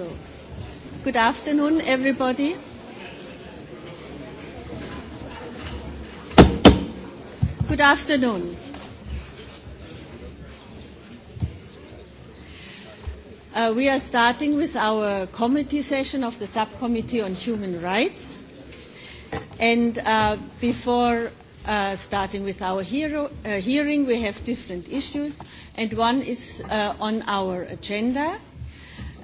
So, good afternoon, everybody. Good afternoon. Uh, we are starting with our committee session of the Subcommittee on Human Rights. And uh, before uh, starting with our hero, uh, hearing, we have different issues, and one is uh, on our agenda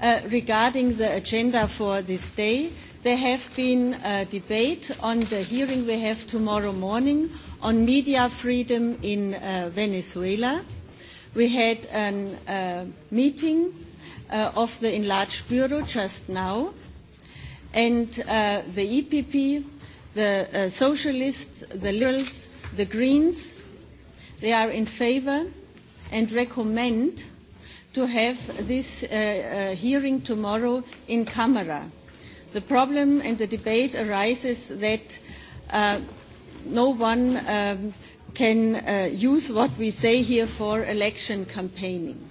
uh, regarding the agenda for this day. There have been a debate on the hearing we have tomorrow morning on media freedom in uh, Venezuela. We had a uh, meeting uh, of the enlarged bureau just now, and uh, the EPP, the uh, socialists, the liberals, the greens, they are in favor and recommend uh, to have this uh, uh, hearing tomorrow in camera. The problem and the debate arises that uh, no one um, can uh, use what we say here for election campaigning.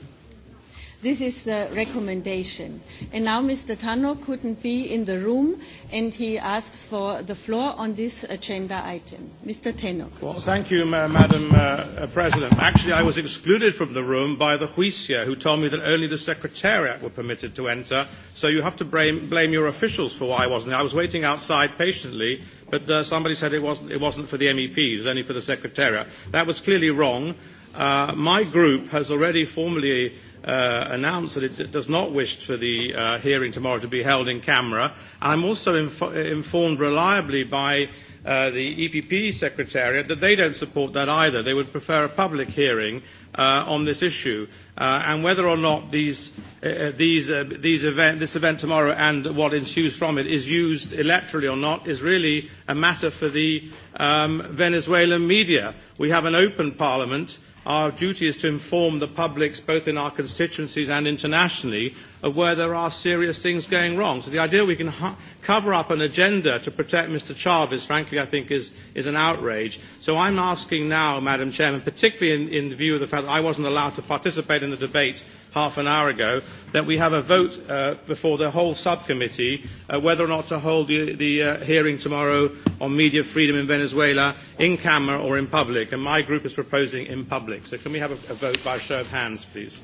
This is the recommendation. And now Mr. Tanno couldn't be in the room, and he asks for the floor on this agenda item. Mr. Tannock. Well, thank you, ma- Madam uh, uh, President. Actually, I was excluded from the room by the Huisia, who told me that only the Secretariat were permitted to enter, so you have to blame, blame your officials for why I wasn't there. I was waiting outside patiently but uh, somebody said it wasn't, it wasn't for the MEPs, it was only for the Secretariat. That was clearly wrong. Uh, my group has already formally uh, announced that it does not wish for the uh, hearing tomorrow to be held in camera. And I'm also inf- informed reliably by uh, the EPP Secretariat that they don't support that either. They would prefer a public hearing uh, on this issue. Uh, and whether or not these, uh, uh, these, uh, these event, this event tomorrow and what ensues from it is used electorally or not is really a matter for the um, Venezuelan media. We have an open parliament. Uh, our duty is to inform the publics both in our constituencies and internationally of where there are serious things going wrong. So the idea we can ha- cover up an agenda to protect Mr. Chavez, frankly, I think is, is an outrage. So I'm asking now, Madam Chairman, particularly in, in view of the fact that I wasn't allowed to participate in the debate half an hour ago, that we have a vote uh, before the whole subcommittee uh, whether or not to hold the, the uh, hearing tomorrow on media freedom in Venezuela in camera or in public. And my group is proposing in public. So can we have a, a vote by a show of hands, please?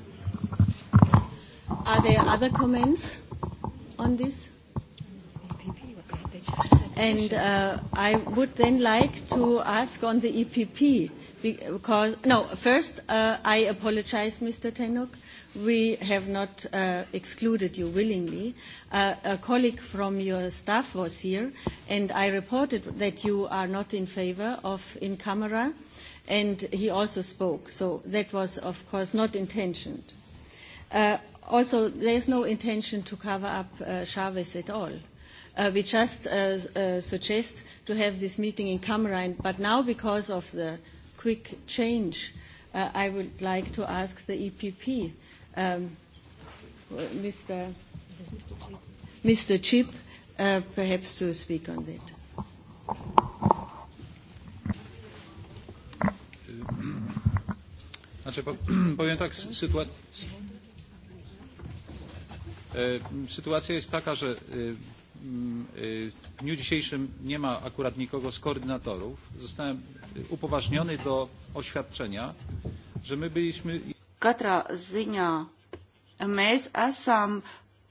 Are there other comments on this? And uh, I would then like to ask on the EPP, because, no, first, uh, I apologize, Mr. Tannock. We have not uh, excluded you willingly. Uh, a colleague from your staff was here, and I reported that you are not in favor of in camera, and he also spoke. So that was, of course, not intentioned. Uh, Also, there is no intention to cover up uh, Chavez at all. Uh, we just uh, uh, suggest to have this meeting in Cameroon, but now because of the quick change, uh, I would like to ask the EPP, um, Mr. Mr. Chip, uh, perhaps to speak on that. Znaczy, powiem tak, sytuacja... E, sytuacja jest taka, że e, mm, e, w dniu dzisiejszym nie ma akurat nikogo z koordynatorów. Zostałem upoważniony do oświadczenia, że my byliśmy. Katrā ziņā mēs esam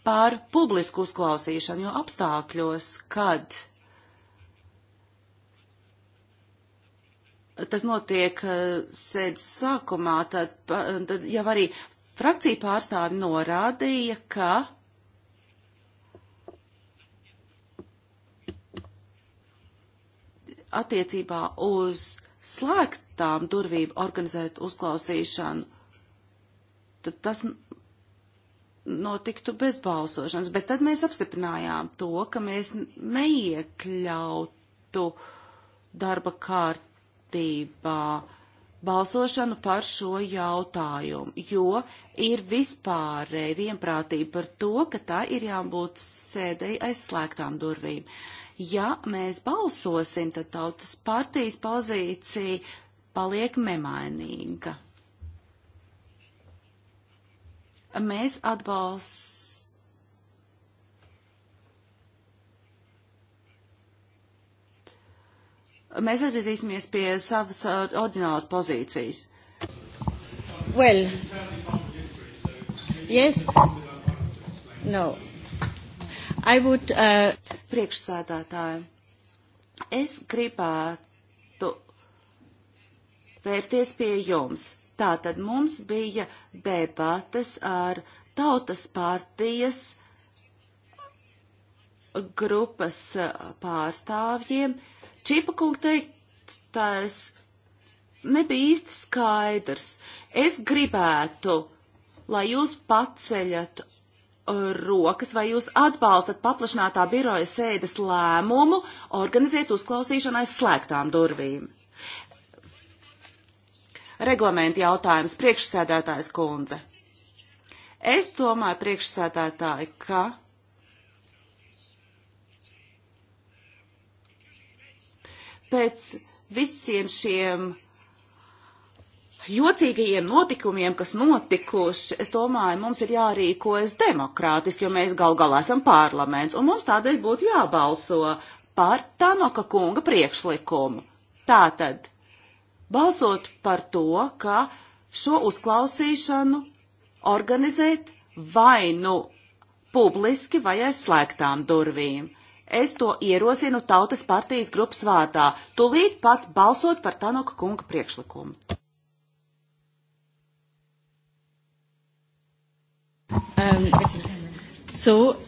par publisku uzklausīšanu, jo apstākļos, kad tas notiek sēdes sākumā, tad, tad jau arī Frakcija pārstāvi norādīja, ka attiecībā uz slēgtām durvīm organizēt uzklausīšanu, tad tas notiktu bez balsošanas. Bet tad mēs apstiprinājām to, ka mēs neiekļautu darba kārtībā balsošanu par šo jautājumu, jo ir vispārēji vienprātība par to, ka tā ir jābūt sēdēji aizslēgtām durvīm. Ja mēs balsosim, tad tautas partijas pozīcija paliek nemainīga. Mēs atbalsts mēs atgriezīsimies pie savas uh, ordinālas pozīcijas. Well, yes, no. I would, uh... Priekšsēdētāji, es gribētu vērsties pie jums. Tātad mums bija debates ar tautas partijas grupas uh, pārstāvjiem, uh, Čīpa kunga teiktais nebija īsti skaidrs. Es gribētu, lai jūs paceļat uh, rokas, vai jūs atbalstat paplašinātā biroja sēdes lēmumu organizēt uzklausīšanai slēgtām durvīm. Reglamenta jautājums priekšsēdētājs kundze. Es domāju, priekšsēdētāji, ka pēc visiem šiem jocīgajiem notikumiem, kas notikuši, es domāju, mums ir jārīkojas demokrātiski, jo mēs gal galā esam parlaments, un mums tādēļ būtu jābalso par Tanoka kunga priekšlikumu. Tātad, balsot par to, ka šo uzklausīšanu organizēt vai nu publiski vai aiz slēgtām durvīm. Es to ierosinu Tautas partijas grupas vārdā, tūlīt pat balsot par Tanoka kunga priekšlikumu. Um, so, uh...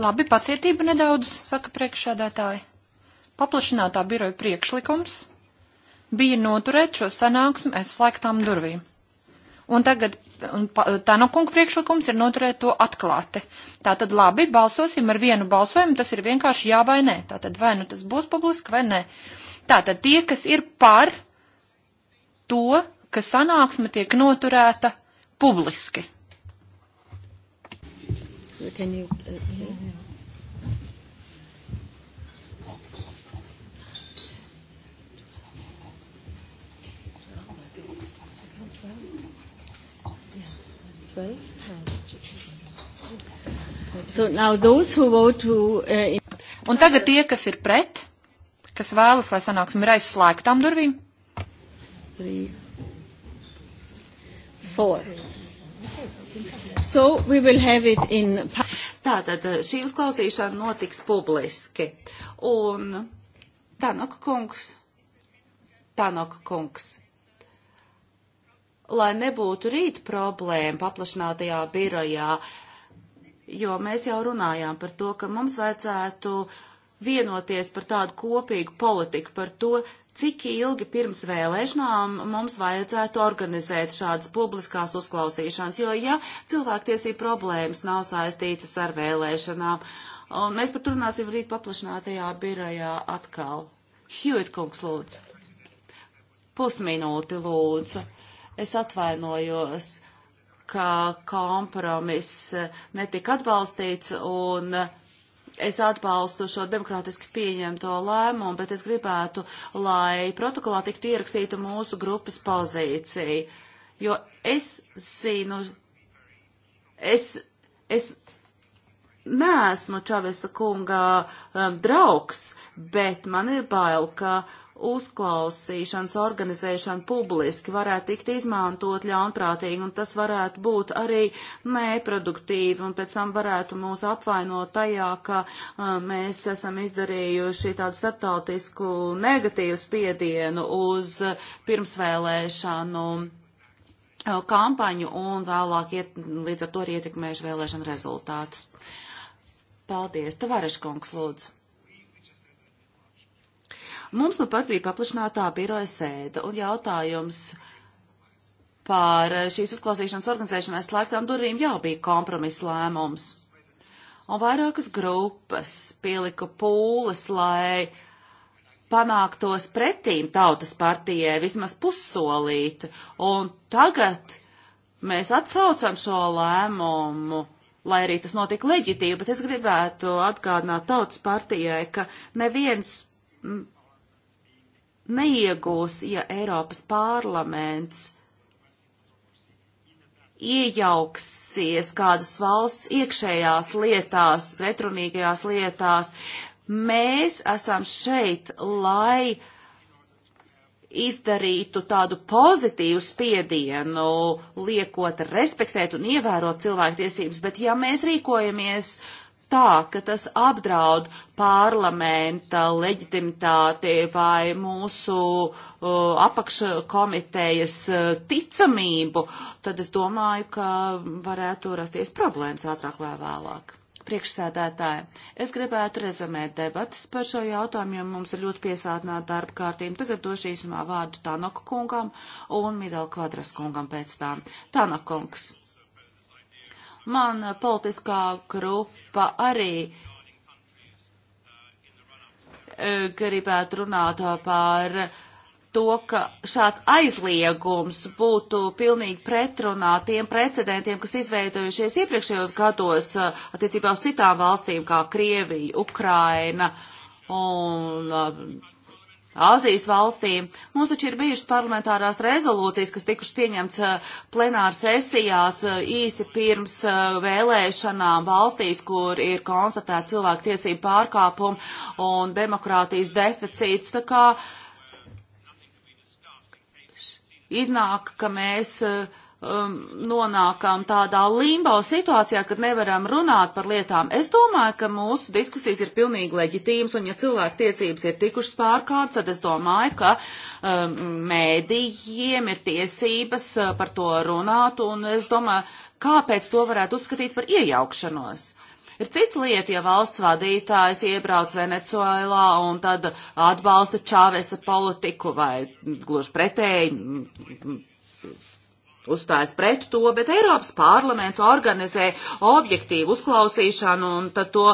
Labi, pacietība nedaudz, saka priekšsēdētāji. Paplašinātā biroja priekšlikums bija noturēt šo sanāksmi aizslēgtām durvīm. Un tagad un tā no kunga priekšlikums ir noturēt to atklāti. Tā tad labi, balsosim ar vienu balsojumu, tas ir vienkārši jā vai nē. Tā tad vai nu tas būs publiski vai nē. Tā tad tie, kas ir par to, ka sanāksme tiek noturēta publiski. So can you, uh, yeah. 12. So now those who vote to, uh, Un tagad tie, kas ir pret, kas vēlas, lai sanāksim ir aizslēgtām durvīm. Three. Four. So we will have it in. Tātad uh, šī uzklausīšana notiks publiski. Un Tanaka kungs, Tanaka kungs, lai nebūtu rīt problēma paplašinātajā birojā, jo mēs jau runājām par to, ka mums vajadzētu vienoties par tādu kopīgu politiku, par to, cik ilgi pirms vēlēšanām mums vajadzētu organizēt šādas publiskās uzklausīšanas, jo ja cilvēktiesība problēmas nav saistītas ar vēlēšanām, un mēs par to runāsim rīt paplašinātajā birojā atkal. Hjūit kungs lūdzu. Pusminūti lūdzu. Es atvainojos, ka kompromiss eh, netika atbalstīts un eh, es atbalstu šo demokrātiski pieņemto lēmumu, bet es gribētu, lai protokolā tiktu ierakstīta mūsu grupas pozīcija. Jo es zinu, es, es neesmu Čavesa kunga um, draugs, bet man ir bail, ka uh, uzklausīšanas organizēšana publiski varētu tikt izmantot ļaunprātīgi, un tas varētu būt arī neproduktīvi, un pēc tam varētu mūs apvainot tajā, ka uh, mēs esam izdarījuši tādu starptautisku negatīvu spiedienu uz pirmsvēlēšanu uh, kampaņu un vēlāk iet, līdz ar to arī ietekmējuši vēlēšanu rezultātus. Paldies, Tavareškungs, lūdzu. Mums nu pat bija paplašinātā biroja sēde un jautājums par šīs uzklausīšanas organizēšanai slēgtām durvīm jau bija kompromisa lēmums. Un vairākas grupas pielika pūles, lai panāktos pretīm tautas partijai vismaz pussolīti, un tagad mēs atsaucam šo lēmumu, lai arī tas notika leģitīvi, bet es gribētu atgādināt tautas partijai, ka neviens neiegūs, ja Eiropas parlaments iejauksies kādas valsts iekšējās lietās, pretrunīgajās lietās. Mēs esam šeit, lai izdarītu tādu pozitīvu spiedienu, liekot respektēt un ievērot cilvēktiesības, bet ja mēs rīkojamies uh, tā, ka tas apdraud parlamenta leģitimitāti vai mūsu uh, apakškomitejas uh, ticamību, tad es domāju, ka varētu rasties problēmas ātrāk vai vēlāk. Priekšsēdētāji, es gribētu rezumēt debatas par šo jautājumu, jo mums ir ļoti piesātināta darba kārtība. Tagad došu īsumā vārdu Tanaka kungam un Midela kvadras kungam pēc tām. Tanaka kungs. Man politiskā grupa arī e, gribētu runāt par to, ka šāds aizliegums būtu pilnīgi pretrunā tiem precedentiem, kas izveidojušies iepriekšējos gados e, attiecībā uz citām valstīm, kā Krievija, Ukraina un e, Āzijas valstīm. Mums taču ir bijušas parlamentārās rezolūcijas, kas tikušas pieņemts eh, plenāra sesijās eh, īsi pirms eh, vēlēšanām valstīs, kur ir konstatēta cilvēku tiesību pārkāpuma un demokrātijas deficīts. Tā kā iznāk, ka mēs uh, um, nonākam tādā limbo situācijā, kad nevaram runāt par lietām. Es domāju, ka mūsu diskusijas ir pilnīgi leģitīmas, un ja cilvēku tiesības ir tikušas pārkāpt, tad es domāju, ka um, mēdījiem ir tiesības uh, par to runāt, un es domāju, kāpēc to varētu uzskatīt par iejaukšanos. Ir cita lieta, ja valsts vadītājs iebrauc Venecuēlā un tad atbalsta Čāvesa politiku vai gluži pretēji uzstājas pret to, bet Eiropas parlaments organizē objektīvu uzklausīšanu un tad to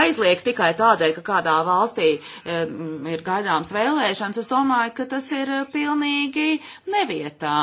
aizliek tikai tādēļ, ka kādā valstī e, ir gaidāms vēlēšanas. Es domāju, ka tas ir eh, pilnīgi nevietā.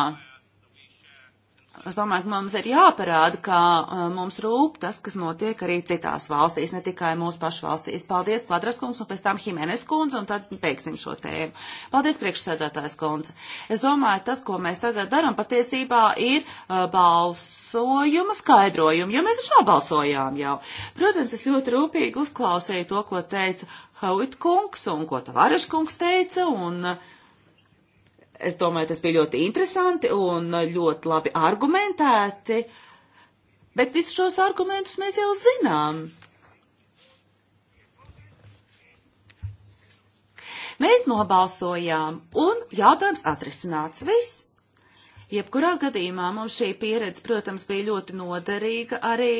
Es domāju, ka mums ir jāparāda, ka uh, mums rūp tas, kas notiek arī citās valstīs, ne tikai mūsu pašu valstīs. Paldies, Kvadras kungs, un pēc tam Himenes kungs, un tad beigsim šo tēmu. Paldies, priekšsēdētājs kungs. Es domāju, tas, ko mēs tagad darām, patiesībā ir uh, balsojuma skaidrojumi, jo mēs taču nobalsojām jau. Protams, es ļoti rūpīgi uzklausīju to, ko teica Hauit kungs, un ko Tavares kungs teica, un uh, Es domāju, tas bija ļoti interesanti un ļoti labi argumentēti, bet visus šos argumentus mēs jau zinām. Mēs nobalsojām, un jautājums atrisināts viss. Jebkurā gadījumā mums šī pieredze, protams, bija ļoti noderīga arī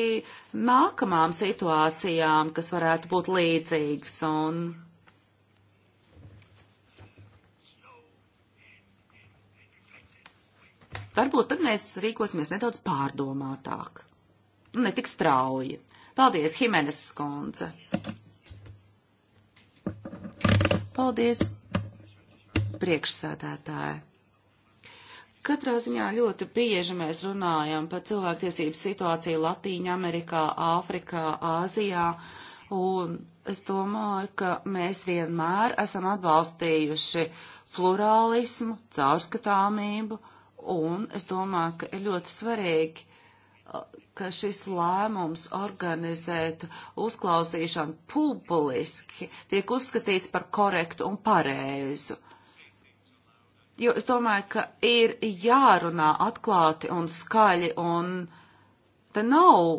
nākamām situācijām, kas varētu būt līdzīgas. Un... Varbūt tad mēs rīkosimies nedaudz pārdomātāk. Nu, netik strauji. Paldies, Himenes skundze. Paldies, priekšsēdētāji. Katrā ziņā ļoti bieži mēs runājam par cilvēktiesību situāciju Latīņa Amerikā, Āfrikā, Āzijā, un es domāju, ka mēs vienmēr esam atbalstījuši plurālismu, caurskatāmību Un es domāju, ka ir ļoti svarīgi, ka šis lēmums organizēt uzklausīšanu publiski tiek uzskatīts par korektu un pareizu. Jo es domāju, ka ir jārunā atklāti un skaļi, un te nav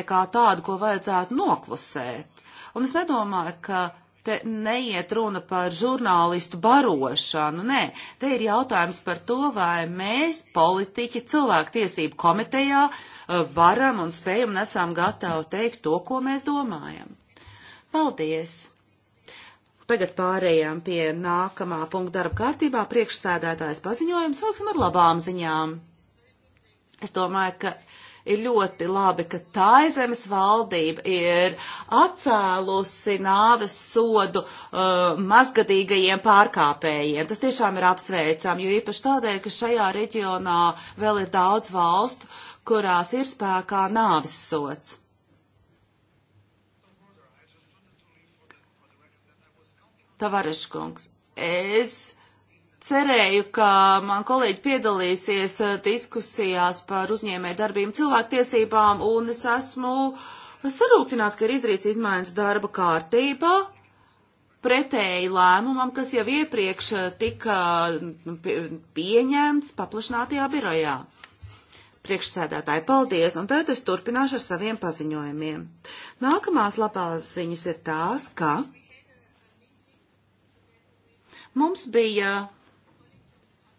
nekā tāda, ko vajadzētu noklusēt. Un es nedomāju, ka te neiet runa par žurnālistu barošanu, nē, te ir jautājums par to, vai mēs, politiķi, cilvēktiesību komitejā, varam un spējam un esam gatavi teikt to, ko mēs domājam. Paldies! Tagad pārējām pie nākamā punkta darba kārtībā priekšsēdētājs paziņojums. Sāksim ar labām ziņām. Es domāju, ka Ir ļoti labi, ka Taizemes valdība ir atcēlusi nāves sodu uh, mazgadīgajiem pārkāpējiem. Tas tiešām ir apsveicam, jo īpaši tādēļ, ka šajā reģionā vēl ir daudz valstu, kurās ir spēkā nāves sots. Tavareškungs, es cerēju, ka man kolēģi piedalīsies eh, diskusijās par uzņēmē darbību cilvēktiesībām, un es esmu sarūktināts, ka ir izdarīts izmaiņas darba kārtībā. Pretēji lēmumam, kas jau iepriekš eh, tika nu, pieņemts paplašinātajā birojā. Priekšsēdētāji, paldies, un tagad es turpināšu ar saviem paziņojumiem. Nākamās labās ziņas ir tās, ka mums bija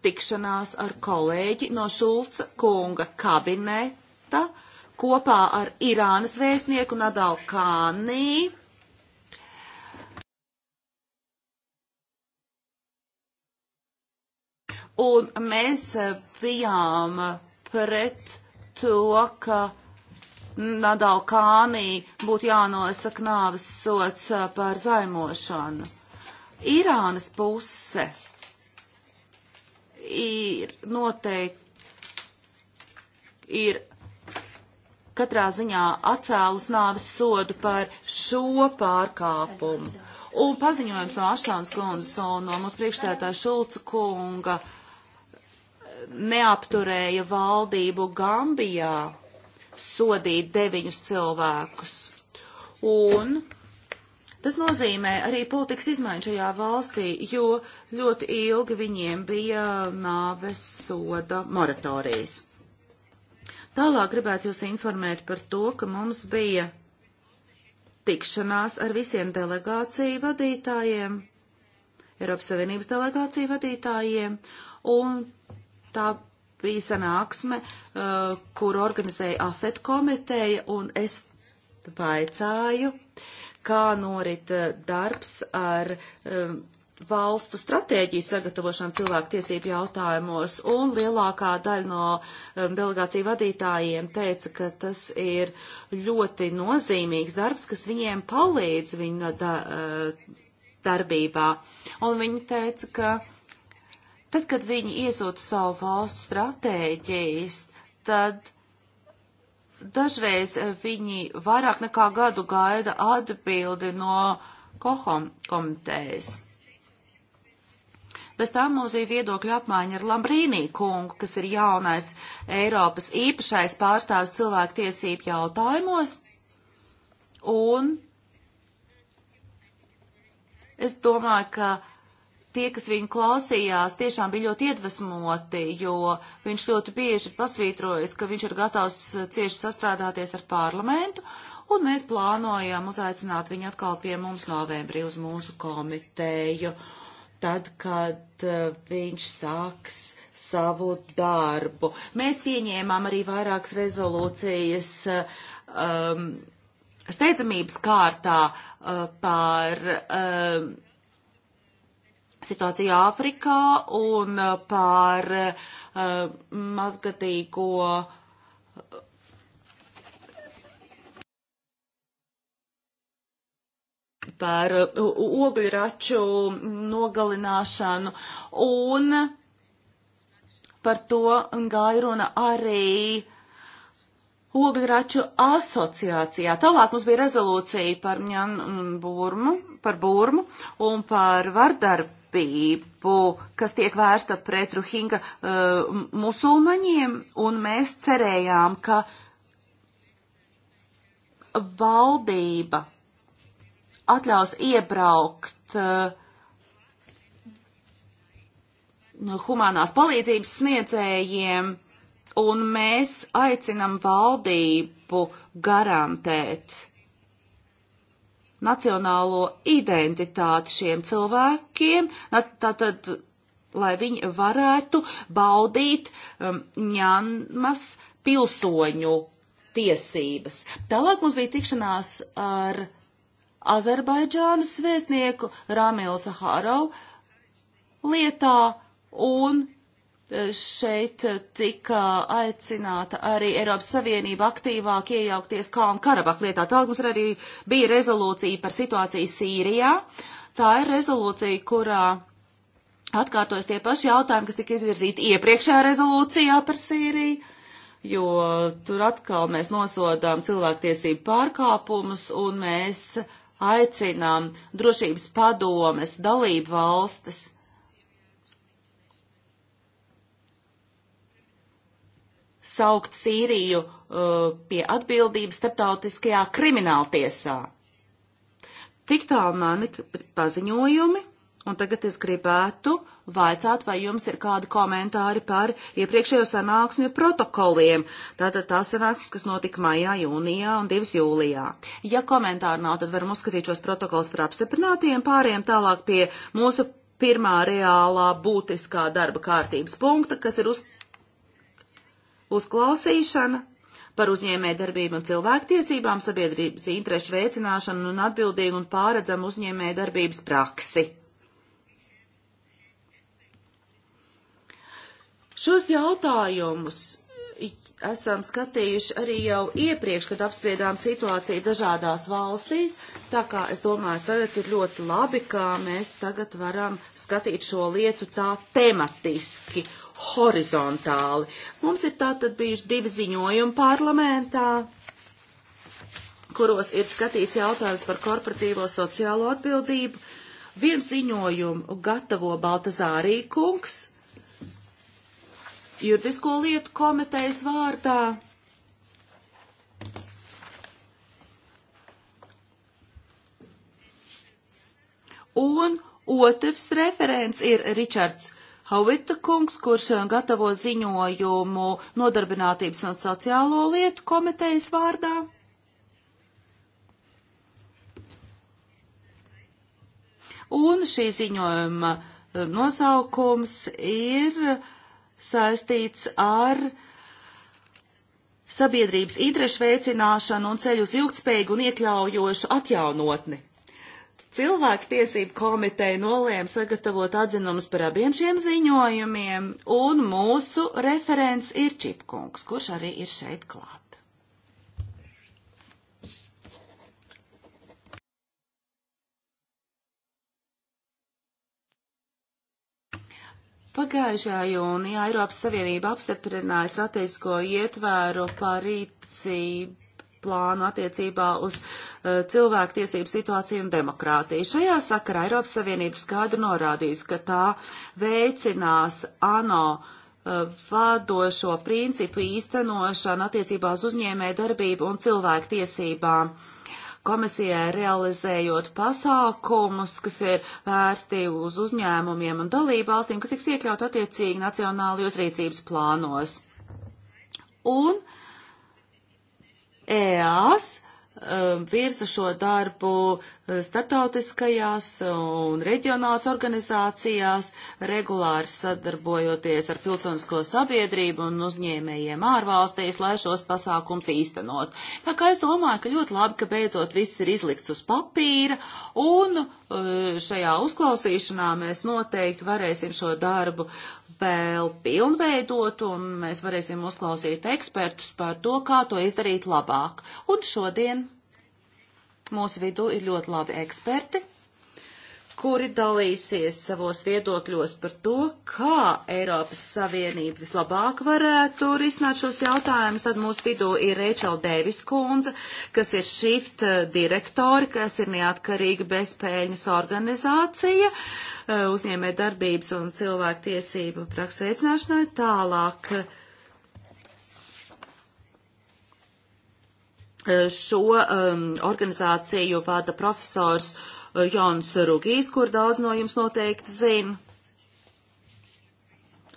tikšanās ar kolēģi no Šulca kunga kabineta kopā ar Irānas vēstnieku Nadal Kānī. Un mēs eh, bijām pret to, ka Nadal Kānī būtu jānosaka nāves sots eh, par zaimošanu. Irānas puse ir noteikti ir katrā ziņā atcēlus nāves sodu par šo pārkāpumu. Un paziņojums no Aštāns kundzes un no mūsu priekšsētāja Šulca kunga neapturēja valdību Gambijā sodīt deviņus cilvēkus. Un Tas nozīmē arī politikas izmaiņu šajā valstī, jo ļoti ilgi viņiem bija nāves soda moratorijas. Tālāk gribētu jūs informēt par to, ka mums bija tikšanās ar visiem delegāciju vadītājiem, Eiropas Savienības delegāciju vadītājiem, un tā bija sanāksme, uh, kur organizēja AFET komiteja, un es vaicāju, uh, kā norit eh, darbs ar um, valstu stratēģiju sagatavošanu cilvēku tiesību jautājumos, un lielākā daļa no um, delegāciju vadītājiem teica, ka tas ir ļoti nozīmīgs darbs, kas viņiem palīdz viņu da, uh, darbībā. Un viņi teica, ka tad, kad viņi iesūta savu valstu stratēģijas, tad Dažreiz eh, viņi vairāk nekā gadu gaida atbildi no kohom komitejas. Bez tā mums bija viedokļa apmaiņa ar Lambrīnī kungu, kas ir jaunais Eiropas īpašais pārstāvs cilvēku tiesību jautājumos. Un es domāju, ka tie, kas viņu klausījās, tiešām bija ļoti iedvesmoti, jo viņš ļoti bieži ir pasvītrojis, ka viņš ir gatavs uh, cieši sastrādāties ar parlamentu, un mēs plānojam uzaicināt viņu atkal pie mums novembrī uz mūsu komiteju, tad, kad uh, viņš sāks savu darbu. Mēs pieņēmām arī vairākas rezolūcijas. Uh, um, Steidzamības kārtā uh, par uh, um, situāciju Āfrikā un uh, par uh, mazgatīgo par uh, ogļraču nogalināšanu un par to gāja runa arī ogļraču asociācijā. Tālāk mums bija rezolūcija par Mņan Burmu, par Burmu un par vardarbu darbību, kas tiek vērsta pret Ruhinga uh, eh, musulmaņiem, un mēs cerējām, ka valdība atļaus iebraukt uh, humanās palīdzības sniedzējiem, un mēs aicinam valdību garantēt nacionālo identitāti šiem cilvēkiem, tātad, lai viņi varētu baudīt um, ņanmas pilsoņu tiesības. Tālāk mums bija tikšanās ar Azerbaidžānas vēstnieku Rāmīlu Saharovu lietā, un šeit tika aicināta arī Eiropas Savienība aktīvāk iejaukties Kalnu Karabahu lietā. Tā mums arī bija rezolūcija par situāciju Sīrijā. Tā ir rezolūcija, kurā atkārtojas tie paši jautājumi, kas tika izvirzīti iepriekšējā rezolūcijā par Sīriju, jo tur atkal mēs nosodām cilvēktiesību pārkāpumus un mēs aicinām drošības padomes dalību valstis saukt Sīriju uh, pie atbildības starptautiskajā krimināltiesā. Tik tālu mani paziņojumi, un tagad es gribētu vaicāt, vai jums ir kādi komentāri par iepriekšējo sanāksmju protokoliem. Tātad tās sanāksmes, kas notika maijā, jūnijā un 2. jūlijā. Ja komentāri nav, tad varam uzskatīt šos protokols par apstiprinātiem, pāriem tālāk pie mūsu pirmā reālā būtiskā darba kārtības punkta, kas ir uz, uzklausīšana par uzņēmējdarbību un cilvēktiesībām, sabiedrības interešu veicināšanu un atbildīgu un pāredzamu uzņēmējdarbības praksi. Šos jautājumus esam skatījuši arī jau iepriekš, kad apspriedām situāciju dažādās valstīs, tā kā es domāju, tagad ir ļoti labi, kā mēs tagad varam skatīt šo lietu tā tematiski horizontāli. Mums ir tātad bijuši divi ziņojumi parlamentā, kuros ir skatīts jautājums par korporatīvo sociālo atbildību. Vienu ziņojumu gatavo Baltazārī kungs, juridisko lietu komitejas vārdā. Un otrs referents ir Ričards Havita kungs, kurš eh, gatavo ziņojumu nodarbinātības un sociālo lietu komitejas vārdā. Un šī ziņojuma eh, nosaukums ir saistīts ar sabiedrības interešu veicināšanu un ceļu uz ilgtspējīgu un iekļaujošu atjaunotni. Cilvēktiesību komiteja nolēma sagatavot atzinumus par abiem šiem ziņojumiem, un mūsu referents ir Čipkungs, kurš arī ir šeit klāt. Pagājušajā jūnijā Eiropas Savienība apstiprināja strateģisko ietvēru par rīcību plānu attiecībā uz uh, cilvēktiesību situāciju un demokrātiju. Šajā sakarā Eiropas Savienība skaidri norādījusi, ka tā veicinās ANO uh, eh, vadošo principu īstenošanu attiecībā uz uzņēmē darbību un cilvēktiesībām komisijai realizējot pasākumus, kas ir vērsti uz uzņēmumiem un dalību valstīm, kas tiks iekļaut attiecīgi nacionālajos rīcības plānos. Un uh, EAS virza um, šo darbu uh, starptautiskajās un reģionālās organizācijās, regulāri sadarbojoties ar pilsonisko sabiedrību un uzņēmējiem ārvalstīs, lai šos pasākums īstenot. Tā kā es domāju, ka ļoti labi, ka beidzot viss ir izlikts uz papīra, un uh, šajā uzklausīšanā mēs noteikti varēsim šo darbu vēl pilnveidot, un mēs varēsim uzklausīt ekspertus par to, kā to izdarīt labāk. Un šodien mūsu vidū ir ļoti labi eksperti kuri dalīsies savos viedokļos par to, kā Eiropas Savienība vislabāk varētu risināt šos jautājumus. Tad mūsu vidū ir Rēčela Dēvis kundze, kas ir Shift direktori, kas ir neatkarīga bezpēļņas organizācija eh, uzņēmē darbības un cilvēktiesību praksveicināšanai tālāk. Eh, šo um, organizāciju vada profesors uh, Eh, Jons Rugijs, kur daudz no jums noteikti zina.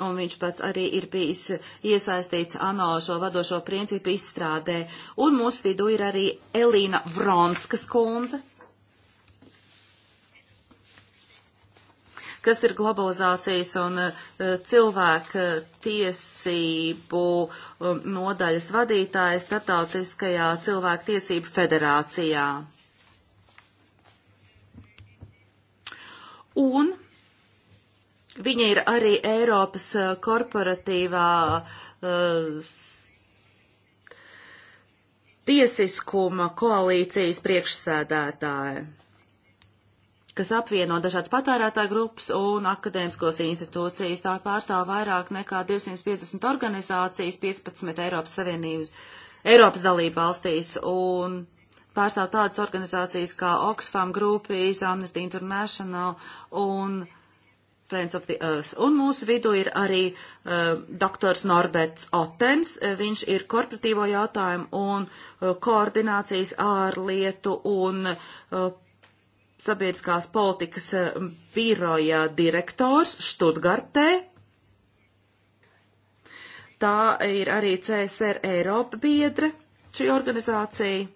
Un viņš pats arī ir bijis iesaistīts ANO šo vadošo principu izstrādē. Un mūsu vidū ir arī Elīna Vronskas kundze, kas ir globalizācijas un uh, eh, cilvēka tiesību um, nodaļas vadītājs Startautiskajā cilvēku tiesību federācijā. Un viņa ir arī Eiropas eh, korporatīvā uh, tiesiskuma koalīcijas priekšsēdētāja kas apvieno dažādas patērētāju grupas un akadēmiskos institūcijas. Tā pārstāv vairāk nekā 250 organizācijas 15 Eiropas Savienības, Eiropas dalība valstīs. Un pārstāv tādas organizācijas kā Oxfam Groupies, Amnesty International un Friends of the Earth. Un mūsu vidū ir arī uh, doktors Norberts Otens. Viņš ir korporatīvo jautājumu un uh, koordinācijas ārlietu un uh, sabiedriskās politikas uh, biroja direktors Študgartē. Tā ir arī CSR Eiropa biedre šī organizācija.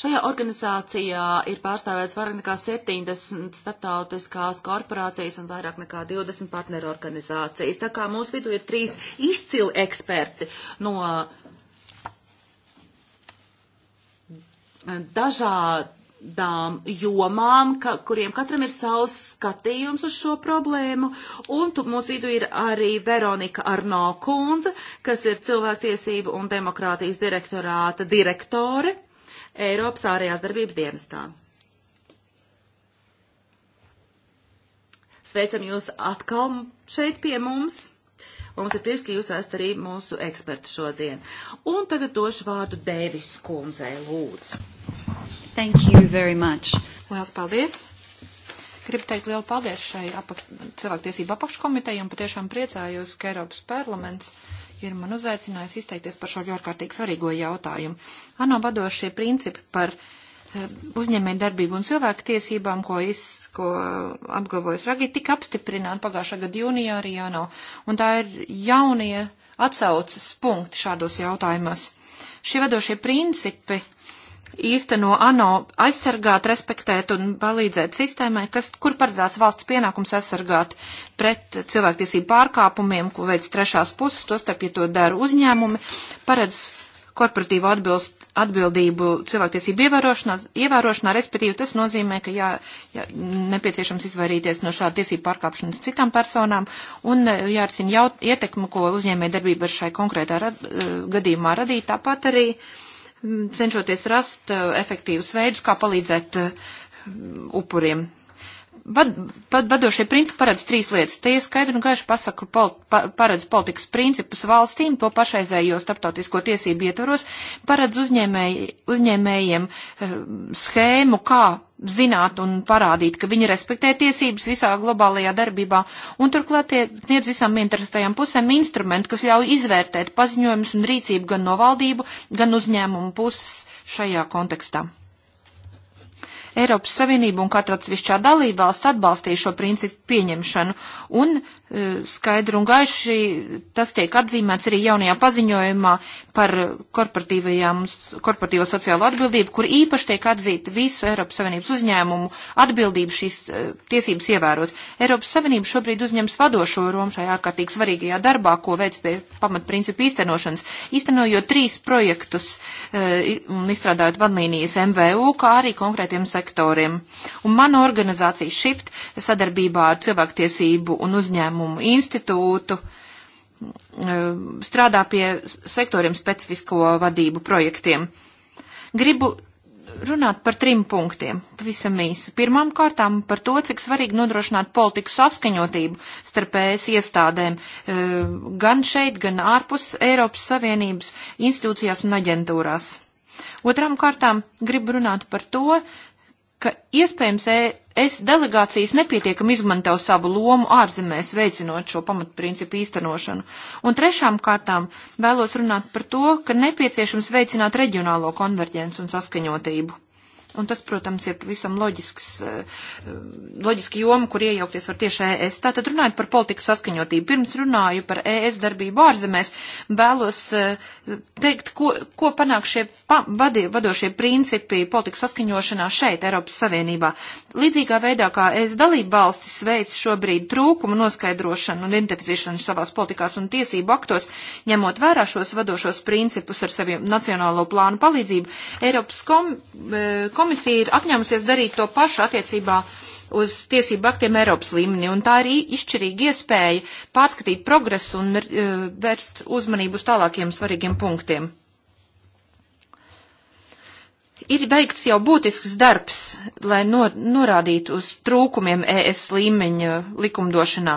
Šajā organizācijā ir pārstāvēts vairāk nekā 70 starptautiskās korporācijas un vairāk nekā 20 partneru organizācijas. Tā kā mūsu vidū ir trīs izcili eksperti no dažādi eh, dažādām jomām, ka, kuriem katram ir savs skatījums uz šo problēmu. Un tu, mūsu vidū ir arī Veronika Arno Kunze, kas ir cilvēktiesību un demokrātijas direktorāta direktore. Eiropas ārējās darbības dienestā. Sveicam jūs atkal šeit pie mums. Mums ir prieks, ka jūs esat arī mūsu eksperti šodien. Un tagad došu vārdu Dēvis kundzei, lūdzu. Thank you very much. Lielas paldies. Gribu teikt lielu paldies šai apakš, cilvēktiesību apakškomitejai un patiešām priecājos, ka Eiropas parlaments. Uh, ir man uzaicinājis izteikties par šo ārkārtīgi svarīgo jautājumu. ANO vadošie principi par eh, uzņēmēju darbību un cilvēku tiesībām, ko, iz, ko apgavojas Ragi, tika apstiprināti pagājušā gada jūnijā arī ANO. Un tā ir jaunie atsaucas punkti šādos jautājumos. Šie vadošie principi īsteno ANO aizsargāt, respektēt un palīdzēt sistēmai, kas, kur paredzēts valsts pienākums aizsargāt pret cilvēktiesību pārkāpumiem, ko veids trešās puses, tostarp, ja to dara uzņēmumi, paredz korporatīvu atbilst, atbildību cilvēktiesību ievērošanā, ievērošanā, respektīvi tas nozīmē, ka jā, jā, nepieciešams izvairīties no šāda tiesību pārkāpšanas citām personām un eh, jārisina ietekmi, ko uzņēmē darbība ar šai konkrētā rad, eh, gadījumā radīt, tāpat arī uh, Mm, cenšoties rast eh, efektīvus veidus, kā palīdzēt eh, upuriem. Vad, vad, vadošie principi paredz trīs lietas. Tie skaidri un gaiši pasaku polit, pa, paredz politikas principus valstīm, to pašreizējo starptautisko tiesību ietvaros, paredz uzņēmēji, uzņēmējiem eh, schēmu, kā zināt un parādīt, ka viņi respektē tiesības visā globālajā darbībā, un turklāt sniedz visām interesētajām pusēm instrumentu, kas ļauj izvērtēt paziņojumus un rīcību gan no valdību, gan uzņēmumu puses šajā kontekstā. Eiropas Savienība un katra atsevišķā dalībvalsts atbalstīja šo principu pieņemšanu un skaidri un gaiši tas tiek atzīmēts arī jaunajā paziņojumā par korporatīvo sociālo atbildību, kur īpaši tiek atzīta visu Eiropas Savienības uzņēmumu atbildību šīs eh, tiesības ievērot. Eiropas Savienība šobrīd uzņems vadošo romu šajā ārkārtīgi svarīgajā darbā, ko veic pie pamatprincipu īstenošanas, īstenojot trīs projektus eh, un izstrādājot vadlīnijas MVU, kā arī konkrētiem sektoriem. Un mana organizācija Shift sadarbībā ar cilvēktiesību un uzņēmumu uzņēmumu, institūtu eh, strādā pie sektoriem specifisko vadību projektiem. Gribu runāt par trim punktiem, pavisam īsi. Pirmām kārtām par to, cik svarīgi nodrošināt politiku saskaņotību starp ES iestādēm eh, gan šeit, gan ārpus Eiropas Savienības institūcijās un aģentūrās. Otrām kārtām gribu runāt par to, ka iespējams e Es delegācijas nepietiekam izmantoju savu lomu ārzemēs, veicinot šo pamatprincipu īstenošanu. Un trešām kārtām vēlos runāt par to, ka nepieciešams veicināt reģionālo konverģenci un saskaņotību. Un tas, protams, ir pavisam loģisks, eh, loģiski joma, kur iejaukties var tieši ES. Tātad runājot par politikas saskaņotību, pirms runāju par ES darbību ārzemēs, vēlos eh, teikt, ko, ko panāk šie pa, vadi, vadošie principi politikas saskaņošanā šeit, Eiropas Savienībā. Līdzīgā veidā, kā ES dalība valstis veids šobrīd trūkumu noskaidrošanu un identificēšanu savās politikās un tiesību aktos, ņemot vērā šos vadošos principus ar saviem nacionālo plānu palīdzību, Eiropas kom, kom eh, komisija ir apņēmusies darīt to pašu attiecībā uz tiesību aktiem Eiropas līmenī, un tā ir izšķirīga iespēja pārskatīt progresu un uh, vērst uzmanību uz tālākiem svarīgiem punktiem. Ir veikts jau būtisks darbs, lai nor norādītu uz trūkumiem ES līmeņa likumdošanā.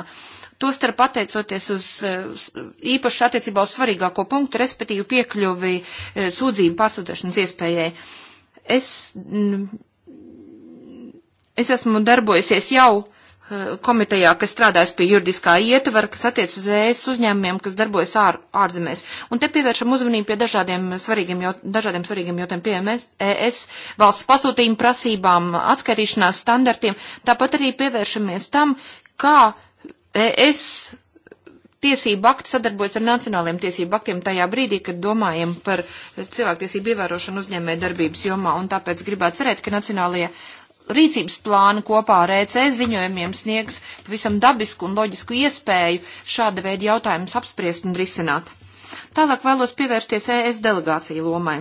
Tostarp pateicoties uz eh, īpaši attiecībā uz svarīgāko punktu, respektīvi piekļuvi eh, sūdzību pārsūtēšanas iespējai. Uh, Es, es esmu darbojusies jau eh, komitejā, kas strādājas pie juridiskā ietvara, kas attiec uz ES uzņēmumiem, kas darbojas ār, ārzemēs. Un te pievēršam uzmanību pie dažādiem svarīgiem, jaut, dažādiem svarīgiem jautājumiem, pie ES valsts pasūtījuma prasībām, atskaitīšanās standartiem. Tāpat arī pievēršamies tam, kā ES tiesību akti sadarbojas ar nacionāliem tiesību aktiem tajā brīdī, kad domājam par cilvēktiesību ievērošanu uzņēmē darbības jomā, un tāpēc gribētu cerēt, ka nacionālajie rīcības plāni kopā ar EC ziņojumiem sniegs pavisam dabisku un loģisku iespēju šāda veida jautājumus apspriest un risināt. Tālāk vēlos pievērsties ES delegāciju lomai.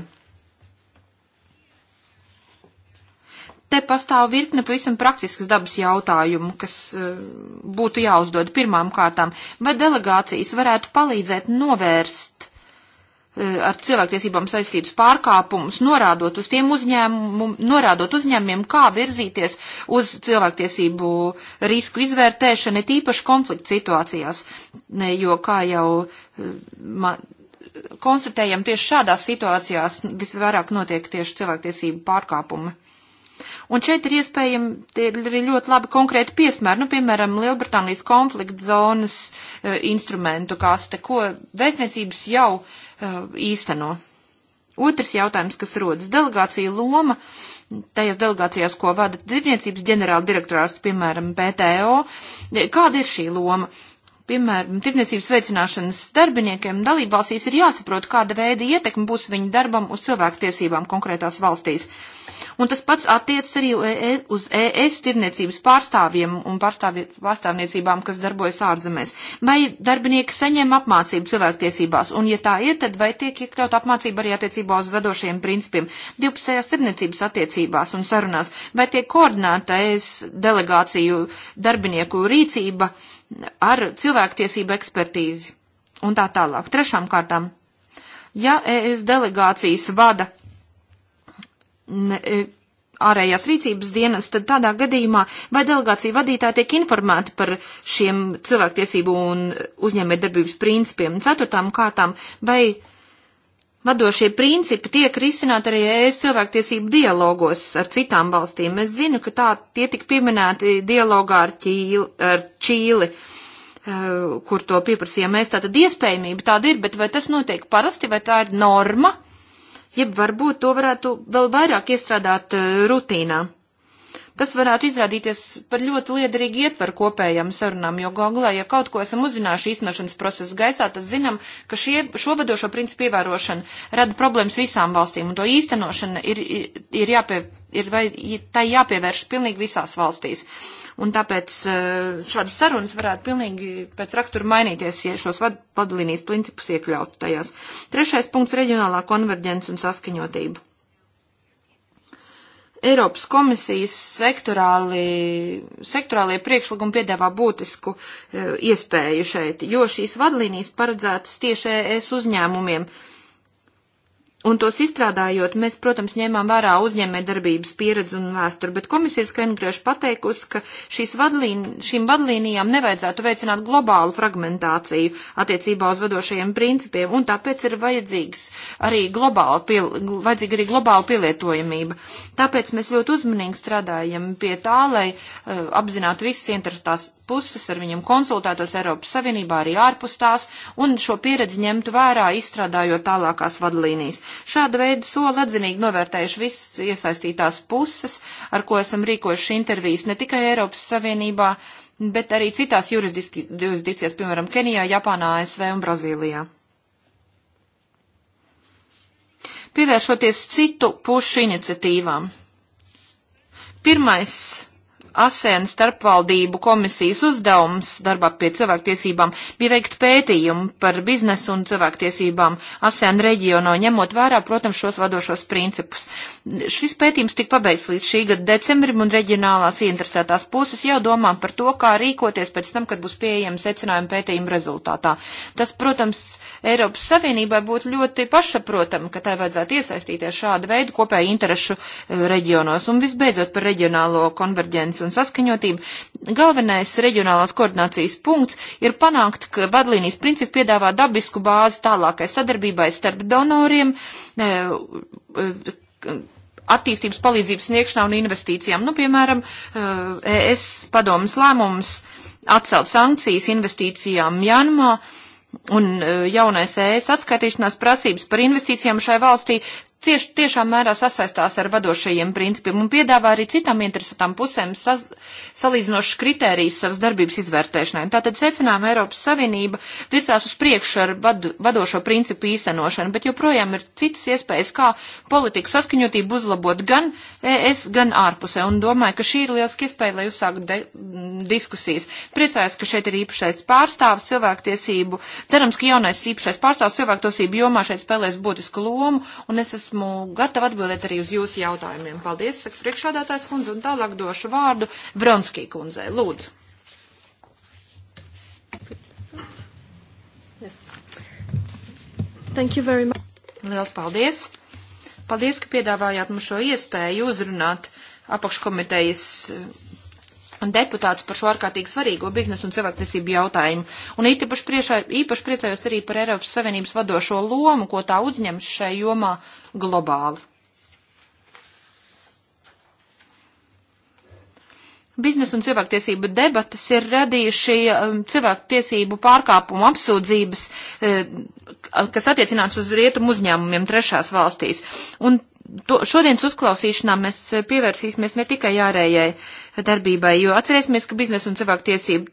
te pastāv virkne pavisam praktiskas dabas jautājumu, kas uh, būtu jāuzdod pirmām kārtām. Vai delegācijas varētu palīdzēt novērst eh, ar cilvēktiesībām saistītus pārkāpumus, norādot uz tiem uzņēmumiem, norādot uzņēmumiem, kā virzīties uz cilvēktiesību risku izvērtēšanu, tīpaši konflikta situācijās, jo, kā jau eh, man, konstatējam, tieši šādās situācijās visvairāk notiek tieši cilvēktiesību pārkāpumi. Un šeit ir iespējami arī ļoti labi konkrēti piesmēri, nu, piemēram, Lielbritānijas konflikta zonas uh, instrumentu kaste, ko vēstniecības jau uh, īsteno. Otrs jautājums, kas rodas delegācija loma, tajās delegācijās, ko vada tirniecības ģenerāla direktorārs, piemēram, PTO, kāda ir šī loma? Piemēram, tirniecības veicināšanas darbiniekiem dalībvalstīs ir jāsaprot, kāda veida ietekme būs viņu darbam uz cilvēktiesībām konkrētās valstīs. Un tas pats attiecas arī e- e- uz ES tirniecības pārstāvjiem un pārstāvniecībām, kas darbojas ārzemēs. Vai darbinieki saņem apmācību cilvēktiesībās? Un, ja tā ir, tad vai tiek iekļaut apmācība arī attiecībā uz vedošajiem principiem, divpusējās tirniecības attiecībās un sarunās? Vai tiek koordinēta ES delegāciju darbinieku rīcība ar cilvēktiesību ekspertīzi? Un tā tālāk. Trešām kārtām ja ES delegācijas vada ne, e, ārējās rīcības dienas, tad tādā gadījumā vai delegācija vadītāji tiek informēti par šiem cilvēktiesību un uzņēmē darbības principiem. Ceturtām kārtām vai vadošie principi tiek risināti arī ES cilvēktiesību dialogos ar citām valstīm. Es zinu, ka tā tie tik pieminēti dialogā ar, ķīli, ar Čīli e, kur to pieprasījām mēs, tātad iespējamība tāda ir, bet vai tas notiek parasti, vai tā ir norma? Uh, jeb varbūt to varētu vēl vairāk iestrādāt eh, rutīnā. Tas varētu izrādīties par ļoti liederīgu ietvaru kopējām sarunām, jo Google, ja kaut ko esam uzzinājuši īstenošanas procesa gaisā, tad zinām, ka šie, šo vadošo principu ievērošana rada problēmas visām valstīm, un to īstenošana ir, ir, ir jāpie, ir vai, tā jāpievērš pilnīgi visās valstīs. Uh, un tāpēc eh, šādas sarunas varētu pilnīgi pēc rakstura mainīties, ja šos vadlīnijas principus iekļautu tajās. Trešais punkts - reģionālā konverģence un saskaņotība. Eiropas komisijas sektorāli, sektorālie priekšlikumi piedāvā būtisku e, iespēju šeit, jo šīs vadlīnijas paredzētas tieši ES uzņēmumiem. E, Un tos izstrādājot, mēs, protams, ņēmām vērā uzņēmē darbības pieredzi un vēsturi, bet komisija skaidrgriež pateikusi, ka šīs vadlīn, šīm vadlīnijām nevajadzētu veicināt globālu fragmentāciju attiecībā uz vadošajiem principiem, un tāpēc ir vajadzīgs arī globāla, pie, vajadzīga arī globāla pielietojamība. Tāpēc mēs ļoti uzmanīgi strādājam pie tā, lai uh, apzinātu visas interesētās puses, ar viņiem konsultētos Eiropas Savienībā, arī ārpus tās, un šo pieredzi ņemtu vērā, izstrādājot tālākās vadlīnijas. Šāda veida soli atzinīgi novērtējuši visas iesaistītās puses, ar ko esam rīkojuši intervijas ne tikai Eiropas Savienībā, bet arī citās jurisdikcijās, piemēram, Kenijā, Japānā, ASV un Brazīlijā. Pievēršoties citu pušu iniciatīvām. Pirmais ASEAN starpvaldību komisijas uzdevums darbā pie cilvēktiesībām bija veikt pētījumu par biznesu un cilvēktiesībām ASEAN reģionā, ņemot vērā, protams, šos vadošos principus. Šis pētījums tika pabeigts līdz šī gada decembrim, un reģionālās ieinteresētās puses jau domā par to, kā rīkoties pēc tam, kad būs pieejami secinājumi pētījumu rezultātā. Tas, protams, Eiropas Savienībai būtu ļoti pašsaprotami, ka tai vajadzētu iesaistīties šāda veida kopēju interešu eh, reģionos. Un visbeidzot par reģionālo konverģenci un saskaņotība. Galvenais reģionālās koordinācijas punkts ir panākt, ka vadlīnijas principi piedāvā dabisku bāzi tālākai sadarbībai starp donoriem, e, e, attīstības palīdzības sniegšanā un investīcijām. Nu, piemēram, e, ES padomas lēmums atcelt sankcijas investīcijām Janmā un jaunais ES atskaitīšanās prasības par investīcijām šai valstī cieš, tiešām mērā sasaistās ar vadošajiem principiem un piedāvā arī citām interesantām pusēm saz, salīdzinošas kritērijas savas darbības izvērtēšanai. Un tātad secinām Eiropas Savienība virsās uz priekšu ar vadu, vadošo principu īstenošanu, bet joprojām ir citas iespējas, kā politiku saskaņotību uzlabot gan ES, gan ārpusē. Un domāju, ka šī ir lieliski iespēja, lai uzsāktu diskusijas. Priecājos, ka šeit ir īpašais pārstāvs cilvēktiesību. Cerams, ka jaunais īpašais pārstāvs cilvēktiesību jomā šeit spēlēs būtisku lomu, un es esmu esmu gatava atbildēt arī uz jūsu jautājumiem. Paldies, saka priekšādātājs kundze, un tālāk došu vārdu Vronskī kundzei. Lūdzu. Yes. Thank you very much. Liels paldies. Paldies, ka piedāvājāt mums šo iespēju uzrunāt apakškomitejas eh, deputātus par šo ārkārtīgi svarīgo biznesu un cilvēktiesību jautājumu. Un īpaši, priešā, īpaši priecājos arī par Eiropas Savienības vadošo lomu, ko tā uzņems šai jomā globāli. Biznesa un cilvēktiesību debatas ir radījuši um, cilvēktiesību pārkāpumu apsūdzības, eh, kas attiecināts uz rietumu uzņēmumiem trešās valstīs. Un to, šodienas uzklausīšanā mēs eh, pievērsīsimies ne tikai ārējai darbībai, jo atcerēsimies, ka biznesa un cilvēktiesība,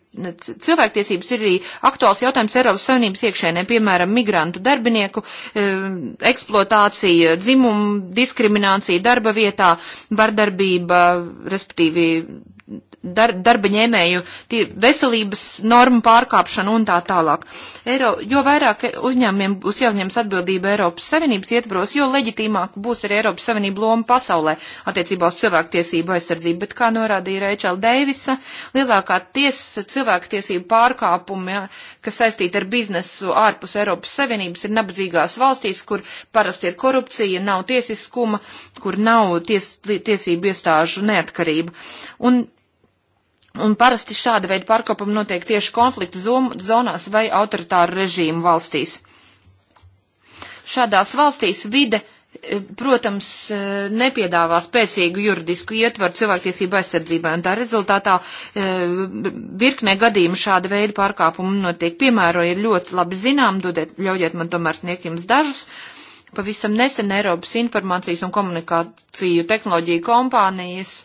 cilvēktiesības ir arī aktuāls jautājums Eiropas Savienības iekšēnē, piemēram, migrantu darbinieku eh, eksploatācija, dzimumu diskriminācija darba vietā, vardarbība, respektīvi dar, darba ņēmēju tie, veselības normu pārkāpšanu un tā tālāk. Eiro, jo vairāk uzņēmumiem būs jāuzņemas atbildība Eiropas Savienības ietvaros, jo leģitīmāk būs arī Eiropas Savienība loma pasaulē attiecībā uz cilvēktiesību aizsardzību. Bet, kā norādīja Rēčela Deivisa, lielākā tiesa cilvēktiesību pārkāpumi, ja, kas saistīti ar biznesu ārpus Eiropas Savienības, ir nabadzīgās valstīs, kur parasti ir korupcija, nav tiesiskuma, kur nav ties, tiesību iestāžu neatkarība. Un Un parasti šāda veida pārkopumi notiek tieši konflikta zonās vai autoritāru režīmu valstīs. Šādās valstīs vide, e, protams, e, nepiedāvā spēcīgu juridisku ietvaru cilvēktiesību aizsardzībai, un tā rezultātā e, virknē gadījumu šāda veida pārkāpumu notiek. Piemēro ir ļoti labi zinām, dodiet, ļaujiet man tomēr sniegt jums dažus. Pavisam nesen Eiropas informācijas un komunikāciju tehnoloģiju kompānijas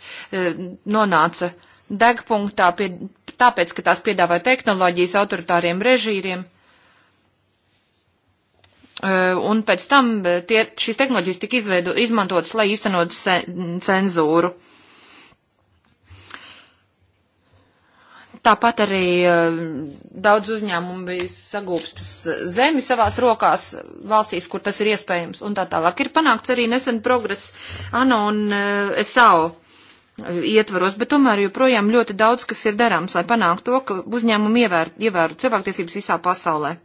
nonāca degpunktā, pie, tāpēc, ka tās piedāvā tehnoloģijas autoritāriem režīriem. Eh, un pēc tam eh, tie, šīs tehnoloģijas tika izveido, izmantotas, lai īstenot cenzūru. Tāpat arī eh, daudz uzņēmumu bija sagūpstas zemi savās rokās valstīs, kur tas ir iespējams, un tā tālāk. Ir panākts arī nesen progress ANO un SAO ietvaros, bet tomēr joprojām ļoti daudz, kas ir darāms, lai panāktu to, ka uzņēmumi ievēr, ievēru cilvēktiesības visā pasaulē.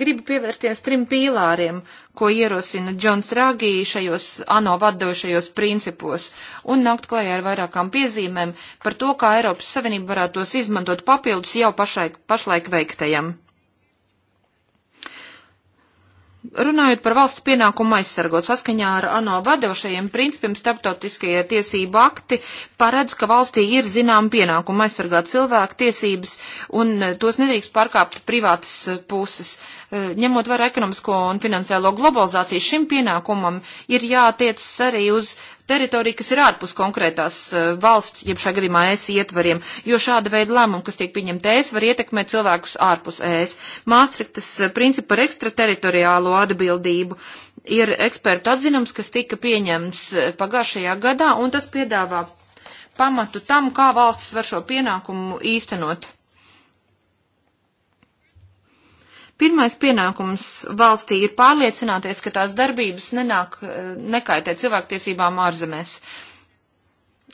Gribu pievērties trim pīlāriem, ko ierosina Džons Rāgī šajos ANO vadošajos principos, un nākt klajā ar vairākām piezīmēm par to, kā Eiropas Savienība varētu tos izmantot papildus jau pašlaik, pašlaik veiktajam. Runājot par valsts pienākumu aizsargot, saskaņā ar ANO vadošajiem principiem starptautiskie tiesību akti paredz, ka valstī ir zinām pienākumu aizsargāt cilvēku tiesības un eh, tos nedrīkst pārkāpt privātas eh, puses. Eh, ņemot vērā ekonomisko un finansiālo globalizāciju, šim pienākumam ir jātiec arī uz teritoriju, kas ir ārpus konkrētās eh, valsts, jeb šā gadījumā ES ietvariem, jo šāda veida lēmumi, kas tiek pieņemta ES, var ietekmēt cilvēkus ārpus ES. Māstriktas eh, principa par ekstrateritoriālo atbildību ir ekspertu atzinums, kas tika pieņemts eh, pagājušajā gadā, un tas piedāvā pamatu tam, kā valstis var šo pienākumu īstenot. Pirmais pienākums valstī ir pārliecināties, ka tās darbības nenāk, eh, nekaitē cilvēktiesībām ārzemēs.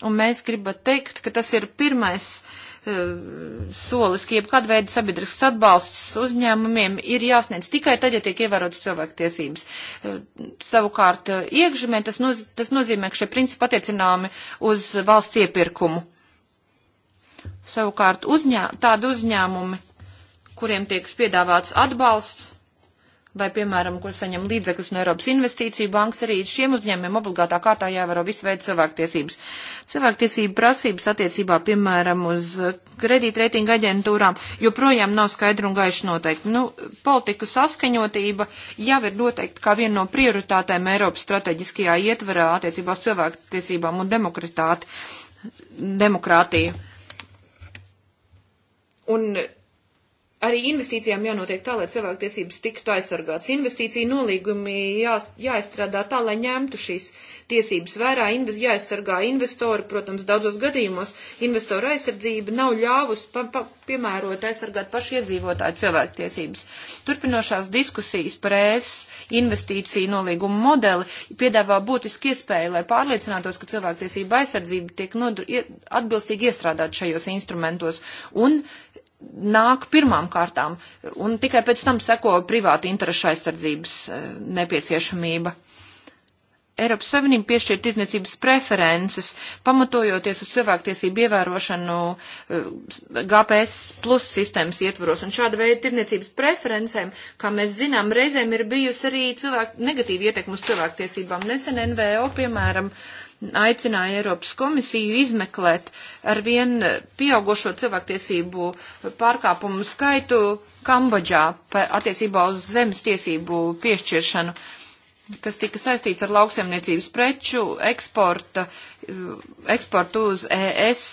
Un mēs gribat teikt, ka tas ir pirmais uh, solis, ka jebkāda veida sabiedrisks atbalsts uzņēmumiem ir jāsniedz tikai tad, ja tiek ievērotas cilvēktiesības. Uh, savukārt uh, iekšzemē tas, noz tas nozīmē, ka šie principi attiecināmi uz valsts iepirkumu. Savukārt uzņē tādi uzņēmumi, kuriem tiek piedāvāts atbalsts, vai, piemēram, kur saņem līdzekļus no Eiropas investīciju bankas, arī šiem uzņēmumiem obligātā kārtā jāvēro visu veidu cilvēktiesības. Cilvēktiesība prasības attiecībā, piemēram, uz kredītreitinga aģentūrām joprojām nav skaidri un gaiši noteikti. Nu, politiku saskaņotība jau ir noteikti kā viena no prioritātēm Eiropas strateģiskajā ietverā attiecībā uz cilvēktiesībām un demokrātiju. demokrātiju. Un arī investīcijām jānotiek tā, lai cilvēku tiesības tiktu aizsargāts. Investīcija nolīgumi jā, jāizstrādā tā, lai ņemtu šīs tiesības vērā, inves, jāaizsargā investori. Protams, daudzos gadījumos investoru aizsardzība nav ļāvus pa, pa, piemērot aizsargāt pašu iedzīvotāju cilvēku tiesības. Turpinošās diskusijas par ES investīciju nolīgumu modeli piedāvā būtiski iespēju, lai pārliecinātos, ka cilvēku tiesība aizsardzība tiek nodru, atbilstīgi iestrādāt šajos instrumentos. Un nāk pirmām kārtām, un tikai pēc tam seko privāta interešu aizsardzības eh, nepieciešamība. Eiropas Savienība piešķir tirdzniecības preferences, pamatojoties uz cilvēktiesību ievērošanu eh, GPS plus sistēmas ietvaros. Un šāda veida tirdzniecības preferencēm, kā mēs zinām, reizēm ir bijusi arī cilvēku, negatīva ietekma uz cilvēktiesībām. Nesen NVO, piemēram, uh, aicināja Eiropas komisiju izmeklēt ar vien pieaugušo cilvēktiesību pārkāpumu skaitu Kambodžā attiecībā uz zemes tiesību piešķiršanu, kas tika saistīts ar lauksaimniecības preču eksporta, eksportu uz ES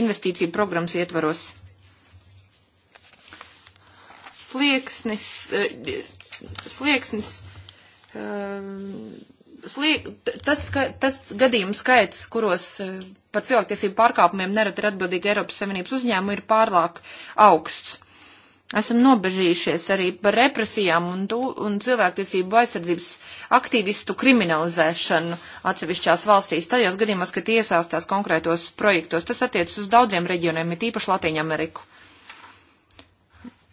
investīciju programmas ietvaros. Slieksnis, eh, slieksnis um, sliek, tas, ka, tas gadījums skaits, kuros e, par cilvēktiesību pārkāpumiem nerad ir atbildīgi Eiropas Savienības uzņēmumi, ir pārlāk augsts. Esam nobežījušies arī par represijām un, tu, un cilvēktiesību aizsardzības aktīvistu kriminalizēšanu atsevišķās valstīs, tajos gadījumos, kad iesaistās konkrētos projektos. Tas attiecas uz daudziem reģioniem, ir tīpaši Latīņu Ameriku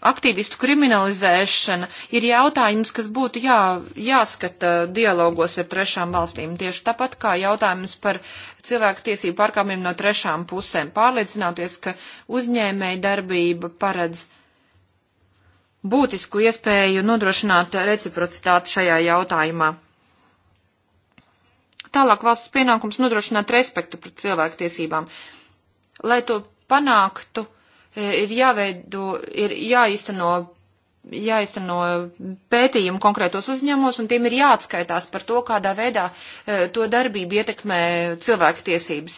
aktīvistu kriminalizēšana ir jautājums, kas būtu jā, jāskata dialogos ar trešām valstīm. Tieši tāpat kā jautājums par cilvēku tiesību pārkāpumiem no trešām pusēm. Pārliecināties, ka uzņēmēja darbība paredz būtisku iespēju nodrošināt reciprocitāti šajā jautājumā. Tālāk valsts pienākums nodrošināt respektu pret cilvēku tiesībām. Lai to panāktu, uh, E, ir jāveido, ir jāizteno jāizteno pētījumu konkrētos uzņēmumos, un tiem ir jāatskaitās par to, kādā veidā e, to darbību ietekmē cilvēku tiesības.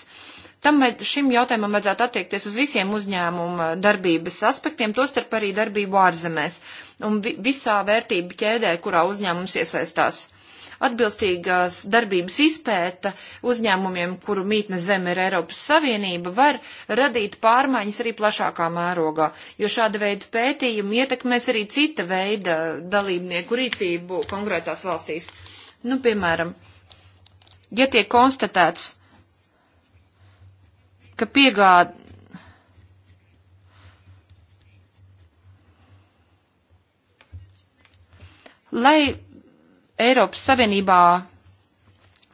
Tam šim jautājumam vajadzētu attiekties uz visiem uzņēmuma darbības aspektiem, tostarp arī darbību ārzemēs un vi visā vērtību ķēdē, kurā uzņēmums iesaistās atbilstīgās darbības izpēta uzņēmumiem, kuru mītne zeme ir Eiropas Savienība, var radīt pārmaiņas arī plašākā mērogā, jo šāda veida pētījumi ietekmēs arī cita veida dalībnieku rīcību konkrētās valstīs. Nu, piemēram, ja tiek konstatēts, ka piegāda lai Eiropas Savienībā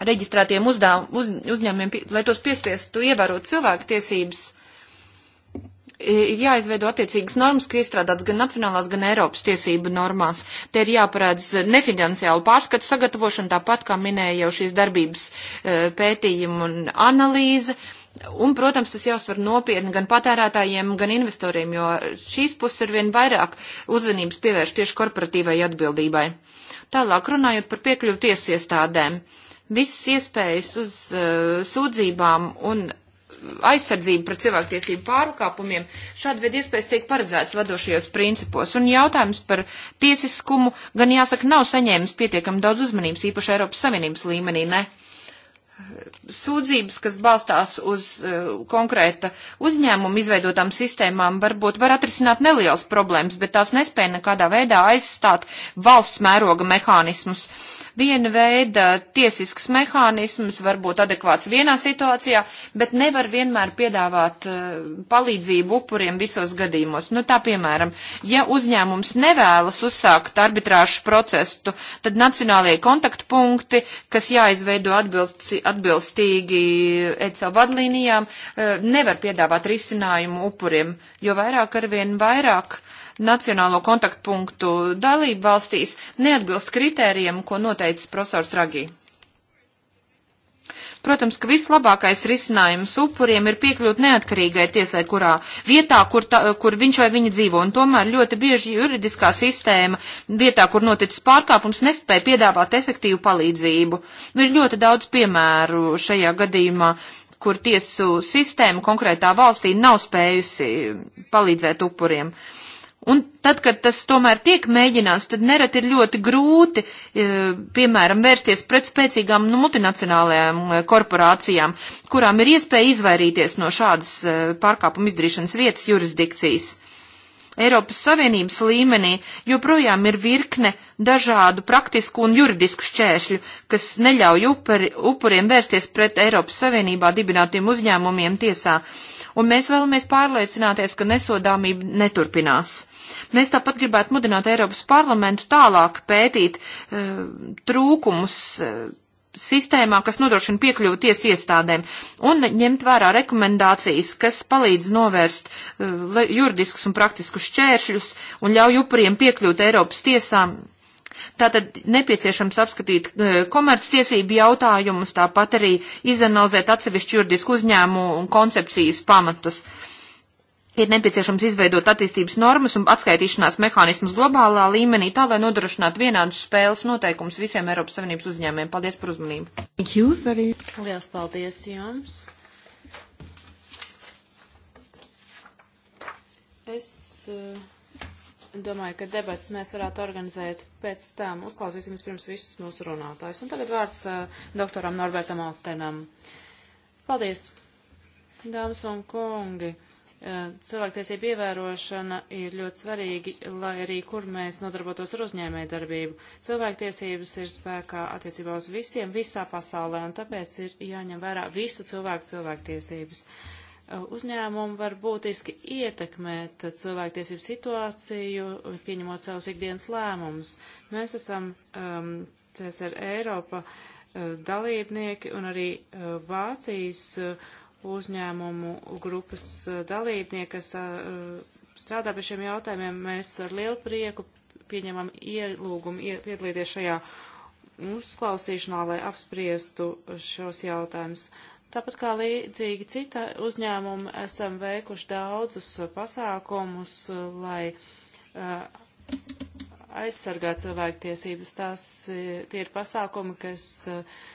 reģistrētiem uzdāv, uz, uzņēmumiem, lai tos piespiestu ievērot cilvēku tiesības, ir jāizveido attiecīgas normas, kas iestrādāts gan nacionālās, gan Eiropas tiesību normās. Te ir jāparādz nefinanciālu pārskatu sagatavošanu, tāpat kā minēja jau šīs darbības e, pētījumu un analīze. Un, protams, tas jāsver nopietni gan patērētājiem, gan investoriem, jo šīs puses ar vien vairāk uzmanības pievērš tieši korporatīvai atbildībai. Uh, Tālāk runājot par piekļuvu tiesu iestādēm. Viss iespējas uz uh, sūdzībām un aizsardzību pret cilvēktiesību pārkāpumiem, šāda veida iespējas tiek paredzētas vadošajos principos. Un jautājums par tiesiskumu gan jāsaka nav saņēmis pietiekam daudz uzmanības, īpaši Eiropas Savienības līmenī, ne? sūdzības, kas balstās uz uh, konkrēta uzņēmuma izveidotām sistēmām, varbūt var atrisināt nelielas problēmas, bet tās nespēja nekādā veidā aizstāt valsts mēroga mehānismus. Viena veida tiesisks mehānisms var būt adekvāts vienā situācijā, bet nevar vienmēr piedāvāt uh, palīdzību upuriem visos gadījumos. Nu, tā piemēram, ja uzņēmums nevēlas uzsākt arbitrāšu procesu, tad nacionālie kontaktpunkti, kas jāizveido atbilst, atbilst atbilstīgi ECO vadlīnijām eh, nevar piedāvāt risinājumu upuriem, jo vairāk arvien vairāk nacionālo kontaktpunktu dalību valstīs neatbilst kritērijiem, ko noteicis profesors Ragī. Protams, ka vislabākais risinājums upuriem ir piekļūt neatkarīgai tiesai, kurā vietā, kur, ta, kur viņš vai viņa dzīvo, un tomēr ļoti bieži juridiskā sistēma vietā, kur noticis pārkāpums, nespēja piedāvāt efektīvu palīdzību. Ir ļoti daudz piemēru šajā gadījumā kur tiesu sistēma konkrētā valstī nav spējusi palīdzēt upuriem. Uh, Un tad, kad tas tomēr tiek mēģināts, tad nereti ir ļoti grūti, e, piemēram, vērsties pret spēcīgām nu, multinacionālajām e, korporācijām, kurām ir iespēja izvairīties no šādas e, pārkāpuma izdarīšanas vietas jurisdikcijas. Eiropas Savienības līmenī joprojām ir virkne dažādu praktisku un juridisku šķēršļu, kas neļauj upari, upuriem vērsties pret Eiropas Savienībā dibinātiem uzņēmumiem tiesā. Uh, un mēs vēlamies pārliecināties, ka nesodāmība neturpinās. Mēs tāpat gribētu mudināt Eiropas parlamentu tālāk pētīt e, trūkumus. E, sistēmā, kas nodrošina piekļuvu tiesu iestādēm, un ņemt vērā rekomendācijas, kas palīdz novērst uh, juridiskus un praktiskus šķēršļus un ļauj upuriem piekļūt Eiropas tiesām Tātad nepieciešams apskatīt e, komerctiesību jautājumus, tāpat arī izanalizēt atsevišķu juridisku uzņēmu un koncepcijas pamatus. Ir nepieciešams izveidot attīstības normas un atskaitīšanās mehānismus globālā līmenī, tā lai nodrošinātu vienādus spēles noteikumus visiem Eiropas Savienības uzņēmējiem. Paldies par uzmanību. Very... Lielas paldies jums. Es uh, Domāju, ka debats mēs varētu organizēt pēc tam. Uzklausīsim vispirms visus mūsu runātājus. Un tagad vārds uh, doktoram Norbertam Altenam. Paldies, dāmas un kungi. Uh, cilvēktiesība ievērošana ir ļoti svarīgi, lai arī kur mēs nodarbotos ar uzņēmēju darbību. Cilvēktiesības ir spēkā attiecībā uz visiem visā pasaulē, un tāpēc ir jāņem vērā visu cilvēku cilvēktiesības. Uh, uzņēmumi var būtiski ietekmēt cilvēktiesību situāciju, pieņemot savus ikdienas lēmumus. Mēs esam um, CSR Eiropa uh, dalībnieki un arī uh, Vācijas uh, uzņēmumu grupas uh, dalībnieki, kas uh, strādā pie šiem jautājumiem. Mēs ar lielu prieku pieņemam ielūgumu ie, piedalīties šajā uzklausīšanā, lai apspriestu šos jautājumus. Uh, Tāpat kā līdzīgi cita uzņēmuma esam veikuši daudzus pasākumus, lai uh, aizsargātu cilvēktiesības. Tās uh, tie ir pasākumi, kas uh,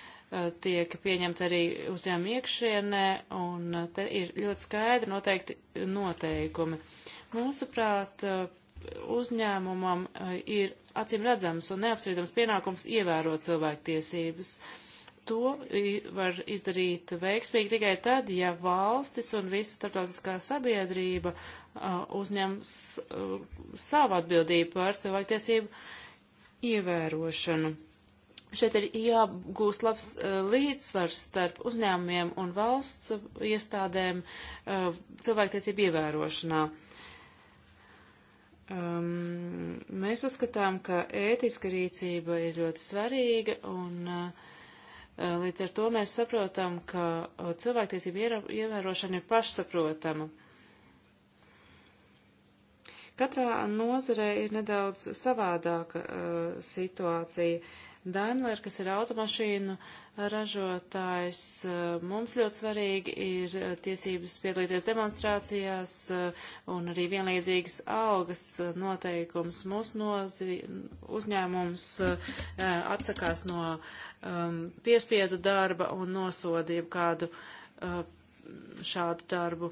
tiek pieņemti arī uzņēmuma iekšienē, un uh, te ir ļoti skaidri noteikti noteikumi. Mūsuprāt, uh, uzņēmumam ir acīm redzams un neapstrīdams pienākums ievērot cilvēktiesības. tiesības to var izdarīt veiksmīgi tikai tad, ja valstis un visa starptautiskā sabiedrība uzņems savu atbildību par cilvēktiesību ievērošanu. Šeit ir jāgūst labs līdzsvars starp uzņēmumiem un valsts iestādēm cilvēktiesību ievērošanā. Um, mēs uzskatām, ka ētiska rīcība ir ļoti svarīga un uh, Eh, līdz ar to mēs saprotam, ka eh, cilvēktiesība ievērošana ir pašsaprotama. Katrā nozarē ir nedaudz savādāka uh, situācija. Daimler, kas ir automašīnu ražotājs, uh, mums ļoti svarīgi ir tiesības piedalīties demonstrācijās uh, un arī vienlīdzīgas algas noteikums. Mūsu nozri, uzņēmums uh, atsakās no uh, um, piespiedu darba un nosodību kādu uh, šādu darbu.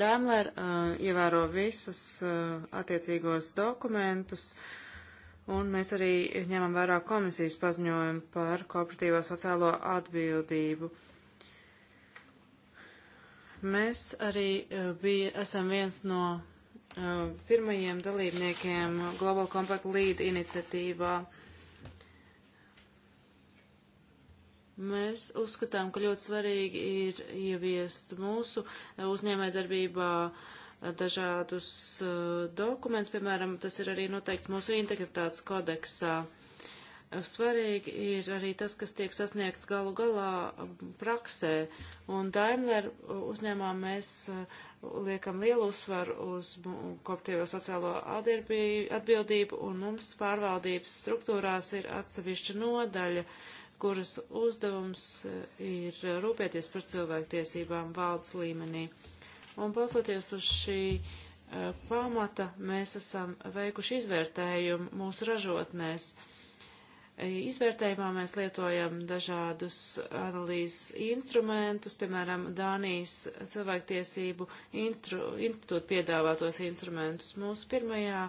Daimler uh, ievēro visus uh, attiecīgos dokumentus, un mēs arī ņemam vērā komisijas paziņojumu par kooperatīvo sociālo atbildību. Mēs arī uh, bija, esam viens no uh, pirmajiem dalībniekiem Global Compact Lead iniciatīvā. Uh, Mēs uzskatām, ka ļoti svarīgi ir ieviest mūsu uzņēmējdarbībā dažādus uh, dokumentus, piemēram, tas ir arī noteikts mūsu integritātes kodeksā. Svarīgi ir arī tas, kas tiek sasniegts galu galā um, praksē, un Daimler uh, uzņēmā mēs uh, liekam lielu uzsvaru uz koptīvo sociālo atbildību, un mums pārvaldības struktūrās ir atsevišķa nodaļa. Uh, kuras uzdevums eh, ir eh, rūpēties par cilvēktiesībām valdes līmenī. Un balsoties uz šī uh, pamata, mēs esam veikuši izvērtējumu mūsu ražotnēs. Izvērtējumā mēs lietojam dažādus analīzes instrumentus, piemēram, Dānijas cilvēktiesību instru, institūta piedāvātos instrumentus. Mūsu pirmajā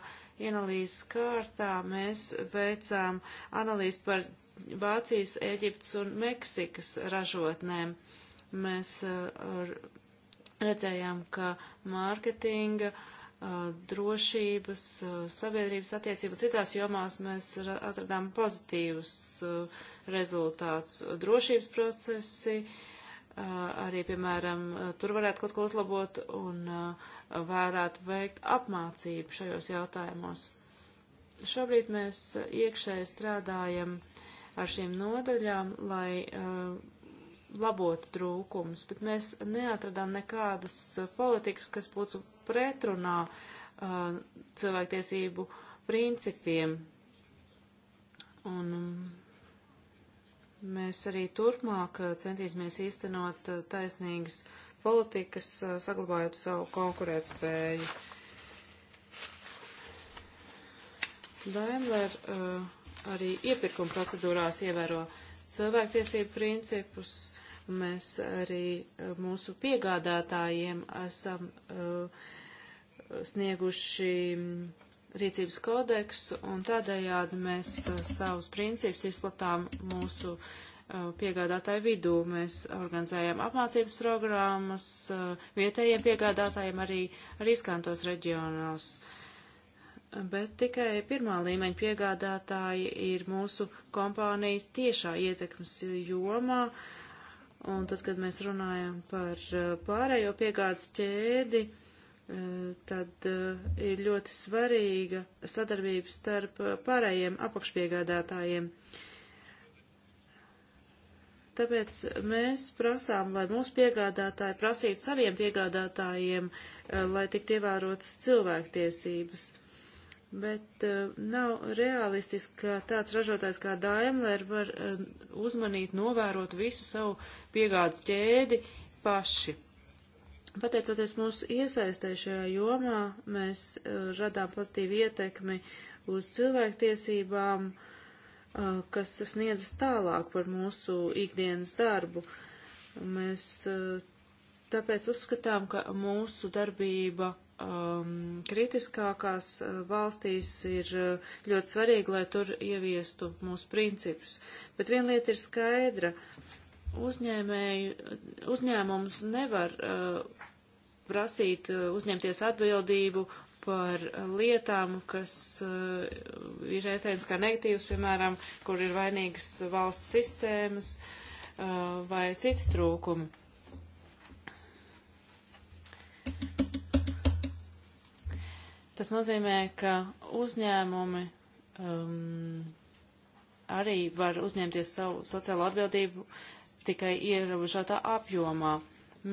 analīzes kārtā mēs veicām analīzi par Vācijas, Eģiptes un Meksikas ražotnēm. Mēs uh, redzējām, ka mārketinga, uh, drošības, uh, sabiedrības attiecību citās jomās mēs atradām pozitīvus uh, rezultātus. Drošības procesi, uh, arī, piemēram, uh, tur varētu kaut ko uzlabot un varētu veikt apmācību šajos jautājumos. Šobrīd mēs iekšēji strādājam uh, ar šīm nodaļām, lai uh, labotu trūkumus, bet mēs neatradām nekādas uh, politikas, kas būtu pretrunā uh, cilvēktiesību principiem. Un mm, mēs arī turpmāk uh, centīsimies īstenot uh, taisnīgas politikas, saglabājot savu konkurētspēju. Daimler uh, arī iepirkuma procedūrās ievēro cilvēktiesību principus. Mēs arī eh, mūsu piegādātājiem esam uh, snieguši mm, rīcības kodeksu, un tādējādi mēs eh, savus principus izplatām mūsu piegādātāju vidū. Mēs organizējam apmācības programmas vietējiem piegādātājiem arī riskantos reģionos. Uh, bet tikai pirmā līmeņa piegādātāji ir mūsu kompānijas tiešā ietekmes jomā. Un tad, kad mēs runājam par eh, pārējo piegādes ķēdi, eh, tad eh, ir ļoti svarīga sadarbība starp pārējiem apakšpiegādātājiem. Tāpēc mēs prasām, lai mūsu piegādātāji prasītu saviem piegādātājiem, lai tiktu ievērotas cilvēktiesības bet uh, nav realistiski, ka tāds ražotājs kā Daimler var uh, uzmanīt, novērot visu savu piegādes ķēdi paši. Pateicoties mūsu iesaistē šajā jomā, mēs uh, radām pozitīvu ietekmi uz cilvēktiesībām, uh, kas sniedzas tālāk par mūsu ikdienas darbu. Mēs uh, tāpēc uzskatām, ka mūsu darbība um, kritiskākās uh, valstīs ir uh, ļoti svarīgi, lai tur ieviestu mūsu principus. Bet viena lieta ir skaidra. Uzņēmēju, uzņēmums nevar uh, prasīt uh, uzņemties atbildību par uh, lietām, kas uh, ir ētējums kā negatīvs, piemēram, kur ir vainīgas valsts sistēmas uh, vai citi trūkumi. Tas nozīmē, ka uzņēmumi um, arī var uzņemties savu sociālo atbildību tikai ierobežotā apjomā.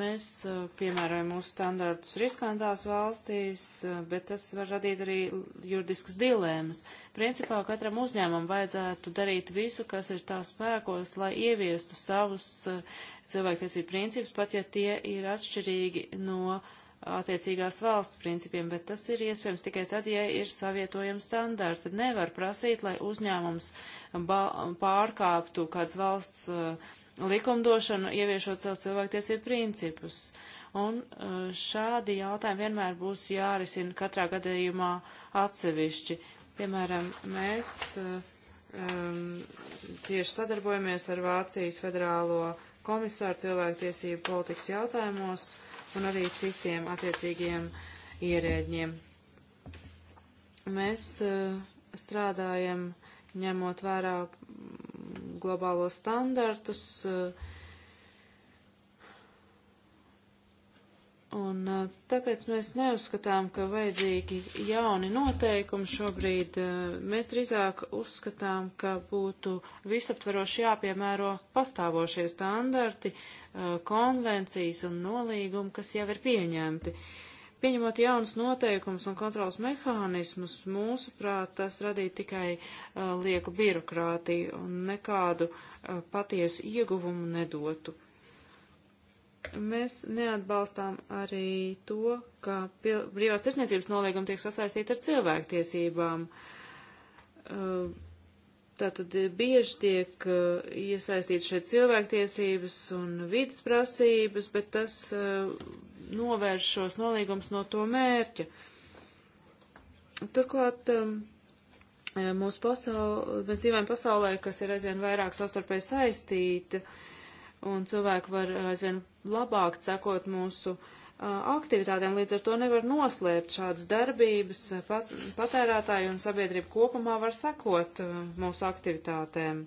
Mēs uh, piemērojam mūsu standartus riskantās valstīs, uh, bet tas var radīt arī juridiskas dilēmas. Principā katram uzņēmumam vajadzētu darīt visu, kas ir tā spēkos, lai ieviestu savus uh, cilvēktiesību principus, pat ja tie ir atšķirīgi no uh, attiecīgās valsts principiem, bet tas ir iespējams tikai tad, ja ir savietojami standarti. Nevar prasīt, lai uzņēmums pārkāptu kāds valsts uh, likumdošanu, ieviešot savu cilvēktiesību principus. Un uh, šādi jautājumi vienmēr būs jārisina katrā gadījumā atsevišķi. Piemēram, mēs uh, um, cieši sadarbojamies ar Vācijas federālo komisāru cilvēktiesību politikas jautājumos, uh, un arī citiem attiecīgiem ierēģiem. Mēs eh, strādājam ņemot vērā mm, globālos standartus, uh, Un tāpēc mēs neuzskatām, ka vajadzīgi jauni noteikumi šobrīd. Mēs drīzāk uzskatām, ka būtu visaptveroši jāpiemēro pastāvošie standarti, konvencijas un nolīgumi, kas jau ir pieņemti. Pieņemot jaunus noteikumus un kontrols mehānismus, mūsuprāt, tas radīja tikai uh, lieku birokrātiju un nekādu uh, patiesu ieguvumu nedotu. Mēs neatbalstām arī to, ka brīvās tirsniecības nolīguma tiek sasaistīta ar cilvēktiesībām. Uh, tātad bieži tiek uh, iesaistīts šeit cilvēktiesības un vidas prasības, bet tas uh, novērš šos nolīgums no to mērķa. Turklāt um, mūsu pasaulē, mēs dzīvojam pasaulē, kas ir aizvien vairāk savstarpēji saistīta. Uh, un cilvēki var aizvien labāk cekot mūsu aktivitātēm, līdz ar to nevar noslēpt šādas darbības, pat, patērētāji un sabiedrība kopumā var sekot mūsu aktivitātēm.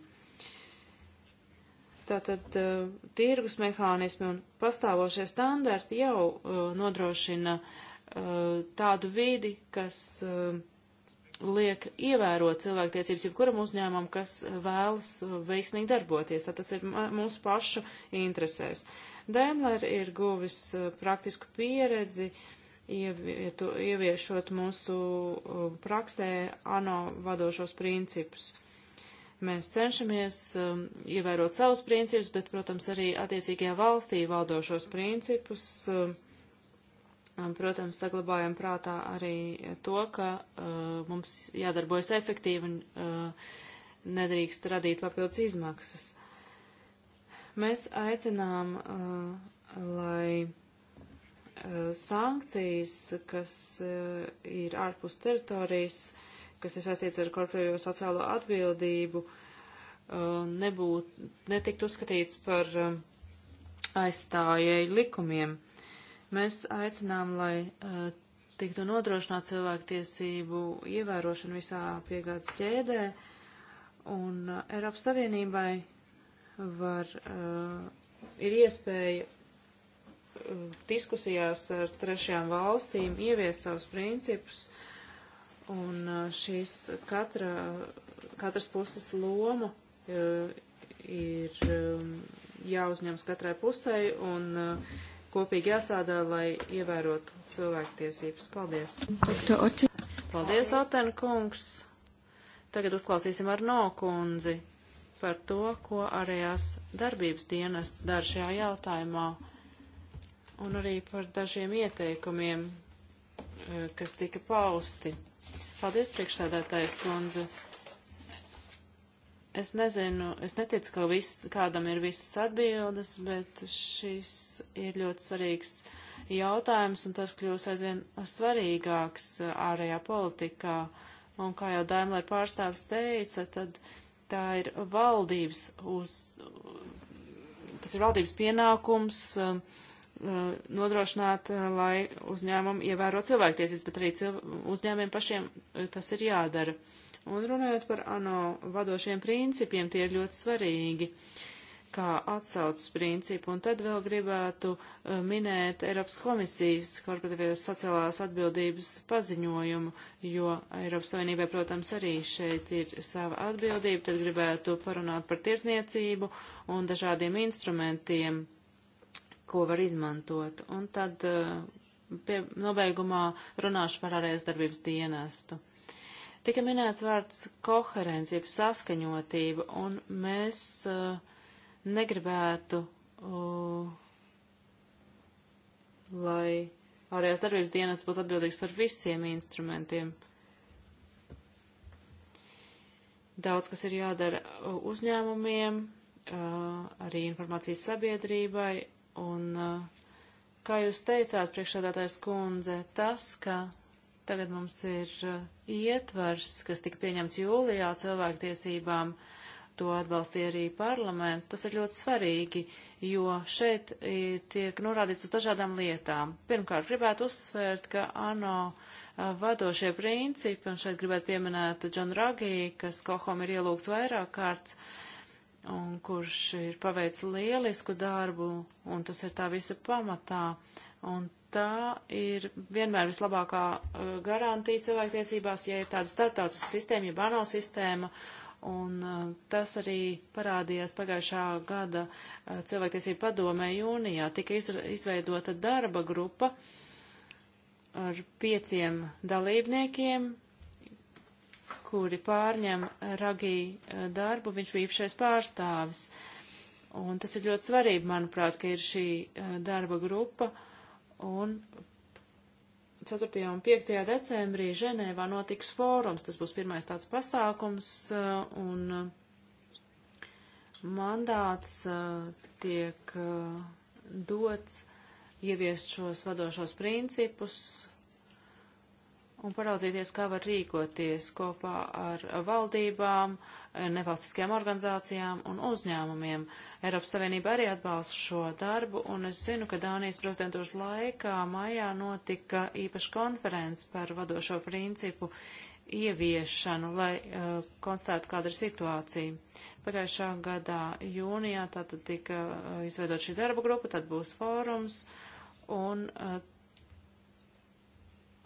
Tātad uh, tirgus mehānismi un pastāvošie standarti jau uh, nodrošina uh, tādu vidi, kas uh, liek ievērot cilvēktiesības jebkuram uzņēmumam, kas vēlas uh, veiksmīgi darboties. Tad tas ir mūsu pašu interesēs. Daimler ir guvis uh, praktisku pieredzi, ievietu, ieviešot mūsu uh, praksē ANO vadošos principus. Mēs cenšamies um, ievērot savus principus, bet, protams, arī attiecīgajā valstī valdošos principus. Um, Protams, saglabājam prātā arī to, ka uh, mums jādarbojas efektīvi un uh, nedrīkst radīt papildus izmaksas. Mēs aicinām, uh, lai uh, sankcijas, kas uh, ir ārpus teritorijas, kas ir saistīts ar korporatīvo sociālo atbildību, uh, nebūt, netikt uzskatīts par uh, aizstājēju likumiem Mēs aicinām, lai uh, tiktu nodrošināt cilvēktiesību ievērošanu visā piegādes ķēdē, un uh, Eiropas Savienībai var, uh, ir iespēja uh, diskusijās ar trešajām valstīm ieviest savus principus, un uh, šīs katra, katras puses loma uh, ir um, jāuzņems katrai pusē, un uh, kopīgi jāsādā, lai ievērotu cilvēktiesības. Paldies! Paldies, Oten kungs! Tagad uzklausīsim ar no kundzi par to, ko arējās darbības dienests dar šajā jautājumā un arī par dažiem ieteikumiem, eh, kas tika pausti. Paldies, priekšsēdētājs kundze! Es nezinu, es neticu, ka viss, kādam ir visas atbildes, bet šis ir ļoti svarīgs jautājums, un tas kļūs aizvien svarīgāks uh, ārējā politikā. Un kā jau Daimler pārstāvis teica, tad tā ir valdības uz, tas ir valdības pienākums um, uh, nodrošināt, uh, lai uzņēmumi ievēro cilvēktiesības, bet arī uzņēmumiem pašiem tas ir jādara. Uh, Un runājot par ANO vadošiem principiem, tie ir ļoti svarīgi kā atsaucas principu. Un tad vēl gribētu uh, minēt Eiropas komisijas korporatīvās sociālās atbildības paziņojumu, jo Eiropas Savienībai, protams, arī šeit ir sava atbildība. Tad gribētu parunāt par tirzniecību un dažādiem instrumentiem, ko var izmantot. Un tad uh, pie, nobeigumā runāšu par ārējas darbības dienestu. Tika minēts vārds koherencība, saskaņotība, un mēs uh, negribētu, uh, lai ārējās darbības dienas būtu atbildīgs par visiem instrumentiem. Daudz, kas ir jādara eh, uzņēmumiem, uh, arī informācijas sabiedrībai, un, kā jūs teicāt, priekšādātais kundze, tas, ka Tagad mums ir uh, ietvars, kas tika pieņemts jūlijā cilvēktiesībām. To atbalstīja arī parlaments. Tas ir ļoti svarīgi, jo šeit tiek norādīts uz dažādām lietām. Pirmkārt, gribētu uzsvērt, ka ANO uh, vadošie principi, un šeit gribētu pieminēt Džonu Ragī, kas Kohom ir ielūgts vairāk kārts, un kurš ir paveicis lielisku darbu, un tas ir tā visa pamatā. Un tā ir vienmēr vislabākā uh, garantija cilvēktiesībās, ja ir tāda starptautiska sistēma, ja banāla sistēma, un uh, tas arī parādījās pagājušā gada uh, cilvēktiesību padomē jūnijā. Tika izveidota darba grupa ar pieciem dalībniekiem, kuri pārņem Ragī darbu, viņš bija īpašais pārstāvis. Un tas ir ļoti svarīgi, manuprāt, ka ir šī darba grupa, uh, Un 4. un 5. decembrī Ženēvā notiks fórums. Tas būs pirmais tāds pasākums. Uh, un uh, mandāts uh, tiek dots ieviest šos vadošos principus un paraudzīties, kā var rīkoties kopā ar valdībām, uh, nevalstiskajām organizācijām un uzņēmumiem. Eiropas Savienība arī atbalsta šo darbu, un es zinu, ka Dānijas prezidentūras laikā maijā notika īpaša konferences par vadošo principu ieviešanu, lai uh, konstatētu, kāda ir situācija. Pagājušā gadā jūnijā tātad tika uh, izveidot šī darba grupa, tad būs fórums, un uh,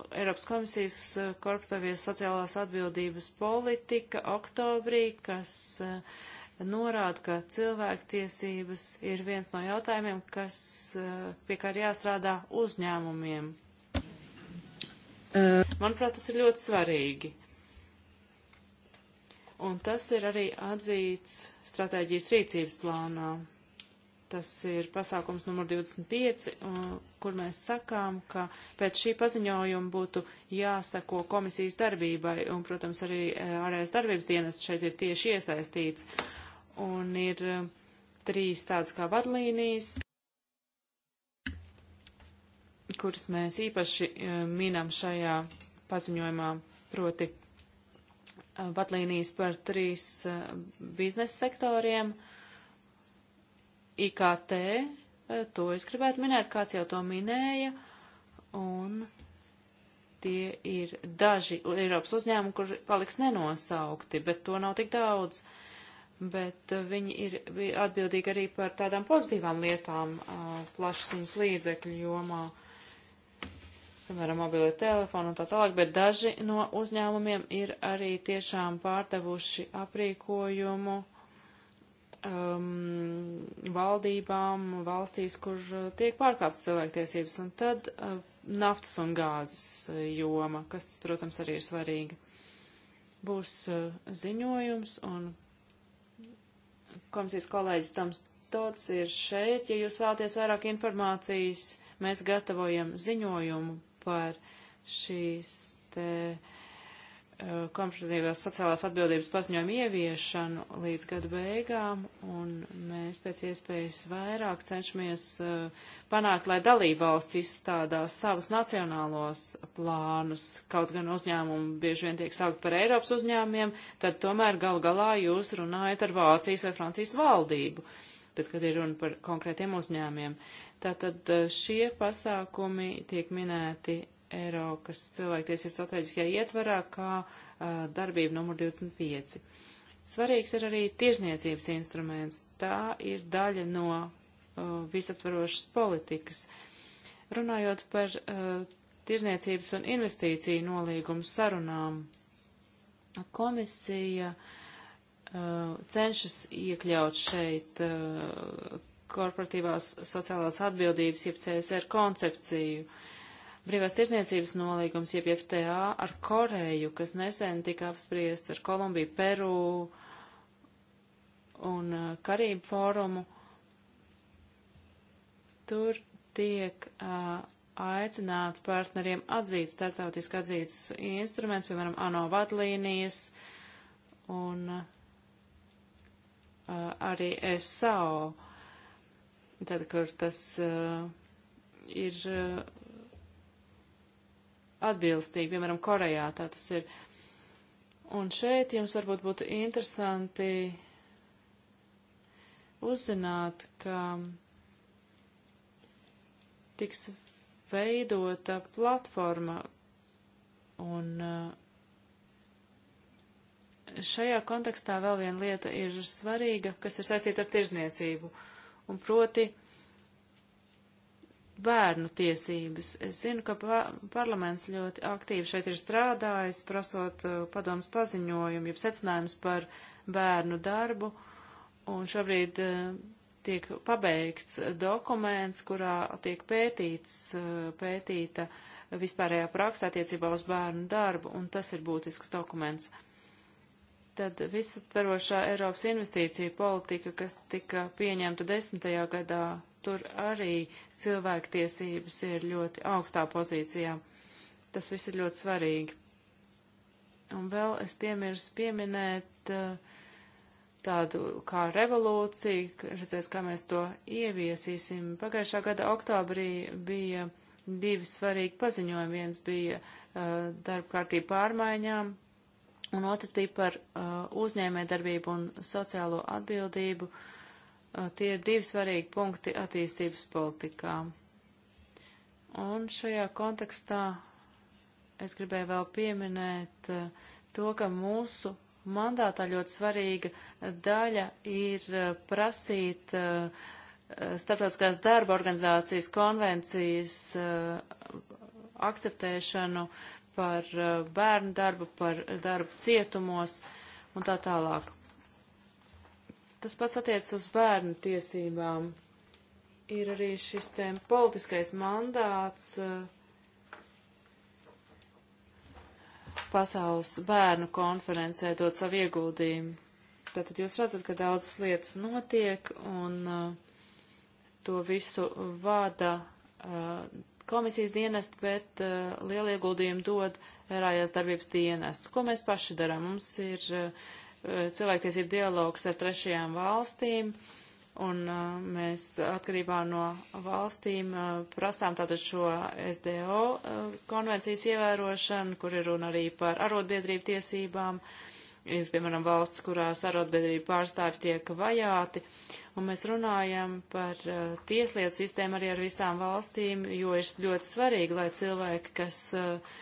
Eiropas komisijas eh, korporatīvās sociālās atbildības politika oktobrī, kas eh, norāda, ka cilvēktiesības ir viens no jautājumiem, kas, eh, pie kā ir jāstrādā uzņēmumiem. Uh. Manuprāt, tas ir ļoti svarīgi. Un tas ir arī atzīts stratēģijas rīcības plānā. Tas ir pasākums numur 25, un, kur mēs sakām, ka pēc šī paziņojuma būtu jāsako komisijas darbībai, un, protams, arī e, ārējais darbības dienas šeit ir tieši iesaistīts. Un ir e, trīs tādas kā vadlīnijas, kuras mēs īpaši e, minam šajā paziņojumā, proti vadlīnijas par trīs biznesa sektoriem – IKT, e, to es gribētu minēt, kāds jau to minēja, un tie ir daži Eiropas uzņēmumi, kur paliks nenosaukti, bet to nav tik daudz. Bet e, viņi ir atbildīgi arī par tādām pozitīvām lietām e, plašsaziņas līdzekļu jomā, piemēram, mobilo telefonu un tā tālāk, bet daži no uzņēmumiem ir arī tiešām pārdevuši aprīkojumu uh, um, valdībām valstīs, kur uh, tiek pārkāptas cilvēktiesības, un tad uh, naftas un gāzes uh, joma, kas, protams, arī ir svarīga. Būs uh, ziņojums, un komisijas kolēģis Toms Tots ir šeit. Ja jūs vēlaties vairāk informācijas, mēs gatavojam ziņojumu par šīs te. Uh, Eh, komfortatīvās sociālās atbildības paziņojumu ieviešanu līdz gada beigām, un mēs pēc iespējas vairāk cenšamies uh, panākt, lai dalībvalsts izstādās savus nacionālos plānus, kaut gan uzņēmumi bieži vien tiek saukt par Eiropas uzņēmumiem, tad tomēr gal galā jūs runājat ar Vācijas vai Francijas valdību, tad, kad ir runa par konkrētiem uzņēmiem. Tātad eh, šie pasākumi tiek minēti Eiropas cilvēktiesību strateģiskajā ietvarā kā uh, darbība numur 25. Svarīgs ir arī tirzniecības instruments. Tā ir daļa no uh, visaptvarošas politikas. Runājot par uh, tirzniecības un investīciju nolīgumu sarunām, komisija cenšas iekļaut šeit korporatīvās sociālās atbildības, jeb CSR koncepciju. Uh, brīvās tirzniecības nolīgums, jeb FTA ar Koreju, kas nesen tika apspriest ar Kolumbiju, Peru un uh, Karību fórumu. Tur tiek uh, aicināts partneriem atzīt starptautiski atzītus instruments, piemēram, ANO vadlīnijas un uh, arī SAO, tad, kur tas uh, ir. Uh, atbilstīgi, piemēram, Korejā tā tas ir. Un šeit jums varbūt būtu interesanti uzzināt, ka tiks veidota platforma un uh, šajā kontekstā vēl viena lieta ir svarīga, kas ir saistīta ar tirzniecību. Un proti, uh, bērnu tiesības. Es zinu, ka pa parlaments ļoti aktīvi šeit ir strādājis, prasot uh, padomus paziņojumu, jeb secinājums par bērnu darbu, un šobrīd uh, tiek pabeigts dokuments, kurā tiek pētīts, uh, pētīta vispārējā praksa attiecībā uz bērnu darbu, un tas ir būtisks dokuments. Tad visaptverošā Eiropas investīcija politika, kas tika pieņemta desmitajā gadā, tur arī cilvēktiesības ir ļoti augstā pozīcijā. Tas viss ir ļoti svarīgi. Un vēl es piemirstu pieminēt uh, tādu kā revolūciju, redzēs, kā mēs to ieviesīsim. Pagājušā gada oktobrī bija divi svarīgi paziņojumi. Viens bija uh, darba kārtība pārmaiņām, un otrs bija par uh, uzņēmē darbību un sociālo atbildību. Uh, Tie ir divi svarīgi punkti attīstības politikā. Un šajā kontekstā es gribēju vēl pieminēt to, ka mūsu mandātā ļoti svarīga daļa ir prasīt starptautiskās darba organizācijas konvencijas akceptēšanu par bērnu darbu, par darbu cietumos un tā tālāk. Tas pats attiecas uz bērnu tiesībām. Ir arī šis tēm politiskais mandāts eh, pasaules bērnu konferencē dot savu ieguldījumu. Tātad jūs redzat, ka daudzas lietas notiek un eh, to visu vada eh, komisijas dienestu, bet uh, lielu ieguldījumu dod ārējās darbības dienests. Ko mēs paši darām? Mums ir uh, Eh, cilvēktiesību dialogs ar trešajām valstīm, un eh, mēs atkarībā no valstīm eh, prasām tātad šo SDO konvencijas ievērošanu, kur ir runa arī par arotbiedrību tiesībām. Ir, piemēram, valsts, kurās arotbiedrība pārstāvji tiek vajāti, un mēs runājam par tieslietu sistēmu arī ar visām valstīm, jo ir ļoti svarīgi, lai cilvēki, kas uh,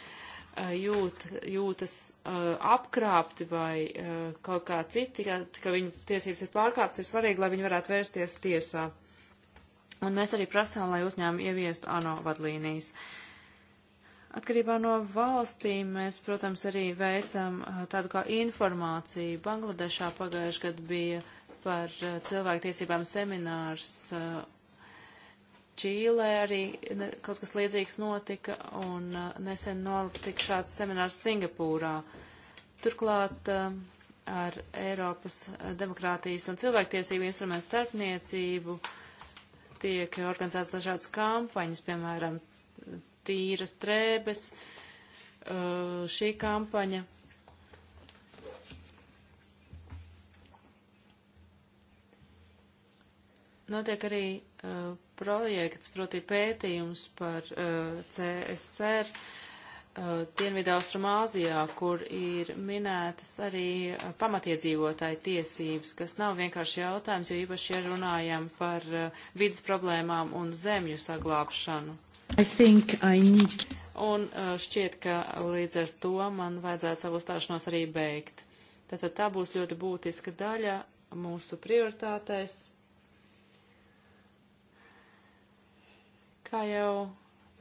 Eh, jūt, jūtas eh, apkrāpti vai eh, kaut kā citi, ka, ka viņu tiesības ir pārkāptas, ir svarīgi, lai viņi varētu vērsties tiesā. Un mēs arī prasām, lai uzņēmumi ieviestu ANO vadlīnijas. Atkarībā no valstīm mēs, protams, arī veicam tādu kā informāciju. Bangladešā pagājuši gadu bija par cilvēktiesībām seminārs Čīlē arī kaut kas līdzīgs notika, un uh, nesen notika šāds seminārs Singapūrā. Turklāt uh, ar Eiropas uh, demokrātijas un cilvēktiesību instrumentu starpniecību tiek organizētas dažādas kampaņas, piemēram, tīras drēbes. Šī kampaņa notiek arī uh, projekts, proti pētījums par uh, CSR uh, Dienvidaustrumāzijā, kur ir minētas arī uh, pamatiedzīvotāju tiesības, kas nav vienkārši jautājums, jo īpaši, ja runājam par uh, vidas problēmām un zemju saglābšanu. I I need... Un uh, šķiet, ka līdz ar to man vajadzētu savu stāšanos arī beigt. Tātad tā būs ļoti būtiska daļa mūsu prioritātēs Kā jau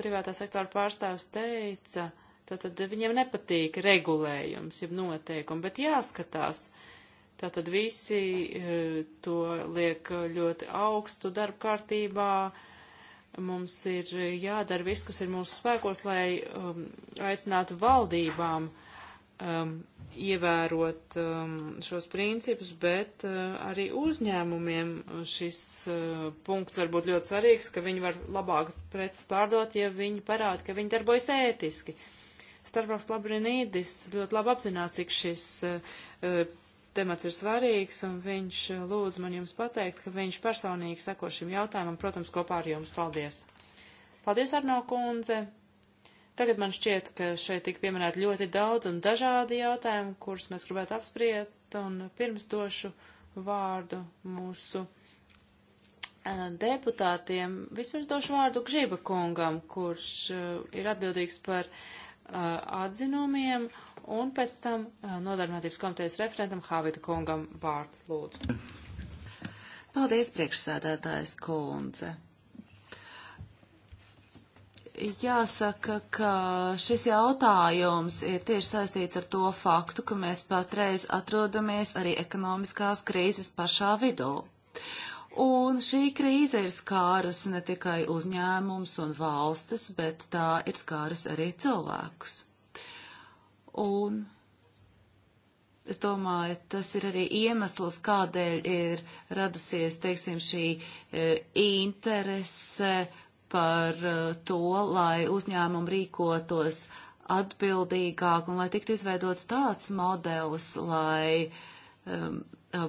privātā sektora pārstāvs teica, tātad viņiem nepatīk regulējums, jeb noteikumi, bet jāskatās. Tātad visi e, to liek ļoti augstu darbu kārtībā. Mums ir jādara viss, kas ir mūsu spēkos, lai um, aicinātu valdībām uh, um, ievērot um, šos principus, bet uh, arī uzņēmumiem šis uh, punkts var būt ļoti svarīgs, ka viņi var labāk preces pārdot, ja viņi parāda, ka viņi darbojas ētiski. Starpvalsts Labrinīdis ļoti labi apzinās, cik šis uh, uh temats ir svarīgs, un viņš uh, lūdz man jums pateikt, ka viņš personīgi seko šim jautājumam, protams, kopā ar jums. Paldies! Paldies, Arno kundze! Tagad man šķiet, ka šeit tika pieminēt ļoti daudz un dažādi jautājumi, kurus mēs gribētu apspriest, un pirms došu vārdu mūsu deputātiem. Vispirms došu vārdu Gžiba kungam, kurš ir atbildīgs par atzinumiem, un pēc tam nodarbinātības komitejas referentam Havita kungam vārds lūdzu. Paldies, priekšsēdētājs kundze. Jāsaka, ka šis jautājums ir tieši saistīts ar to faktu, ka mēs patreiz atrodamies arī ekonomiskās krīzes pašā vidū. Un šī krīze ir skārus ne tikai uzņēmums un valstis, bet tā ir skārus arī cilvēkus. Un es domāju, tas ir arī iemesls, kādēļ ir radusies, teiksim, šī e, interese par eh, to, lai uzņēmumi rīkotos atbildīgāk un lai tiktu izveidots tāds modelis, lai um,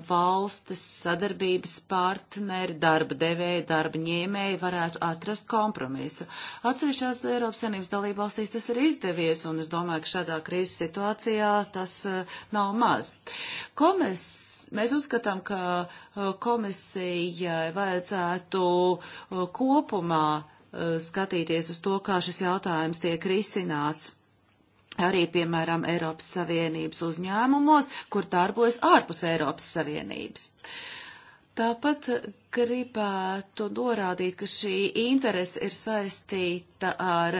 valstis, sadarbības partneri, darba devēji, darba ņēmēji varētu atrast kompromisu. Atsevišķās Eiropas Savienības dalība valstīs tas ir izdevies, un es domāju, ka šādā krīzes situācijā tas uh, nav maz. Komis Mēs uzskatām, ka uh, komisijai vajadzētu uh, kopumā uh, skatīties uz to, kā šis jautājums tiek risināts. Arī, piemēram, Eiropas Savienības uzņēmumos, kur darbojas ārpus Eiropas Savienības. Tāpat gribētu norādīt, ka šī interese ir saistīta ar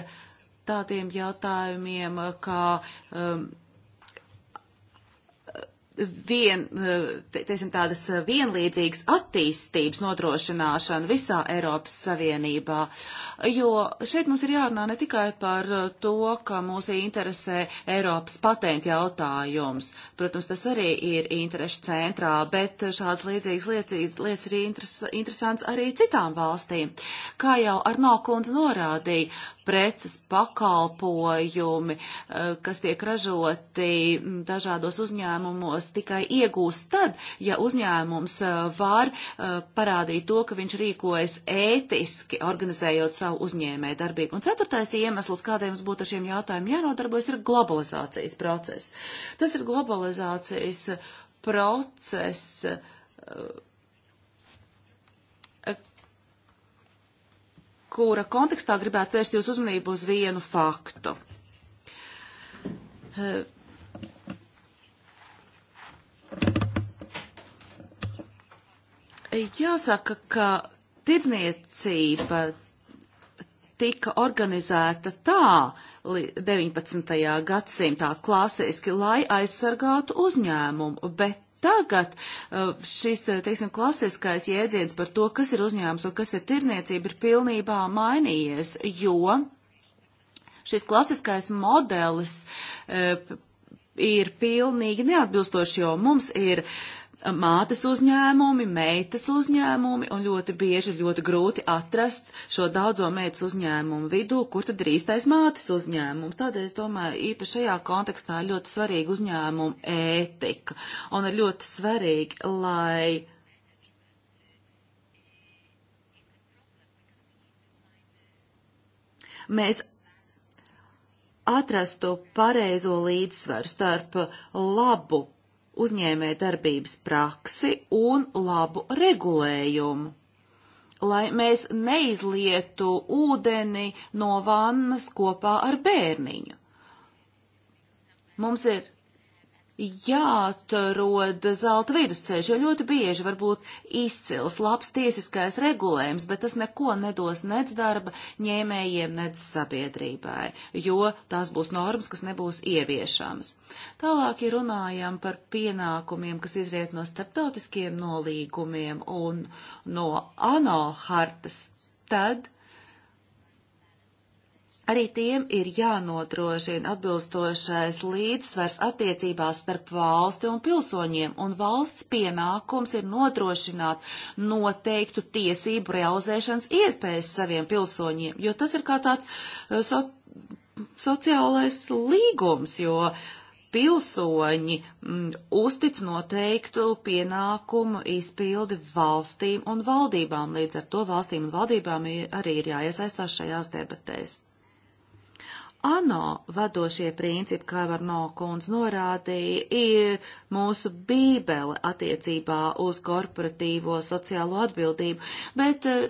tādiem jautājumiem, kā um, vien, teiksim, tādas vienlīdzīgas attīstības nodrošināšana visā Eiropas Savienībā. Jo šeit mums ir jārunā ne tikai par to, ka mūs interesē Eiropas patenta jautājums. Protams, tas arī ir interešu centrā, bet šāds līdzīgs lietas, lietas ir interes, interesants arī citām valstīm. Kā jau Arno kundze norādīja, preces pakalpojumi, eh, kas tiek ražoti mm, dažādos uzņēmumos, tikai iegūst tad, ja uzņēmums eh, var eh, parādīt to, ka viņš rīkojas ētiski, organizējot savu uzņēmē darbību. Un ceturtais iemesls, kādēļ mums būtu ar šiem jautājumiem jānodarbojas, ir globalizācijas process. Tas ir globalizācijas process, kura kontekstā gribētu vērst jūs uzmanību uz vienu faktu. Jāsaka, ka tirdzniecība tika organizēta tā 19. gadsimtā klasiski, lai aizsargātu uzņēmumu, bet Tagad uh, šis, uh, teiksim, klasiskais jēdziens par to, kas ir uzņēmums un kas ir tirzniecība, ir pilnībā mainījies, jo šis klasiskais modelis uh, ir pilnīgi neatbilstoši, jo mums ir uh, mātes uzņēmumi, meitas uzņēmumi, un ļoti bieži ir ļoti grūti atrast šo daudzo meitas uzņēmumu vidū, kur tad ir īstais mātes uzņēmums. Tādēļ es domāju, īpaši šajā kontekstā ir ļoti svarīga uzņēmuma ētika, un ir ļoti svarīgi, lai. Mēs atrastu pareizo līdzsvaru starp labu uzņēmē darbības praksi un labu regulējumu, lai mēs neizlietu ūdeni no vannas kopā ar bērniņu. Mums ir jāatrod zelta vidusceļš, jo ļoti bieži var būt izcils, labs tiesiskais regulējums, bet tas neko nedos nec darba ņēmējiem, nec sabiedrībai, jo tās būs normas, kas nebūs ieviešams. Tālāk, ja runājam par pienākumiem, kas izriet no starptautiskiem nolīgumiem un no ANO hartas, tad Arī tiem ir jānodrošina atbilstošais līdzsvers attiecībās starp valsti un pilsoņiem, un valsts pienākums ir nodrošināt noteiktu tiesību realizēšanas iespējas saviem pilsoņiem, jo tas ir kā tāds eh, so sociālais līgums, jo pilsoņi m, mm, uztic noteiktu pienākumu izpildi valstīm un valdībām, līdz ar to valstīm un valdībām arī ir jāiesaistās šajās debatēs. ANO vadošie principi, kā var Nokons norādīja, ir mūsu bībele attiecībā uz korporatīvo sociālo atbildību, bet eh,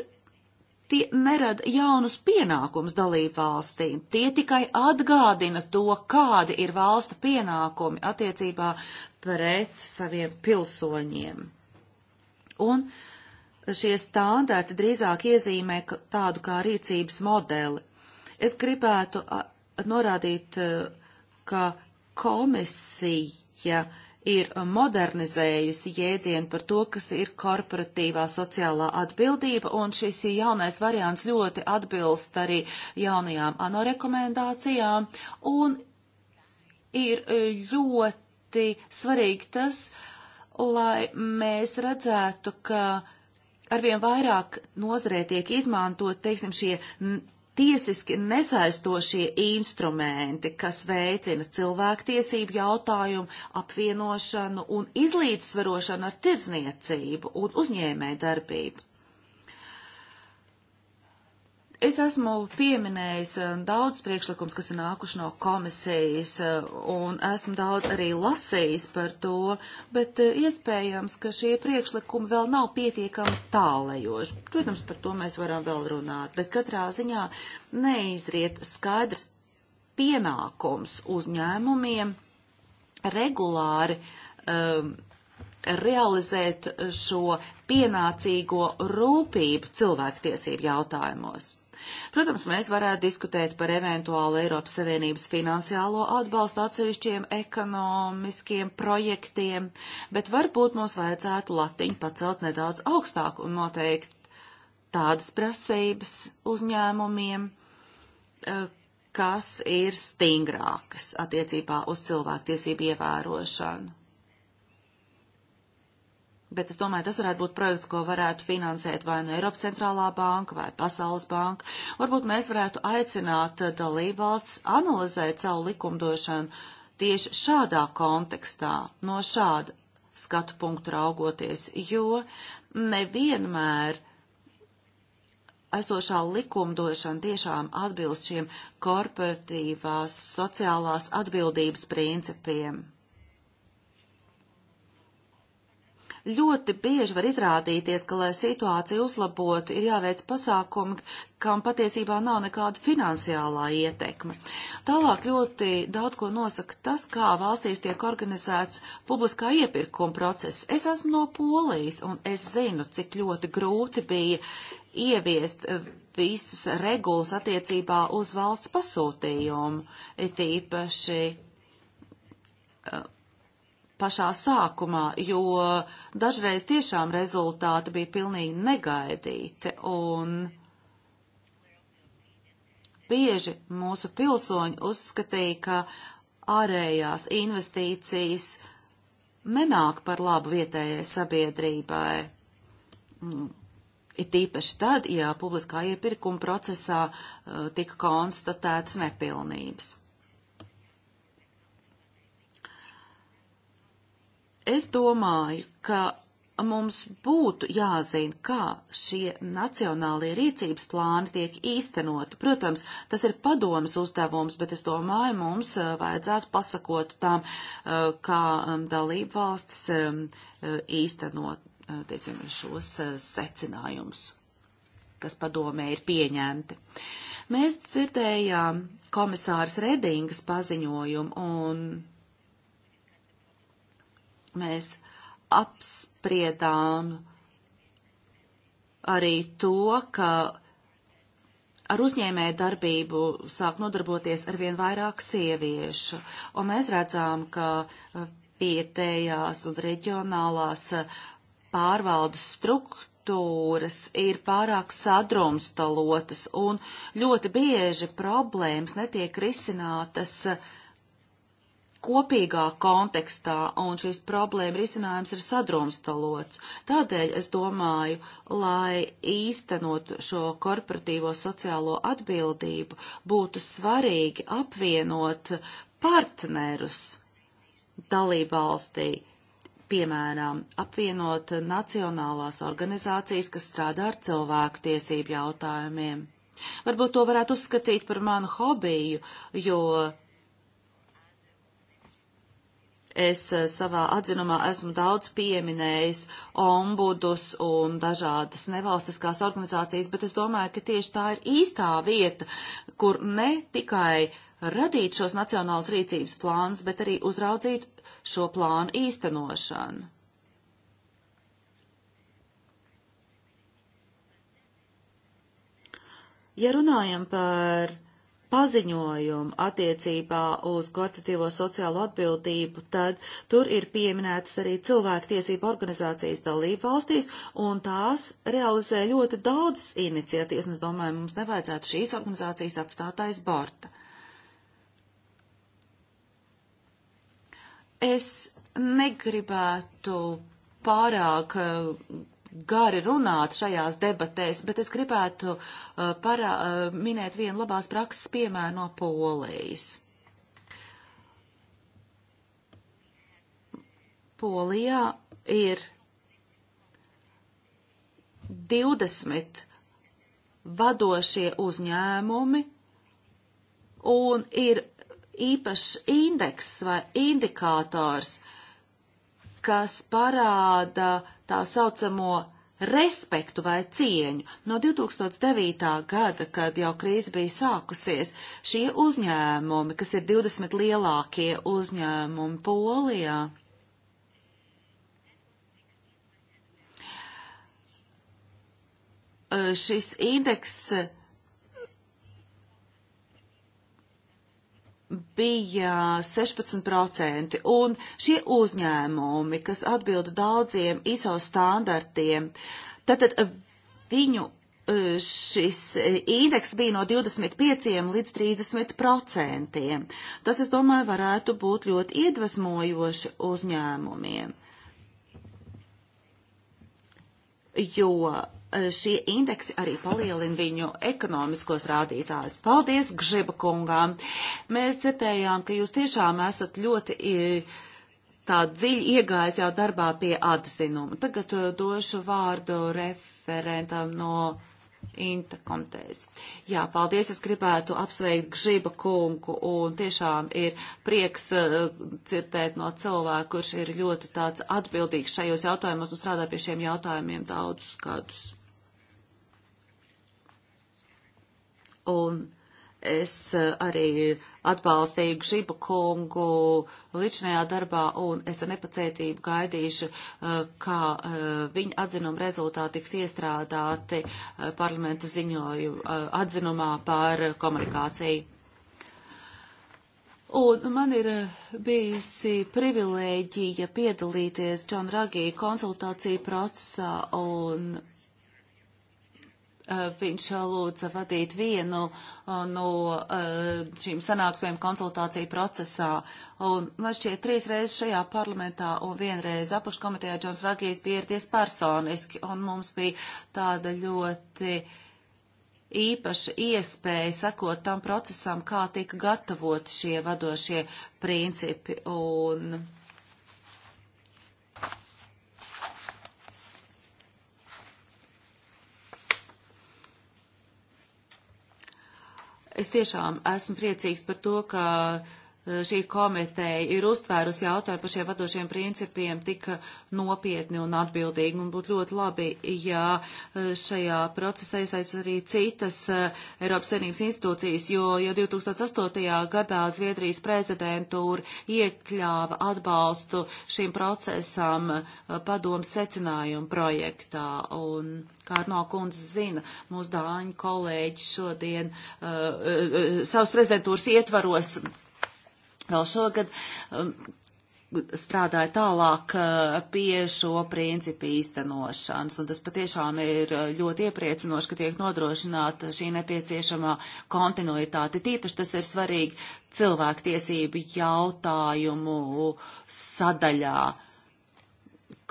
tie nerada jaunus pienākumus dalību valstīm. Tie tikai atgādina to, kādi ir valstu pienākumi attiecībā pret saviem pilsoņiem. Un šie standarti drīzāk iezīmē tādu kā rīcības modeli. Es gribētu norādīt, eh, ka komisija ir modernizējusi jēdzienu par to, kas ir korporatīvā sociālā atbildība, un šis jaunais variants ļoti atbilst arī jaunajām ANO rekomendācijām, un ir eh, ļoti svarīgi tas, lai mēs redzētu, ka arvien vairāk nozarē tiek izmantot, teiksim, šie tiesiski nesaistošie instrumenti, kas veicina cilvēktiesību jautājumu apvienošanu un izlīdzsvarošanu ar tirdzniecību un uzņēmē darbību. Es esmu pieminējis eh, daudz priekšlikums, kas ir nākuši no komisijas, eh, un esmu daudz arī lasījis par to, bet eh, iespējams, ka šie priekšlikumi vēl nav pietiekami tālējoši. Protams, par to mēs varam vēl runāt, bet katrā ziņā neizriet skaidrs pienākums uzņēmumiem regulāri um, realizēt šo pienācīgo rūpību cilvēktiesību jautājumos. Protams, mēs varētu diskutēt par eventuālu Eiropas Savienības finansiālo atbalstu atsevišķiem ekonomiskiem projektiem, bet varbūt mums vajadzētu latiņu pacelt nedaudz augstāk un noteikt tādas prasības uzņēmumiem, e, kas ir stingrākas attiecībā uz cilvēktiesību ievērošanu. Bet es domāju, tas varētu būt projekts, ko varētu finansēt vai no nu Eiropas centrālā banka vai Pasaules banka. Varbūt mēs varētu aicināt eh, dalību valsts analizēt savu likumdošanu tieši šādā kontekstā, no šāda skatu punktu raugoties, jo nevienmēr esošā likumdošana tiešām atbilst šiem korporatīvās sociālās atbildības principiem. Ļoti bieži var izrādīties, ka, lai situāciju uzlabotu, ir jāveic pasākumi, kam patiesībā nav nekāda finansiālā ietekme. Tālāk ļoti daudz ko nosaka tas, kā valstīs tiek organizēts publiskā iepirkuma process. Es esmu no Polijas, un es zinu, cik ļoti grūti bija ieviest eh, visas regulas attiecībā uz valsts pasūtījumu, it īpaši eh, pašā sākumā, jo dažreiz tiešām rezultāti bija pilnīgi negaidīti un bieži mūsu pilsoņi uzskatīja, ka ārējās investīcijas nenāk par labu vietējai sabiedrībai. It īpaši tad, ja publiskā iepirkuma procesā uh, tika konstatētas nepilnības. Es domāju, ka mums būtu jāzina, kā šie nacionālie rīcības plāni tiek īstenoti. Protams, tas ir padomas uzdevums, bet es domāju, mums eh, vajadzētu pasakot tām, eh, kā um, dalību valstis um, eh, īstenot, teiksim, šos secinājumus, kas padomē ir pieņemti. Mēs dzirdējām komisāras Redingas paziņojumu un Mēs apspriedām arī to, ka ar uzņēmēju darbību sāk nodarboties ar vien vairāk sieviešu, un mēs redzām, ka vietējās un reģionālās pārvaldes struktūras ir pārāk sadrumstalotas, un ļoti bieži problēmas netiek risinātas uh, kopīgā kontekstā, un šīs problēma risinājums ir sadrumstalots. Tādēļ es domāju, lai īstenot šo korporatīvo sociālo atbildību, būtu svarīgi apvienot partnerus dalībvalstī, piemēram, apvienot nacionālās organizācijas, kas strādā ar cilvēku tiesību jautājumiem. Varbūt to varētu uzskatīt par manu hobiju, jo Es eh, savā atzinumā esmu daudz pieminējis ombudus un dažādas nevalstiskās organizācijas, bet es domāju, ka tieši tā ir īstā vieta, kur ne tikai radīt šos nacionālus rīcības plānus, bet arī uzraudzīt šo plānu īstenošanu. Ja runājam par paziņojumu attiecībā uz korporatīvo sociālo atbildību, tad tur ir pieminētas arī cilvēktiesība organizācijas dalība valstīs, un tās realizē ļoti daudzas iniciatīvas, un es domāju, mums nevajadzētu šīs organizācijas atstātais borta. Es negribētu pārāk gari runāt šajās debatēs, bet es gribētu uh, parā, uh, minēt vienu labās prakses piemēru no Polijas. Polijā ir 20 vadošie uzņēmumi un ir īpašs indeks vai indikātors, kas parāda uh, tā saucamo respektu vai cieņu. No 2009. gada, kad jau krīze bija sākusies, šie uzņēmumi, kas ir 20 lielākie uzņēmumi Polijā, šis indeks bija 16%, un šie uzņēmumi, kas atbilda daudziem ISO standartiem, tātad viņu e, šis e, indeks bija no 25 līdz 30 procentiem. Tas, es domāju, varētu būt ļoti iedvesmojoši uzņēmumiem, jo Eh, šie indeksi arī palielina viņu ekonomiskos rādītājus. Paldies, Gžiba kungām! Mēs dzirdējām, ka jūs tiešām esat ļoti eh, tā dziļi iegājis jau darbā pie atzinuma. Tagad eh, došu vārdu referentam no Inta komitejas. Jā, paldies, es gribētu apsveikt Gžiba kungu un tiešām ir prieks uh, dzirdēt no cilvēka, kurš ir ļoti tāds atbildīgs šajos jautājumos un strādā pie šiem jautājumiem daudzus gadus. Un es eh, arī atbalstīju Gžibu kungu ličnajā darbā, un es ar nepacietību gaidīšu, eh, kā eh, viņa atzinuma rezultāti tiks iestrādāti parlamenta ziņoju atzinumā par komunikāciju. Un man ir bijusi privilēģija piedalīties Džona Ragija konsultāciju procesā, un Eh, viņš eh, lūdza vadīt vienu eh, no šīm sanāksmēm konsultāciju procesā. Un man šķiet, trīs reizes šajā parlamentā un vienreiz apakškomitejā Džons Ragijs bija ieradies personiski, un mums bija tāda ļoti īpaša iespēja sakot tam procesam, kā tika gatavot šie vadošie principi. Un Es tiešām esmu priecīgs par to, ka Eh, šī komiteja ir uztvērusi jautājumu par šiem vadošiem principiem tik nopietni un atbildīgi, un būtu ļoti labi, ja eh, šajā procesā iesaistītu arī citas eh, Eiropas Savienības institūcijas, jo jau 2008. gadā Zviedrijas prezidentūra iekļāva atbalstu šim procesam padomu secinājumu projektā, un Kārno kundze zina, mūsu dāņu kolēģi šodien uh, savas prezidentūras ietvaros vēl šogad um, strādāja tālāk uh, pie šo principu īstenošanas, un tas patiešām ir uh, ļoti iepriecinoši, ka tiek nodrošināta šī nepieciešamā kontinuitāte. Tīpaši tas ir svarīgi cilvēktiesību jautājumu sadaļā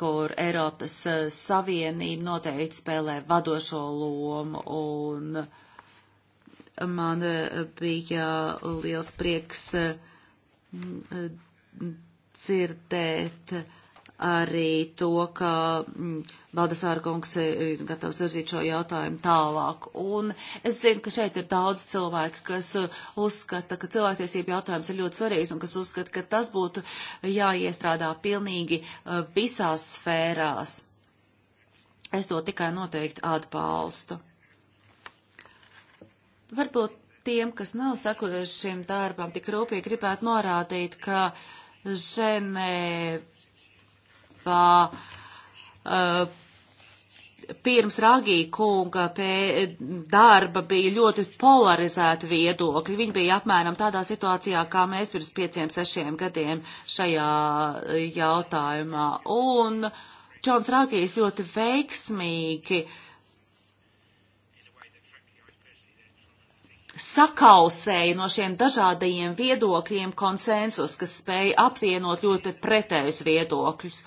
kur Eiropas uh, Savienība noteikti spēlē vadošo lomu, un man bija liels prieks uh, Mm, eh, dzirdēt arī to, ka mm, Baldasāra kungs eh, ir gatavs virzīt šo jautājumu tālāk. Un es zinu, ka šeit ir daudz cilvēku, kas eh, uzskata, ka cilvēktiesība jautājums ir ļoti svarīgs un kas uzskata, ka tas būtu jāiestrādā pilnīgi visās sfērās. Es to tikai noteikti atbalstu. Varbūt Tiem, kas nav sakojuši šim darbam, tik rūpīgi gribētu norādīt, ka Ženēvā uh, pirms Ragī kunga pie darba bija ļoti polarizēti viedokļi. Viņi bija apmēram tādā situācijā, kā mēs pirms pieciem, sešiem gadiem šajā eh, jautājumā. Un Čons Ragīs ļoti veiksmīgi uh, sakausēja no šiem dažādajiem viedokļiem konsensus, kas spēja apvienot ļoti pretējus viedokļus.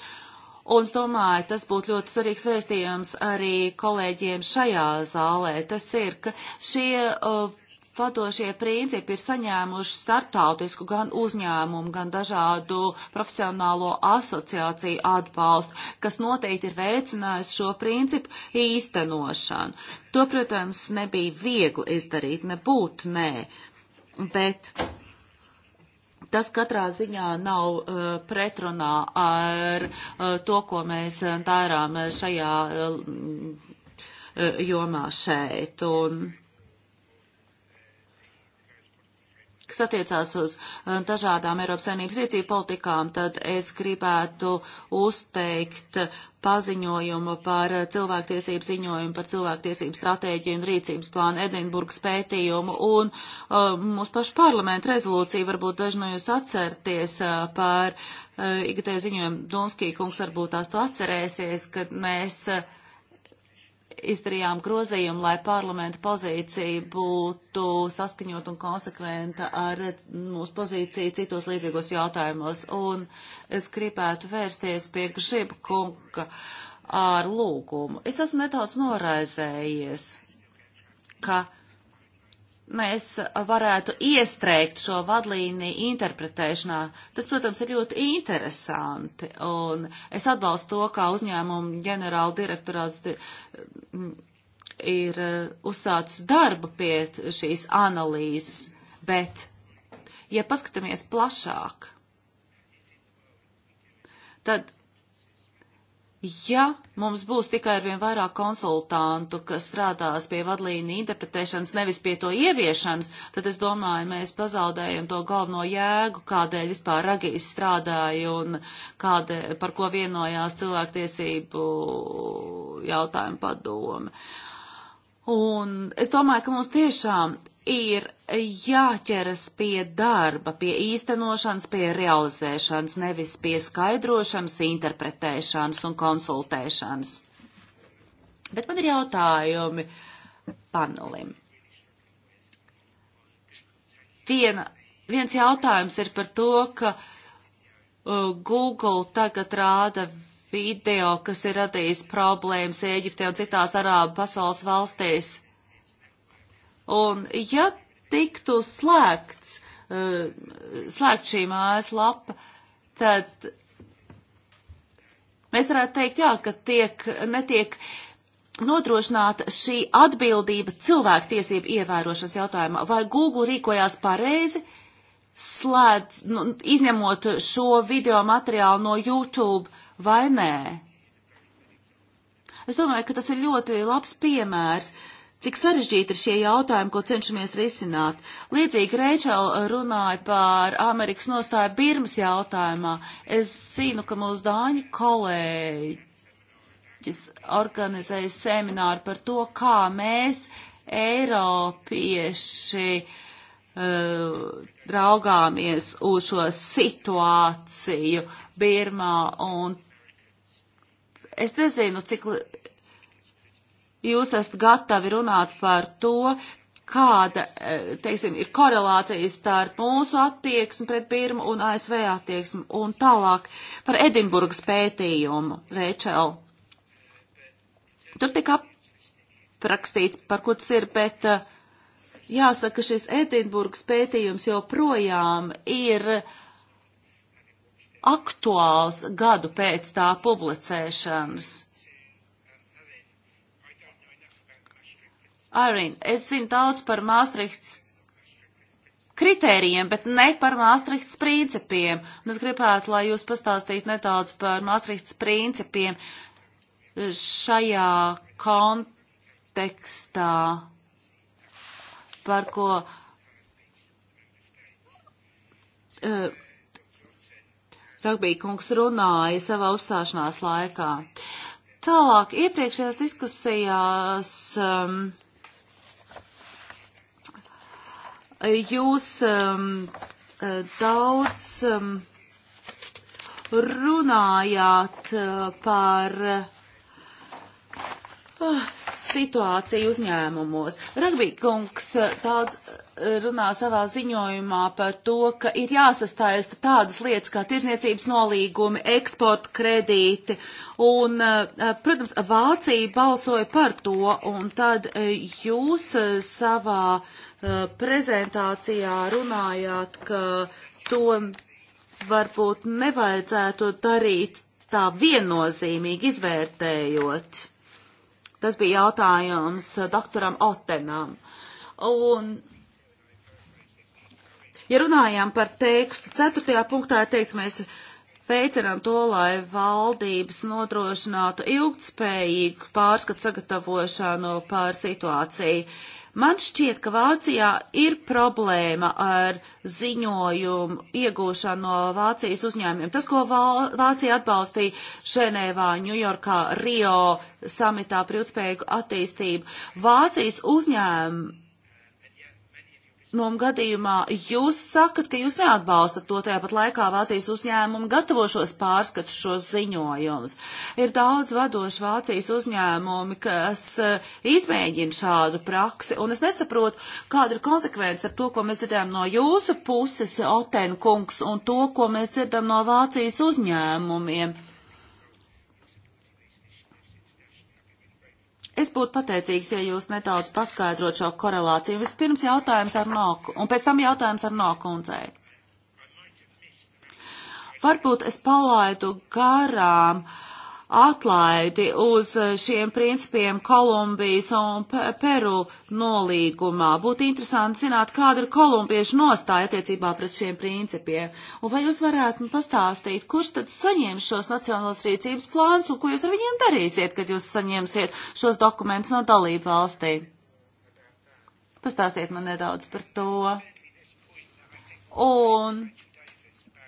Un es domāju, tas būtu ļoti svarīgs vēstījums arī kolēģiem šajā zālē. Tas ir, ka šie uh, vadošie principi ir saņēmuši starptautisku gan uzņēmumu, gan dažādu profesionālo asociāciju atbalstu, kas noteikti ir veicinājusi šo principu īstenošanu. To, protams, nebija viegli izdarīt, nebūtu, nē, bet tas katrā ziņā nav uh, pretrunā ar uh, to, ko mēs uh, dārām uh, šajā uh, mm, uh, jomā šeit. Un, kas attiecās uz uh, dažādām Eiropas saimnības rīcību politikām, tad es gribētu uzteikt paziņojumu par uh, cilvēktiesību ziņojumu, par cilvēktiesību stratēģiju un rīcības plānu Edinburgas pētījumu un uh, mūsu pašu parlamentu rezolūciju varbūt daži no jūs atcerties uh, par uh, IKT ziņojumu. Donskī kungs varbūt tās to atcerēsies, kad mēs uh, izdarījām grozījumu, lai parlamentu pozīcija būtu saskaņot un konsekventa ar mūsu pozīciju citos līdzīgos jautājumos. Un es gribētu vērsties pie Gžiba kunga ar lūgumu. Es esmu nedaudz noraizējies, ka mēs varētu iestrēgt šo vadlīniju interpretēšanā. Tas, protams, ir ļoti interesanti, un es atbalstu to, kā uzņēmumu ģenerāla direktorāts ir eh, uzsācis darbu pie šīs analīzes, bet, ja paskatāmies plašāk, tad Ja mums būs tikai ar vien vairāk konsultantu, kas strādās pie vadlīniju interpretēšanas, nevis pie to ieviešanas, tad es domāju, mēs pazaudējam to galveno jēgu, kādēļ vispār Ragīs strādāja un kāde, par ko vienojās cilvēktiesību jautājumu padome. Un es domāju, ka mums tiešām ir jāķeras pie darba, pie īstenošanas, pie realizēšanas, nevis pie skaidrošanas, interpretēšanas un konsultēšanas. Bet man ir jautājumi panelim. Viena, viens jautājums ir par to, ka uh, Google tagad rāda video, kas ir radījis problēmas Ēģiptē un citās arābu pasaules valstīs Un ja tiktu slēgts, eh, slēgt šī mājas lapa, tad mēs varētu teikt, jā, ka tiek, netiek nodrošināta šī atbildība cilvēktiesību ievērošanas jautājumā. Vai Google rīkojās pareizi, slēdz, nu, izņemot šo video materiālu no YouTube vai nē? Es domāju, ka tas ir ļoti labs piemērs uh, cik sarežģīti ir šie jautājumi, ko cenšamies risināt. Līdzīgi Rēčel runāja par Amerikas nostāju Birmas jautājumā. Es zinu, ka mūsu dāņu kolēģis organizēja semināru par to, kā mēs, Eiropieši, uh, raugāmies uz šo situāciju Birmā un es nezinu, cik jūs esat gatavi runāt par to, kāda, e, teiksim, ir korelācija starp mūsu attieksmi pret Birmu un ASV attieksmi un tālāk par Edinburgas pētījumu, Rēčel. Tur tika aprakstīts, par ko tas ir, bet e, jāsaka, šis Edinburgas pētījums joprojām ir aktuāls gadu pēc tā publicēšanas. Arīn, es zinu daudz par Māstrihts kritērijiem, bet ne par Māstrihts principiem. Un es gribētu, lai jūs pastāstītu nedaudz par Māstrihts principiem šajā kontekstā, par ko. Uh, eh, Ragbija kungs runāja savā uzstāšanās laikā. Tālāk, iepriekšējās diskusijās. Um, jūs um, uh, daudz um, runājāt uh, par uh, situāciju uzņēmumos. Ragbīkungs uh, daudz runā savā ziņojumā par to, ka ir jāsastāsta tādas lietas kā tirzniecības nolīgumi, eksporta kredīti. Un, protams, Vācija balsoja par to, un tad jūs savā Eh, prezentācijā runājāt, ka to varbūt nevajadzētu darīt tā viennozīmīgi izvērtējot. Tas bija jautājums eh, doktoram Otenam. Un, ja runājām par tekstu, ceturtajā punktā ir teikts, mēs veicinām to, lai valdības nodrošinātu ilgtspējīgu pārskatu sagatavošanu pār situāciju. Uh, Man šķiet, ka Vācijā ir problēma ar ziņojumu iegūšanu no Vācijas uzņēmumiem. Tas, ko Vācija atbalstīja Ženēvā, Ņujorkā, Rio samitā par ilgspējīgu attīstību, Vācijas uzņēmumi uzņēmumu gadījumā jūs sakat, ka jūs neatbalstat to, tāpat laikā Vācijas uzņēmumi gatavo šos pārskatus, šos ziņojumus. Ir daudz vadoši Vācijas uzņēmumi, kas eh, izmēģina šādu praksi, un es nesaprotu, kāda ir konsekvence ar to, ko mēs dzirdējam no jūsu puses, Oten kungs, un to, ko mēs dzirdam no Vācijas uzņēmumiem. Es būtu pateicīgs, ja jūs nedaudz paskaidrot šo korelāciju. Vispirms jautājums ar Noku, un pēc tam jautājums ar Nokundzei. Varbūt es palaidu garām uh, atlaidi uz eh, šiem principiem Kolumbijas un Peru nolīgumā. Būtu interesanti zināt, kāda ir kolumbiešu nostāja attiecībā pret šiem principiem. Un vai jūs varētu pastāstīt, kurš tad saņems šos nacionālos rīcības plāns un ko jūs ar viņiem darīsiet, kad jūs saņemsiet šos dokumentus no dalību valstī? Pastāstiet man nedaudz par to. Un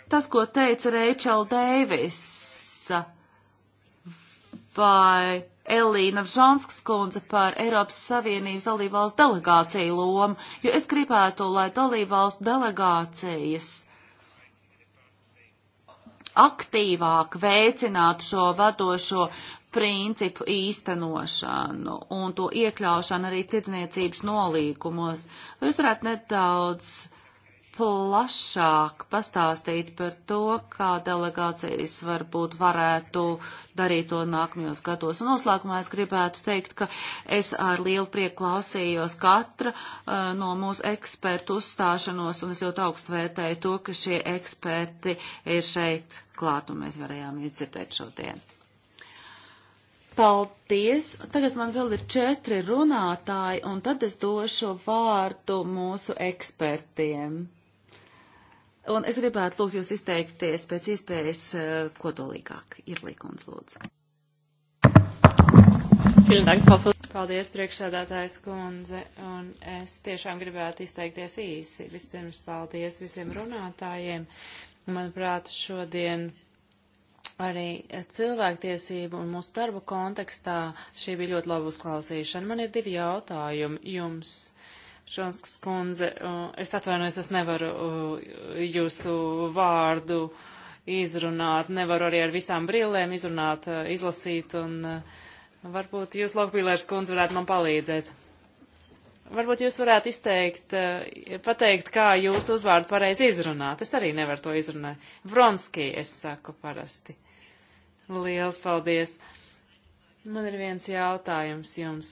tas, ko teica Rachel Davis vai Elīna Vžonskas kundze par Eiropas Savienības dalībvalstu delegāciju lomu, jo es gribētu, lai dalībvalstu delegācijas aktīvāk veicinātu šo vadošo principu īstenošanu un to iekļaušanu arī tirdzniecības nolīkumos. Jūs varētu nedaudz uh, plašāk pastāstīt par to, kā delegācijas varbūt varētu darīt to nākamajos gados. Un noslēgumā es gribētu teikt, ka es ar lielu prieku klausījos katra uh, no mūsu ekspertu uzstāšanos, un es ļoti augstu vērtēju to, ka šie eksperti ir šeit klāt, un mēs varējām jūs dzirdēt šodien. Paldies! Tagad man vēl ir četri runātāji, un tad es došu vārdu mūsu ekspertiem. Un es gribētu lūgt jūs izteikties pēc iespējas eh, kodolīgāk. Ir likums, lūdzu. Paldies, priekšsēdētājs kundze, un es tiešām gribētu izteikties īsi. Vispirms paldies visiem runātājiem. Manuprāt, šodien arī cilvēktiesību un mūsu darbu kontekstā šī bija ļoti laba uzklausīšana. Man ir divi jautājumi jums. Šonskas kundze, es atvainojos, es nevaru jūsu vārdu izrunāt, nevaru arī ar visām brillēm izrunāt, izlasīt, un varbūt jūs, Lokpīlērs kundze, varētu man palīdzēt. Varbūt jūs varētu izteikt, pateikt, kā jūs uzvārdu pareizi izrunāt. Es arī nevaru to izrunāt. Vronski, es saku parasti. Liels paldies. Man ir viens jautājums jums.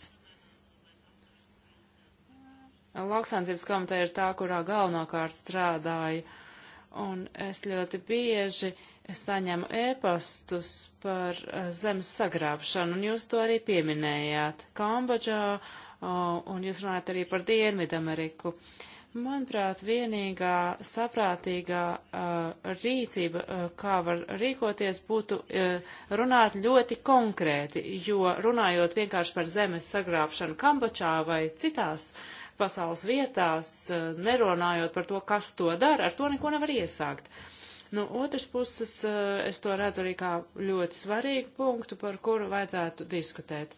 Lauksāncības komiteja ir tā, kurā galvenokārt strādāju, un es ļoti bieži saņemu ēpastus par eh, zemes sagrābšanu, un jūs to arī pieminējāt Kambodžā, un jūs runājat arī par Dienvidameriku. Manuprāt, vienīgā saprātīgā uh, rīcība, uh, kā var rīkoties, būtu uh, runāt ļoti konkrēti, jo runājot vienkārši par zemes sagrābšanu Kambočā vai citās uh, pasaules vietās, eh, nerunājot par to, kas to dara, ar to neko nevar iesākt. No otras puses, eh, es to redzu arī kā ļoti svarīgu punktu, par kuru vajadzētu diskutēt.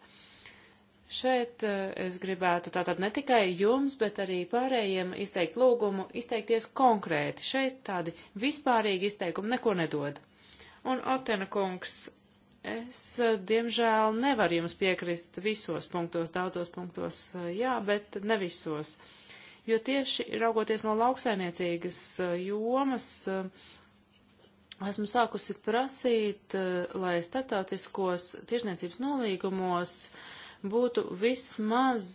Šeit eh, es gribētu tātad ne tikai jums, bet arī pārējiem izteikt lūgumu, izteikties konkrēti. Šeit tādi vispārīgi izteikumi neko nedod. Un Otena kungs, Es, eh, diemžēl, nevaru jums piekrist visos punktos, daudzos punktos, eh, jā, bet ne visos. Jo tieši raugoties no lauksainiecīgas eh, jomas, esmu sākusi prasīt, lai starptautiskos tirzniecības nolīgumos būtu vismaz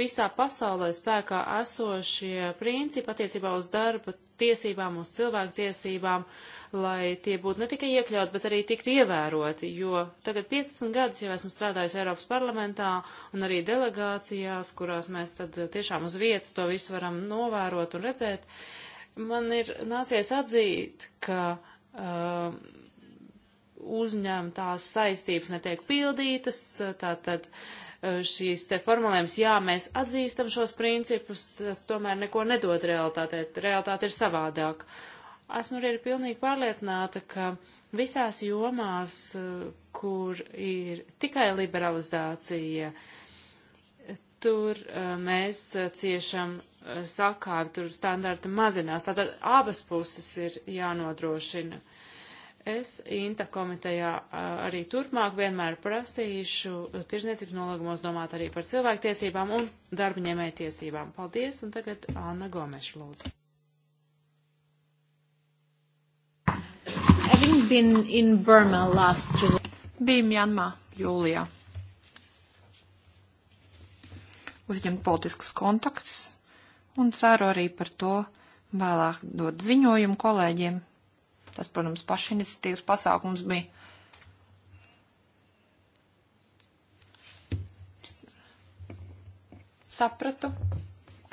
visā pasaulē spēkā esošie principi attiecībā uz darba tiesībām, mūsu cilvēku tiesībām, lai tie būtu ne tikai iekļaut, bet arī tiktu ievēroti, jo tagad 15 gadus jau esmu strādājis Eiropas parlamentā un arī delegācijās, kurās mēs tad tiešām uz vietas to visu varam novērot un redzēt. Man ir nācies atzīt, ka uh, uzņemtās saistības netiek pildītas, tātad uh, Eh, šīs te formulējums, jā, mēs atzīstam šos principus, tas tomēr neko nedod realitātē, realitāte ir savādāk. Esmu arī pilnīgi pārliecināta, ka visās jomās, eh, kur ir tikai liberalizācija, tur eh, mēs ciešam sakāvi, tur standarta mazinās. Tātad abas puses ir jānodrošina. Uh, Es Inta komitejā arī turpmāk vienmēr prasīšu tirzniecības nolīgumos domāt arī par cilvēktiesībām un darbaņēmēju tiesībām. Paldies, un tagad Anna Gomeša lūdzu. Having been in Burma last July. Biju Mjanmā jūlijā. Uzņemt politiskus kontaktus un ceru arī par to vēlāk dot ziņojumu kolēģiem Tas, protams, pašiniciatīvas pasākums bija. Sapratu,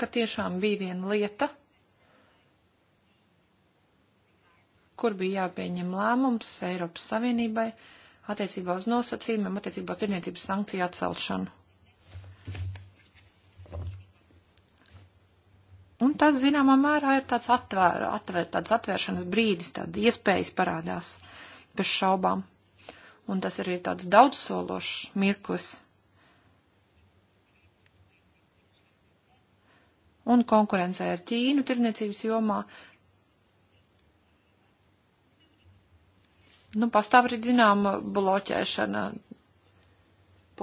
ka tiešām bija viena lieta, kur bija jāpieņem lēmums Eiropas Savienībai attiecībā uz nosacījumiem, attiecībā uz tirniecības sankciju atcelšanu. Un tas, zināmā mērā, ir tāds atvēr, atvēr, tāds atvēršanas brīdis, tāda iespējas parādās bez šaubām. Un tas arī ir tāds daudzsološs mirklis. Un konkurencē ar Ķīnu tirniecības jomā nu, pastāv arī zināma bloķēšana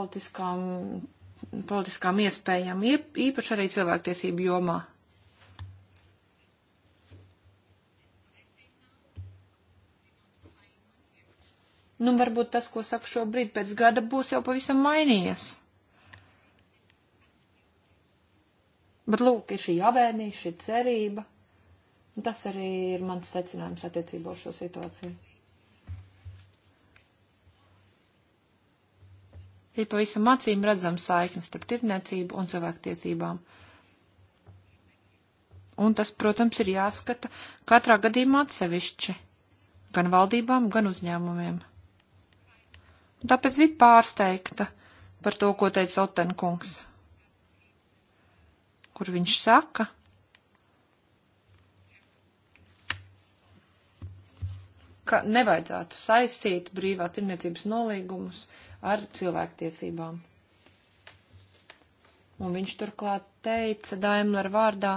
politiskām, politiskām iespējām, īpaši arī cilvēktiesību jomā. Nu, varbūt tas, ko saku šobrīd, pēc gada būs jau pavisam mainījies. Bet, lūk, ir šī avēnija, šī cerība. Un tas arī ir mans secinājums attiecībā uz šo situāciju. Ir pavisam acīm redzama saikne starp tirniecību un cilvēktiesībām. Un tas, protams, ir jāskata katrā gadījumā atsevišķi, gan valdībām, gan uzņēmumiem. Un tāpēc bija pārsteigta par to, ko teica Otenkungs, kur viņš saka. ka nevajadzētu saistīt brīvās tirniecības nolīgumus ar cilvēktiesībām. Un viņš turklāt teica Daimler vārdā,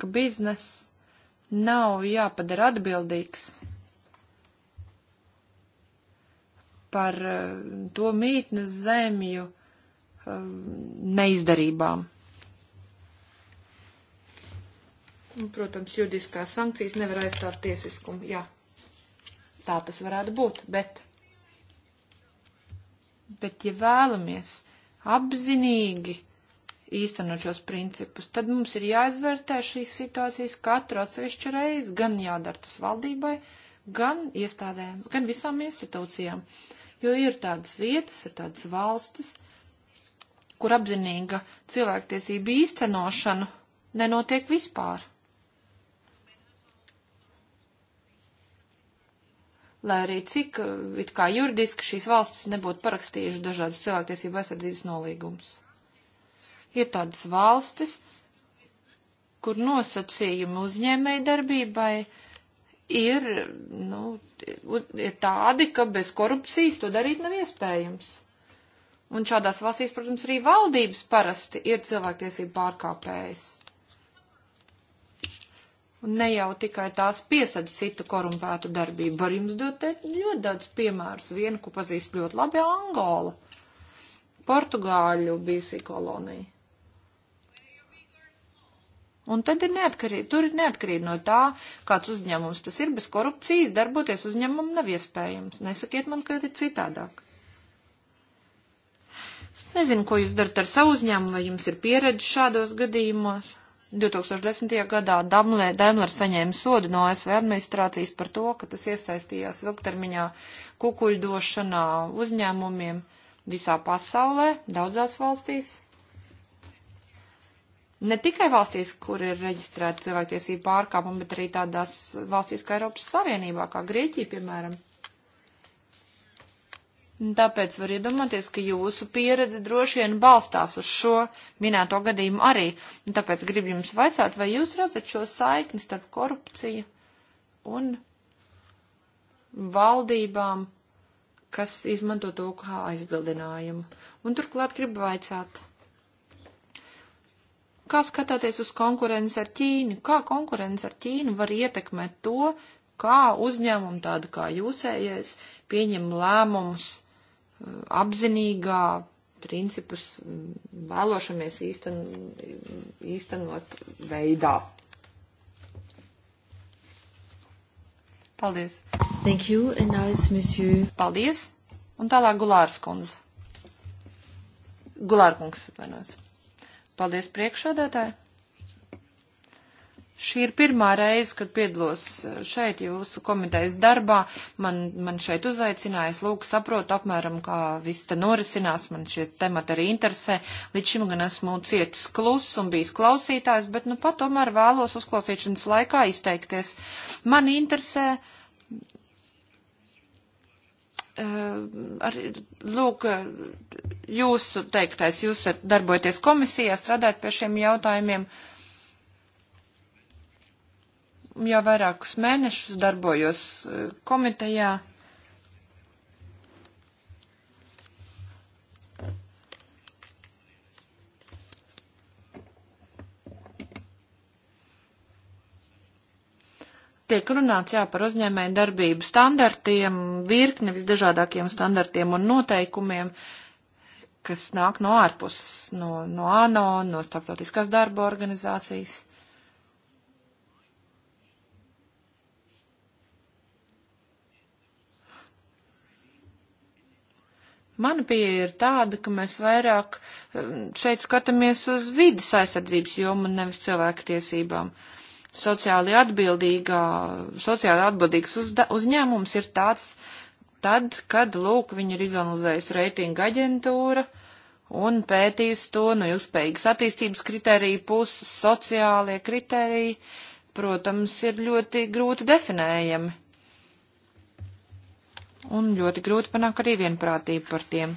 ka biznes nav jāpadara atbildīgs par eh, to mītnes zemju eh, neizdarībām. Un, protams, juridiskās sankcijas nevar aizstāt tiesiskumu. Jā, tā tas varētu būt, bet, bet ja vēlamies apzinīgi īstenot šos principus, tad mums ir jāizvērtē šīs situācijas katru atsevišķu reizi, gan jādara tas valdībai, gan iestādēm, gan visām institūcijām. Uh, jo ir tādas vietas, ir tādas valstis, kur apzinīga cilvēktiesība īstenošana nenotiek vispār. Lai arī cik uh, it kā juridiski šīs valstis nebūtu parakstījuši dažādas cilvēktiesību aizsardzības nolīgumus. Ir tādas valstis, kur nosacījumi uzņēmēji darbībai uh, ir, nu, ir tādi, ka bez korupcijas to darīt nav iespējams. Un šādās valstīs, protams, arī valdības parasti ir cilvēktiesību pārkāpējas. Un ne jau tikai tās piesaļ citu korumpētu darbību. Var jums dot ļoti daudz piemērus. Vienu, ko pazīst ļoti labi, Angola. Portugāļu bijusī kolonija. Un tad ir neatkarība, tur ir neatkarība no tā, kāds uzņēmums tas ir, bez korupcijas darboties uzņēmumam nav iespējams. Nesakiet man, ka ir citādāk. Es nezinu, ko jūs darat ar savu uzņēmumu, vai jums ir pieredze šādos gadījumos. 2010. gadā Daimler saņēma sodu no ASV administrācijas par to, ka tas iesaistījās ilgtermiņā kukuļdošanā uzņēmumiem visā pasaulē, daudzās valstīs ne tikai valstīs, kur ir reģistrēta cilvēktiesība pārkāpuma, bet arī tādās valstīs kā Eiropas Savienībā, kā Grieķija, piemēram. Tāpēc var iedomāties, ka jūsu pieredze droši vien balstās uz šo minēto gadījumu arī. Tāpēc gribu jums vaicāt, vai jūs redzat šo saikni starp korupciju un valdībām, kas izmanto to kā aizbildinājumu. Un turklāt gribu vaicāt Kā skatāties uz konkurenci ar Ķīnu? Kā konkurence ar Ķīnu var ietekmēt to, kā uzņēmumi tādi kā jūsējais pieņem lēmumus eh, apzinīgā, principus mm, vēlošamies īsten, īstenot veidā? Paldies. Thank you, and now it's monsieur. Paldies. Un tālāk Gulārs kundze. Gulārs kungs, atvainojos. Paldies priekšādātāji. Šī ir pirmā reize, kad piedalos eh, šeit jūsu komitejas darbā. Man, man šeit uzaicinājis, lūk, saprotu apmēram, kā viss te norisinās. Man šie temati arī interesē. Līdz šim gan esmu cietis klus un bijis klausītājs, bet nu pat tomēr vēlos uzklausīšanas laikā izteikties. Man interesē. Uh, Ehm, ar, lūk, jūsu teiktais, jūs darbojaties komisijā, strādājat pie šiem jautājumiem. Jau vairākus mēnešus darbojos eh, komitejā. tiek runāts, jā, par uzņēmēju darbību standartiem, virkni visdažādākiem standartiem un noteikumiem, kas nāk no ārpuses, no, no ANO, no starptautiskās darba organizācijas. Mana pieeja ir tāda, ka mēs vairāk um, šeit skatāmies uz vidas aizsardzības jomu un nevis cilvēku tiesībām. Uh, sociāli atbildīgā, sociāli atbildīgs uzda, uzņēmums ir tāds, tad, kad, lūk, viņi ir izanalizējusi reitinga aģentūra un pētījusi to no nu, ilgspējīgas attīstības kritērija puses, sociālie kritēriji, protams, ir ļoti grūti definējami. Un ļoti grūti panāk arī vienprātību par tiem.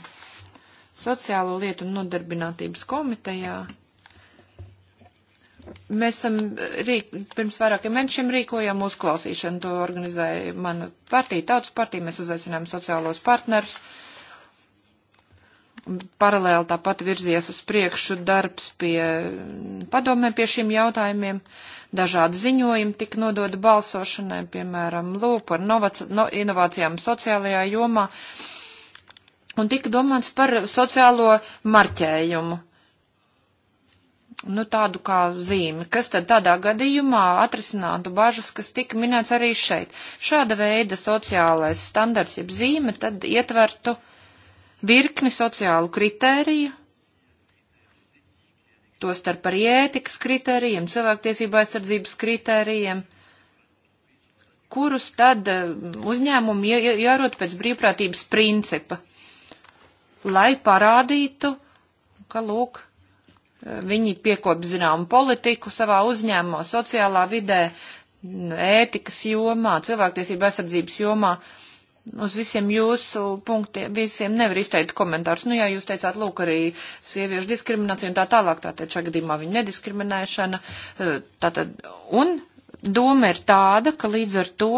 Sociālo lietu un nodarbinātības komitejā Mēs esam rīk, pirms vairākiem mēnešiem rīkojām uzklausīšanu, to organizēja mana partija, tautas partija, mēs uzaicinājām sociālos partnerus. Paralēli tāpat virzies uz priekšu darbs pie padomē pie šiem jautājumiem. Dažādi ziņojumi tika nodoti balsošanai, piemēram, lūk, par novac, no, inovācijām sociālajā jomā. Un tika domāts par sociālo marķējumu nu, tādu kā zīmi, kas tad tādā gadījumā atrisinātu bažas, kas tika minēts arī šeit. Šāda veida sociālais standarts, jeb zīme, tad ietvertu virkni sociālu kritēriju, tostarp par ētikas kritērijiem, cilvēktiesība aizsardzības kritērijiem, kurus tad eh, uzņēmumi jārot pēc brīvprātības principa, lai parādītu, ka, lūk, Viņi piekop zināmu politiku savā uzņēmumā, sociālā vidē, ētikas jomā, cilvēktiesība aizsardzības jomā. Uz visiem jūsu punktiem, visiem nevar izteikt komentārus. Nu, jā, jūs teicāt, lūk, arī sieviešu diskriminācija un tā tālāk, tātad šā gadījumā viņa nediskriminēšana. Tātad, un doma ir tāda, ka līdz ar to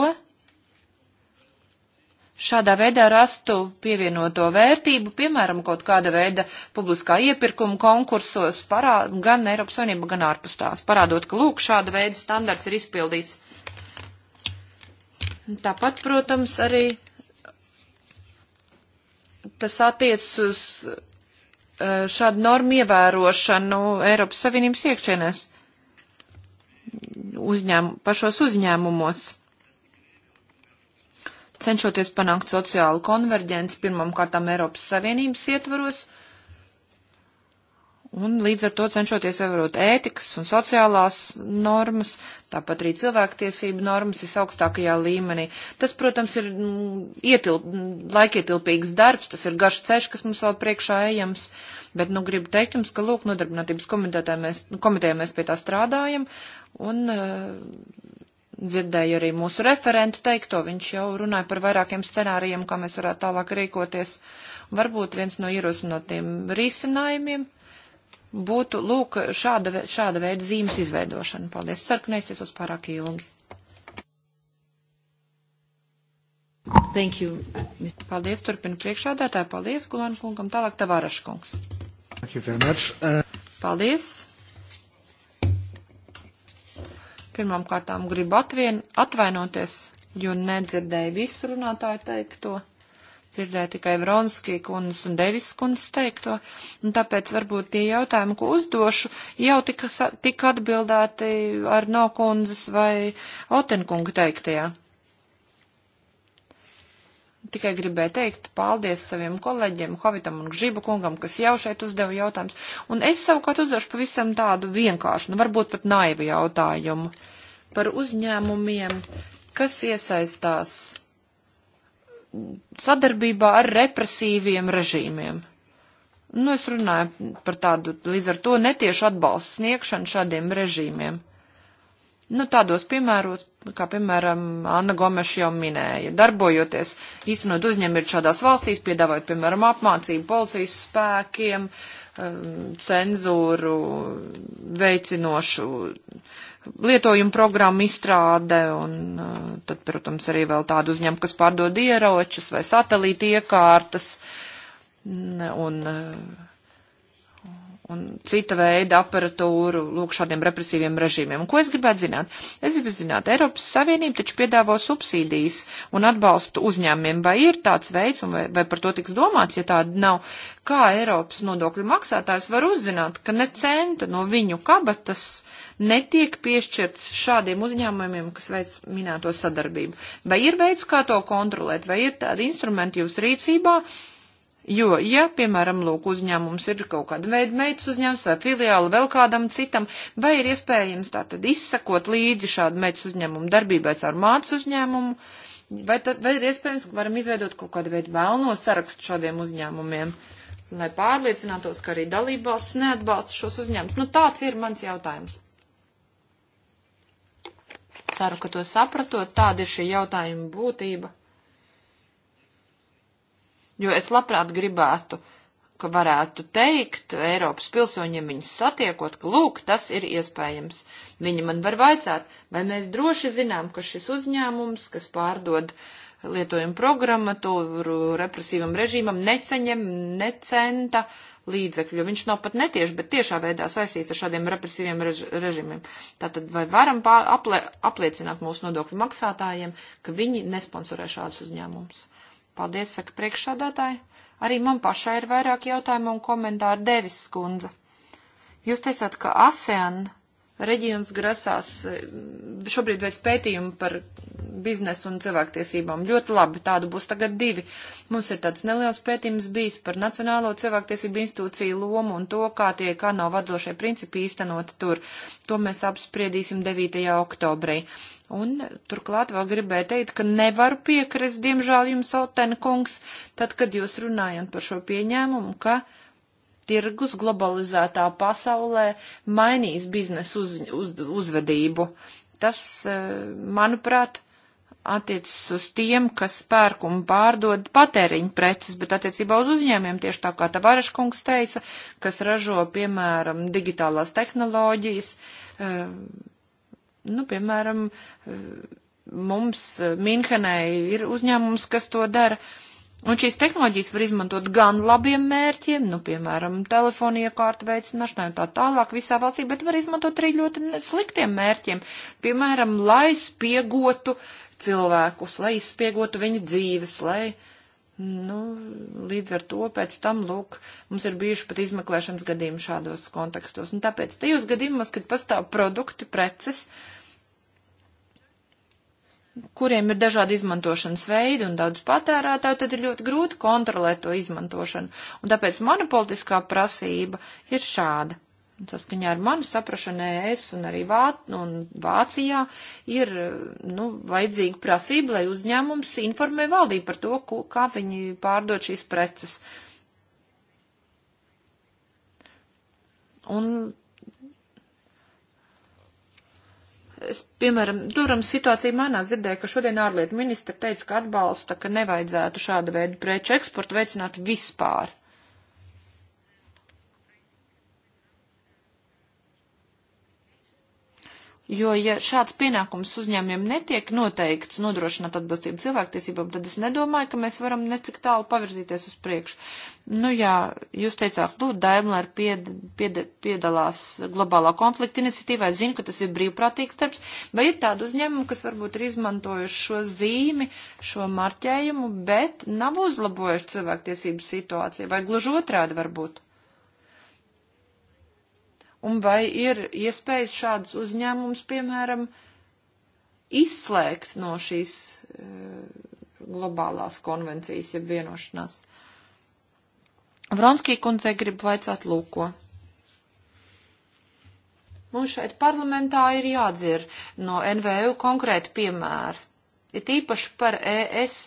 šādā veidā rastu pievienoto vērtību, piemēram, kaut kāda veida publiskā iepirkuma konkursos, parād, gan Eiropas Savienība, gan ārpus tās, parādot, ka lūk, šāda veida standarts ir izpildīts. Tāpat, protams, arī tas attiecas uz eh, šādu normu ievērošanu Eiropas Savienības iekšienēs uzņēm, pašos uzņēmumos cenšoties panākt sociālu konverģenci pirmam kārtām Eiropas Savienības ietvaros, un līdz ar to cenšoties ievērot ētikas un sociālās normas, tāpat arī cilvēktiesību normas visaugstākajā līmenī. Tas, protams, ir mm, ietilp, mm, laikietilpīgs darbs, tas ir garš ceļš, kas mums vēl priekšā ejams, bet, nu, gribu teikt jums, ka, lūk, nodarbinātības komitejā mēs, komitejā mēs pie tā strādājam, un uh, dzirdēju arī mūsu referentu teikto, viņš jau runāja par vairākiem scenārijiem, kā mēs varētu tālāk rīkoties. Varbūt viens no ierosinātiem risinājumiem būtu, lūk, šāda, šāda veida zīmes izveidošana. Paldies, ceru, ka neesies uz pārāk ilgi. Thank you. Paldies, turpina priekšādātāji. Paldies, Gulan kungam. Tālāk Tavāraškungs. Thank you very much. Uh... Paldies. Pirmām kārtām gribu atvien, atvainoties, jo nedzirdēju visu runātāju teikto. Dzirdēju tikai Vronskī kundas un Devis kundas teikto, un tāpēc varbūt tie jautājumi, ko uzdošu, jau tika, tika atbildēti ar no kundas vai Otenkunga teiktajā. Ja? Tikai gribēju teikt paldies saviem kolēģiem, Hovitam un Gžiba kungam, kas jau šeit uzdeva jautājumus. Un es savukārt uzdošu pavisam tādu vienkāršu, nu varbūt pat naivu jautājumu par uzņēmumiem, kas iesaistās sadarbībā ar represīviem režīmiem. Nu, es runāju par tādu līdz ar to netiešu atbalstu sniegšanu šādiem režīmiem. Nu, tādos piemēros, kā piemēram Anna Gomeša jau minēja, darbojoties, īstenot uzņēmumi šādās valstīs, piedāvājot, piemēram, apmācību policijas spēkiem, um, cenzūru, veicinošu lietojumu programmu izstrāde un uh, tad, protams, arī vēl tādu uzņēmumu, kas pārdod ieročus vai satelīti iekārtas un uh, un cita veida aparatūru, lūk, šādiem represīviem režīmiem. Un ko es gribētu zināt? Es gribu zināt, Eiropas Savienība taču piedāvo subsīdijas un atbalstu uzņēmumiem, vai ir tāds veids, un vai, vai par to tiks domāts, ja tāda nav, kā Eiropas nodokļu maksātājs var uzzināt, ka ne centa no viņu kabatas netiek piešķirts šādiem uzņēmumiem, kas veic minēto sadarbību. Vai ir veids, kā to kontrolēt, vai ir tādi instrumenti jūsu rīcībā, Jo, ja, piemēram, lūk, uzņēmums ir kaut kāda veida meitas uzņēmums vai filiāli vēl kādam citam, vai ir iespējams tātad izsakot līdzi šādu meitas uzņēmumu darbībai caur mātes uzņēmumu, vai, tad, vai ir iespējams, ka varam izveidot kaut kādu veidu vēlno sarakstu šādiem uzņēmumiem, lai pārliecinātos, ka arī dalībvalsts neatbalsta šos uzņēmumus. Nu, tāds ir mans jautājums. Ceru, ka to sapratot, tāda ir šī jautājuma būtība. Jo es labprāt gribētu, ka varētu teikt Eiropas pilsoņiem viņus satiekot, ka lūk, tas ir iespējams. Viņi man var vaicāt, vai mēs droši zinām, ka šis uzņēmums, kas pārdod lietojumu programmatūru represīvam režīmam, nesaņem ne centa līdzekļu. Viņš nav pat netieši, bet tiešā veidā saistīts ar šādiem represīviem rež režīmiem. Tātad vai varam aplie apliecināt mūsu nodokļu maksātājiem, ka viņi nesponsorē šādus uzņēmumus? Paldies, saka priekšādātāji. Arī man pašai ir vairāk jautājumu un komentāru devis skundze. Jūs teicāt, ka ASEAN Reģions grasās eh, šobrīd veids pētījumu par biznesu un cilvēktiesībām. Ļoti labi, tādu būs tagad divi. Mums ir tāds neliels pētījums bijis par Nacionālo cilvēktiesību institūciju lomu un to, kā tie, kā nav vadošie principi īstenoti tur. To mēs apspriedīsim 9. oktobrī. Un turklāt vēl gribēju teikt, ka nevaru piekrist, diemžēl jums, Otena kungs, tad, kad jūs runājat par šo pieņēmumu, ka tirgus globalizētā pasaulē mainīs biznesa uz, uz, uzvedību. Tas, e, manuprāt, attiecas uz tiem, kas pērk un pārdod patēriņu preces, bet attiecībā uz uzņēmiem, tieši tā kā Tavaraš kungs teica, kas ražo, piemēram, digitālās tehnoloģijas, e, nu, piemēram, e, mums Minhenē ir uzņēmums, kas to dara. Uh, Un šīs tehnoloģijas var izmantot gan labiem mērķiem, nu, piemēram, telefonu iekārtu veicināšanai un tā tālāk visā valstī, bet var izmantot arī ļoti sliktiem mērķiem, piemēram, lai spiegotu cilvēkus, lai izspiegotu viņu dzīves, lai, nu, līdz ar to pēc tam, lūk, mums ir bijuši pat izmeklēšanas gadījumi šādos kontekstos. Un tāpēc tajos gadījumos, kad pastāv produkti, preces, uh, kuriem ir dažādi izmantošanas veidi un daudz patērētāju, tad ir ļoti grūti kontrolēt to izmantošanu. Un tāpēc mana politiskā prasība ir šāda. Saskaņā ar manu saprašanu ES un arī Vā, un Vācijā ir, nu, vajadzīga prasība, lai uzņēmums informē valdību par to, ko, kā viņi pārdod šīs preces. Un Es, piemēram, turam situācija manā dzirdēju, ka šodien ārlietu ministra teica, ka atbalsta, ka nevajadzētu šāda veida preču eksportu veicināt vispār. Jo, ja šāds pienākums uzņēmiem netiek noteikts nodrošināt atbilstību cilvēktiesībām, tad es nedomāju, ka mēs varam necik tālu pavirzīties uz priekšu. Nu jā, jūs teicāt, lūdzu, Daimler pied, pied, piedalās globālā konflikta iniciatīvā, es zinu, ka tas ir brīvprātīgs darbs, vai ir tādi uzņēmumi, kas varbūt ir izmantojuši šo zīmi, šo marķējumu, bet nav uzlabojuši cilvēktiesību situāciju, vai gluži otrādi varbūt? Un vai ir iespējas šādus uzņēmumus, piemēram, izslēgt no šīs e, globālās konvencijas, ja vienošanās? Vronskī kundzei grib vaicāt lūko. Mums šeit parlamentā ir jādzir no NVU konkrēti piemēri. Ir īpaši par ES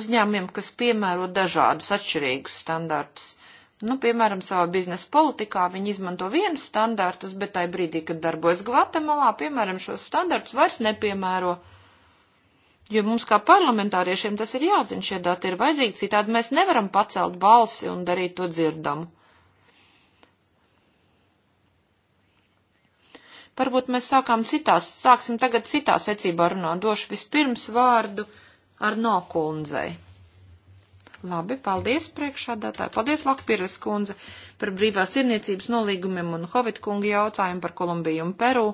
uzņēmumiem, kas piemēro dažādus atšķirīgus standartus. Uh, Nu, piemēram, savā biznesa politikā viņi izmanto vienus standartus, bet tai brīdī, kad darbojas Gvatemalā, piemēram, šos standartus vairs nepiemēro. Jo mums kā parlamentāriešiem tas ir jāzina, šie dati ir vajadzīgi, citādi mēs nevaram pacelt balsi un darīt to dzirdamu. Varbūt mēs sākām citās, sāksim tagad citā secībā runāt, došu vispirms vārdu ar nokundzei. Labi, paldies priekšādātāji. Paldies Lakpīras kundze par brīvās irniecības nolīgumiem un Hovit kunga jautājumu par Kolumbiju un Peru.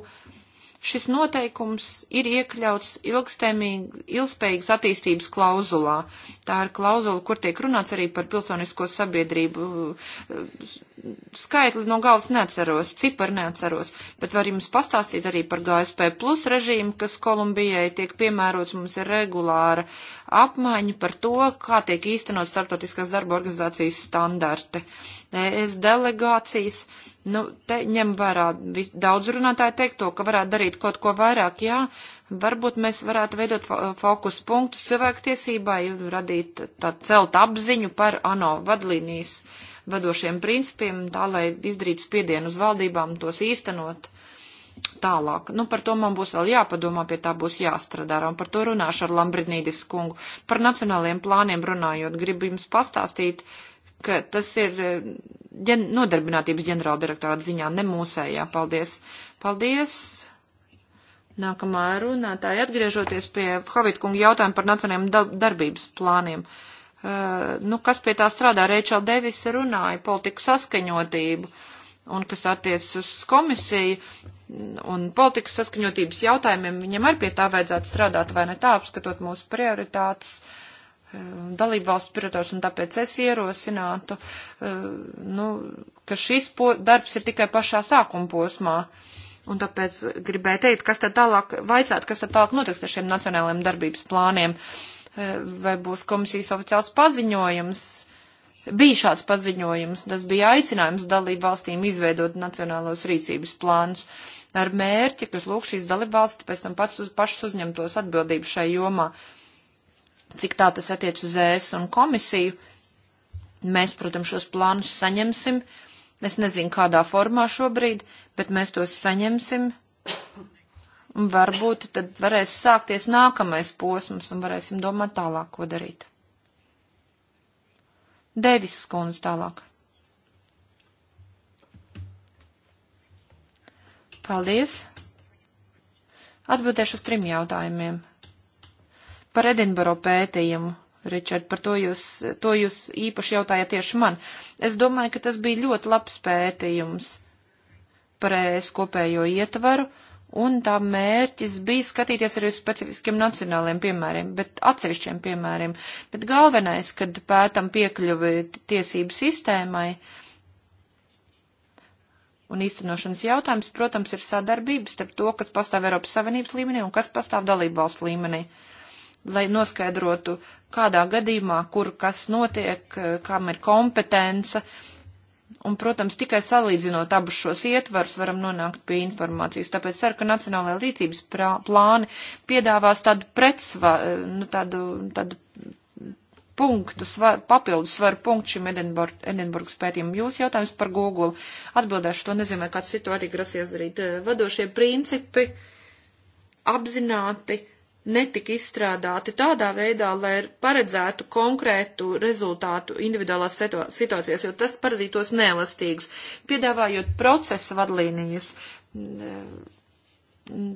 Šis noteikums ir iekļauts ilgspējīgas attīstības klauzulā. Tā ir klauzula, kur tiek runāts arī par pilsonisko sabiedrību skaitli no galvas neatceros, cipari neatceros, bet var jums pastāstīt arī par GSP plus režīmu, kas Kolumbijai tiek piemērots, mums ir regulāra apmaiņa par to, kā tiek īstenot starptautiskās darba organizācijas standarti. Es delegācijas, nu, te ņem vērā daudz runātāju teikto, ka varētu darīt kaut ko vairāk, jā, Varbūt mēs varētu veidot fokus punktu cilvēktiesībai, radīt tā celt apziņu par ANO vadlīnijas uh, vadošiem principiem, tā lai izdarītu spiedienu uz valdībām tos īstenot tālāk. Nu, par to man būs vēl jāpadomā, pie tā būs jāstrādā, un par to runāšu ar Lambrinīdis kungu. Par nacionālajiem plāniem runājot, gribu jums pastāstīt, ka tas ir eh, ģen nodarbinātības ģenerāldirektorāta ziņā, ne mūsējā. Paldies! Paldies! Nākamā runātāja atgriežoties pie Hovitkunga jautājuma par nacionālajiem darbības plāniem. Uh, Eh, nu, kas pie tā strādā. Rēčela Devisa runāja politiku saskaņotību un kas attiecas uz komisiju un politikas saskaņotības jautājumiem, viņam arī pie tā vajadzētu strādāt, vai ne tā, apskatot mūsu prioritātes, eh, dalību valstu prioritātes, un tāpēc es ierosinātu, eh, nu, ka šis darbs ir tikai pašā sākuma posmā. Un tāpēc gribēju teikt, kas tad tālāk, vaicāt, kas tad tālāk notiks ar šiem nacionālajiem darbības plāniem. Uh, vai būs komisijas oficiāls paziņojums. Bija šāds paziņojums, tas bija aicinājums dalību valstīm izveidot nacionālos rīcības plānus ar mērķi, kas lūk šīs dalību valsts pēc tam pats uz pašas uzņemtos atbildību šai jomā. Cik tā tas attiec uz ES un komisiju, mēs, protams, šos plānus saņemsim. Es nezinu, kādā formā šobrīd, bet mēs tos saņemsim Varbūt tad varēs sākties nākamais posms un varēsim domāt tālāk, ko darīt. Devis skundze tālāk. Paldies! Atbildēšu uz trim jautājumiem. Par Edinboro pētījumu, Ričard, par to jūs, to jūs īpaši jautājāt tieši man. Es domāju, ka tas bija ļoti labs pētījums par ēs kopējo ietvaru un tā mērķis bija skatīties arī uz specifiskiem nacionāliem piemēriem, bet atsevišķiem piemēriem. Bet galvenais, kad pētam piekļuvi tiesību sistēmai un īstenošanas jautājums, protams, ir sadarbības starp to, kas pastāv Eiropas Savienības līmenī un kas pastāv dalību valstu līmenī. Lai noskaidrotu, kādā gadījumā, kur kas notiek, kam ir kompetence, uh, Un, protams, tikai salīdzinot abus šos ietvarus varam nonākt pie informācijas. Tāpēc ceru, ka Nacionālajā rīcības prā, plāni piedāvās tādu pretsva, nu, tādu, tādu punktu, svar, papildu svaru punktu šim Edinburg, Edinburgas pētījumam. Jūs jautājums par Google. Atbildēšu to, nezinu, kāds citu arī grasies darīt. Eh, vadošie principi apzināti netika izstrādāti tādā veidā, lai paredzētu konkrētu rezultātu individuālās situācijas, jo tas paradītos neelastīgus, piedāvājot procesa vadlīnijas. Mm, mm,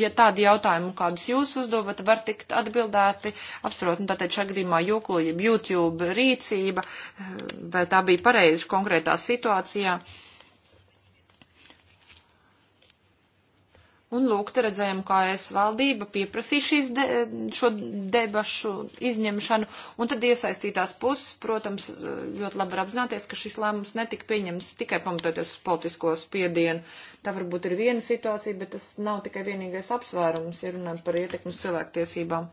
ja tādi jautājumi, kādus jūs uzdodat, var tikt atbildēti, apsverot, nu tātad šā gadījumā jūklojuma YouTube rīcība, mm, vai tā bija pareizi konkrētā situācijā. Uh, Un lūk, te redzējām, kā es valdība pieprasīja šīs de, šo debašu izņemšanu, un tad iesaistītās puses, protams, ļoti labi var apzināties, ka šis lēmums netika pieņems tikai pamatoties uz politisko spiedienu. Tā varbūt ir viena situācija, bet tas nav tikai vienīgais apsvērums, ja runājam par ietekmus cilvēktiesībām.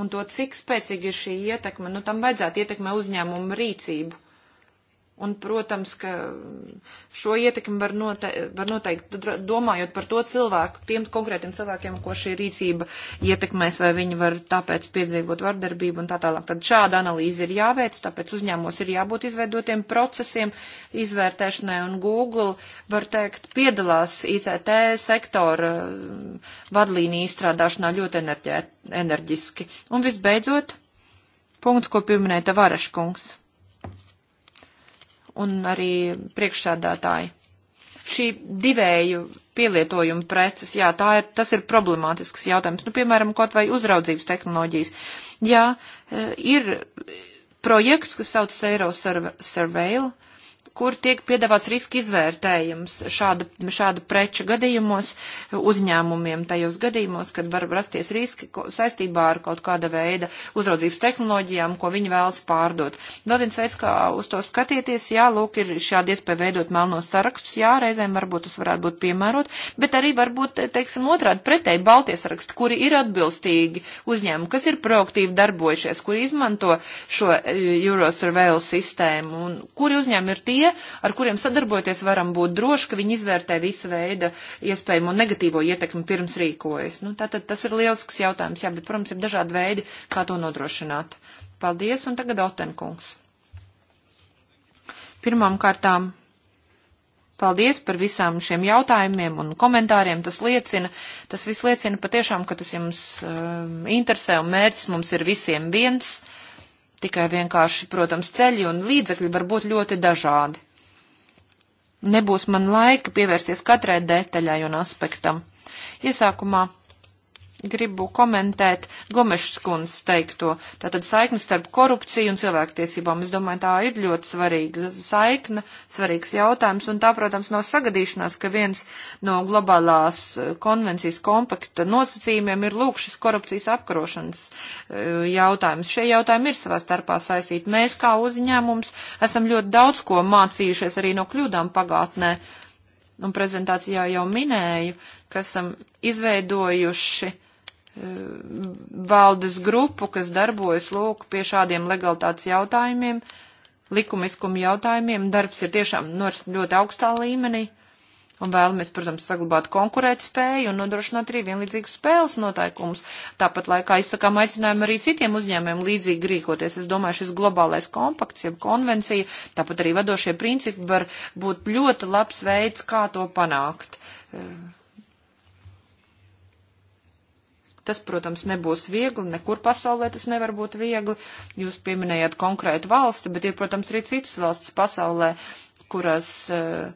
Un to, cik spēcīgi ir šī ietekme, nu tam vajadzētu ietekmē uzņēmumu rīcību Un, protams, ka šo ietekmi var, note var noteikt, domājot par to cilvēku, tiem konkrētiem cilvēkiem, ko šī rīcība ietekmēs, vai viņi var tāpēc piedzīvot vardarbību un tā tālāk. Tad šāda analīze ir jāveic, tāpēc uzņēmos ir jābūt izveidotiem procesiem izvērtēšanai, un Google, var teikt, piedalās ICT sektora mm, vadlīniju izstrādāšanā ļoti enerģē, enerģiski. Un visbeidzot, punkts, ko pieminēja Tavareša kungs un arī priekšsādātāji. Šī divēju pielietojumu preces, jā, tā ir, tas ir problemātisks jautājums. Nu, piemēram, kaut vai uzraudzības tehnoloģijas. Jā, e, ir projekts, kas saucas Eiro Surveil, kur tiek piedāvāts riska izvērtējums šādu, šādu preču gadījumos uzņēmumiem, tajos gadījumos, kad var rasties riski saistībā ar kaut kāda veida uzraudzības tehnoloģijām, ko viņi vēlas pārdot. Vēl viens veids, kā uz to skatieties, jā, lūk, ir šādi iespēja veidot melnos sarakstus, jā, reizēm varbūt tas varētu būt piemērot, bet arī varbūt, teiksim, otrādi pretēji Baltijas saraksti, kuri ir atbilstīgi uzņēmumi, kas ir proaktīvi darbojušies, kuri izmanto šo eh, Eurosurveil sistēmu un kuri uzņēmumi ir tie, tie, ar kuriem sadarbojoties, varam būt droši, ka viņi izvērtē visu veidu iespējamo negatīvo ietekmi pirms rīkojas. Nu, tātad tas ir lielisks jautājums, jā, bet, protams, ir dažādi veidi, kā to nodrošināt. Paldies, un tagad Otenkungs. Pirmām kārtām. Paldies par visām šiem jautājumiem un komentāriem. Tas liecina, tas viss liecina patiešām, ka tas jums um, interesē un mērķis mums ir visiem viens. Uh, Tikai vienkārši, protams, ceļi un līdzekļi var būt ļoti dažādi. Nebūs man laika pievērsties katrai detaļai un aspektam. Iesākumā gribu komentēt Gomešas kundzes teikto. Tātad saikne starp korupciju un cilvēktiesībām. Es domāju, tā ir ļoti svarīga saikne, svarīgs jautājums. Un tā, protams, nav sagadīšanās, ka viens no globālās eh, konvencijas kompakta nosacījumiem ir lūk šis korupcijas apkarošanas eh, jautājums. Šie jautājumi ir savā starpā saistīti. Mēs kā uzņēmums esam ļoti daudz ko mācījušies arī no kļūdām pagātnē. Un prezentācijā jau minēju, ka esam izveidojuši Eh, valdes grupu, kas darbojas lūk pie šādiem legalitātes jautājumiem, likumiskumu jautājumiem. Darbs ir tiešām ļoti augstā līmenī un vēlamies, protams, saglabāt konkurētspēju un nodrošināt arī vienlīdzīgus spēles noteikumus. Tāpat laikā izsakām aicinājumu arī citiem uzņēmumiem līdzīgi rīkoties. Es domāju, šis globālais kompakts, jeb konvencija, tāpat arī vadošie principi var būt ļoti labs veids, kā to panākt. Uh Tas, protams, nebūs viegli, nekur pasaulē tas nevar būt viegli. Jūs pieminējāt konkrētu valsti, bet ir, protams, arī citas valsts pasaulē, kuras eh,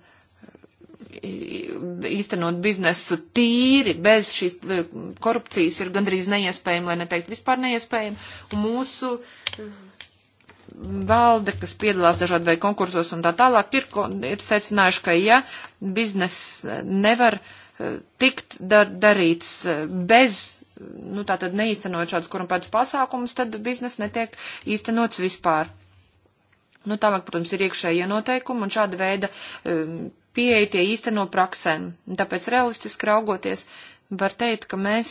īstenot biznesu tīri, bez šīs eh, korupcijas ir gandrīz neiespējami, lai neteikt vispār neiespējami. Un mūsu eh, valde, kas piedalās dažādu veidu konkursos un tā tālāk, ir, ir secinājuši, ka ja biznes nevar tikt dar darīts bez nu tā tad neīstenot šādus korumpētus pasākumus, tad biznes netiek īstenots vispār. Nu, tālāk, protams, ir iekšējie noteikumi un šāda veida um, pieeja tie īsteno praksēm. Tāpēc realistiski raugoties, var teikt, ka mēs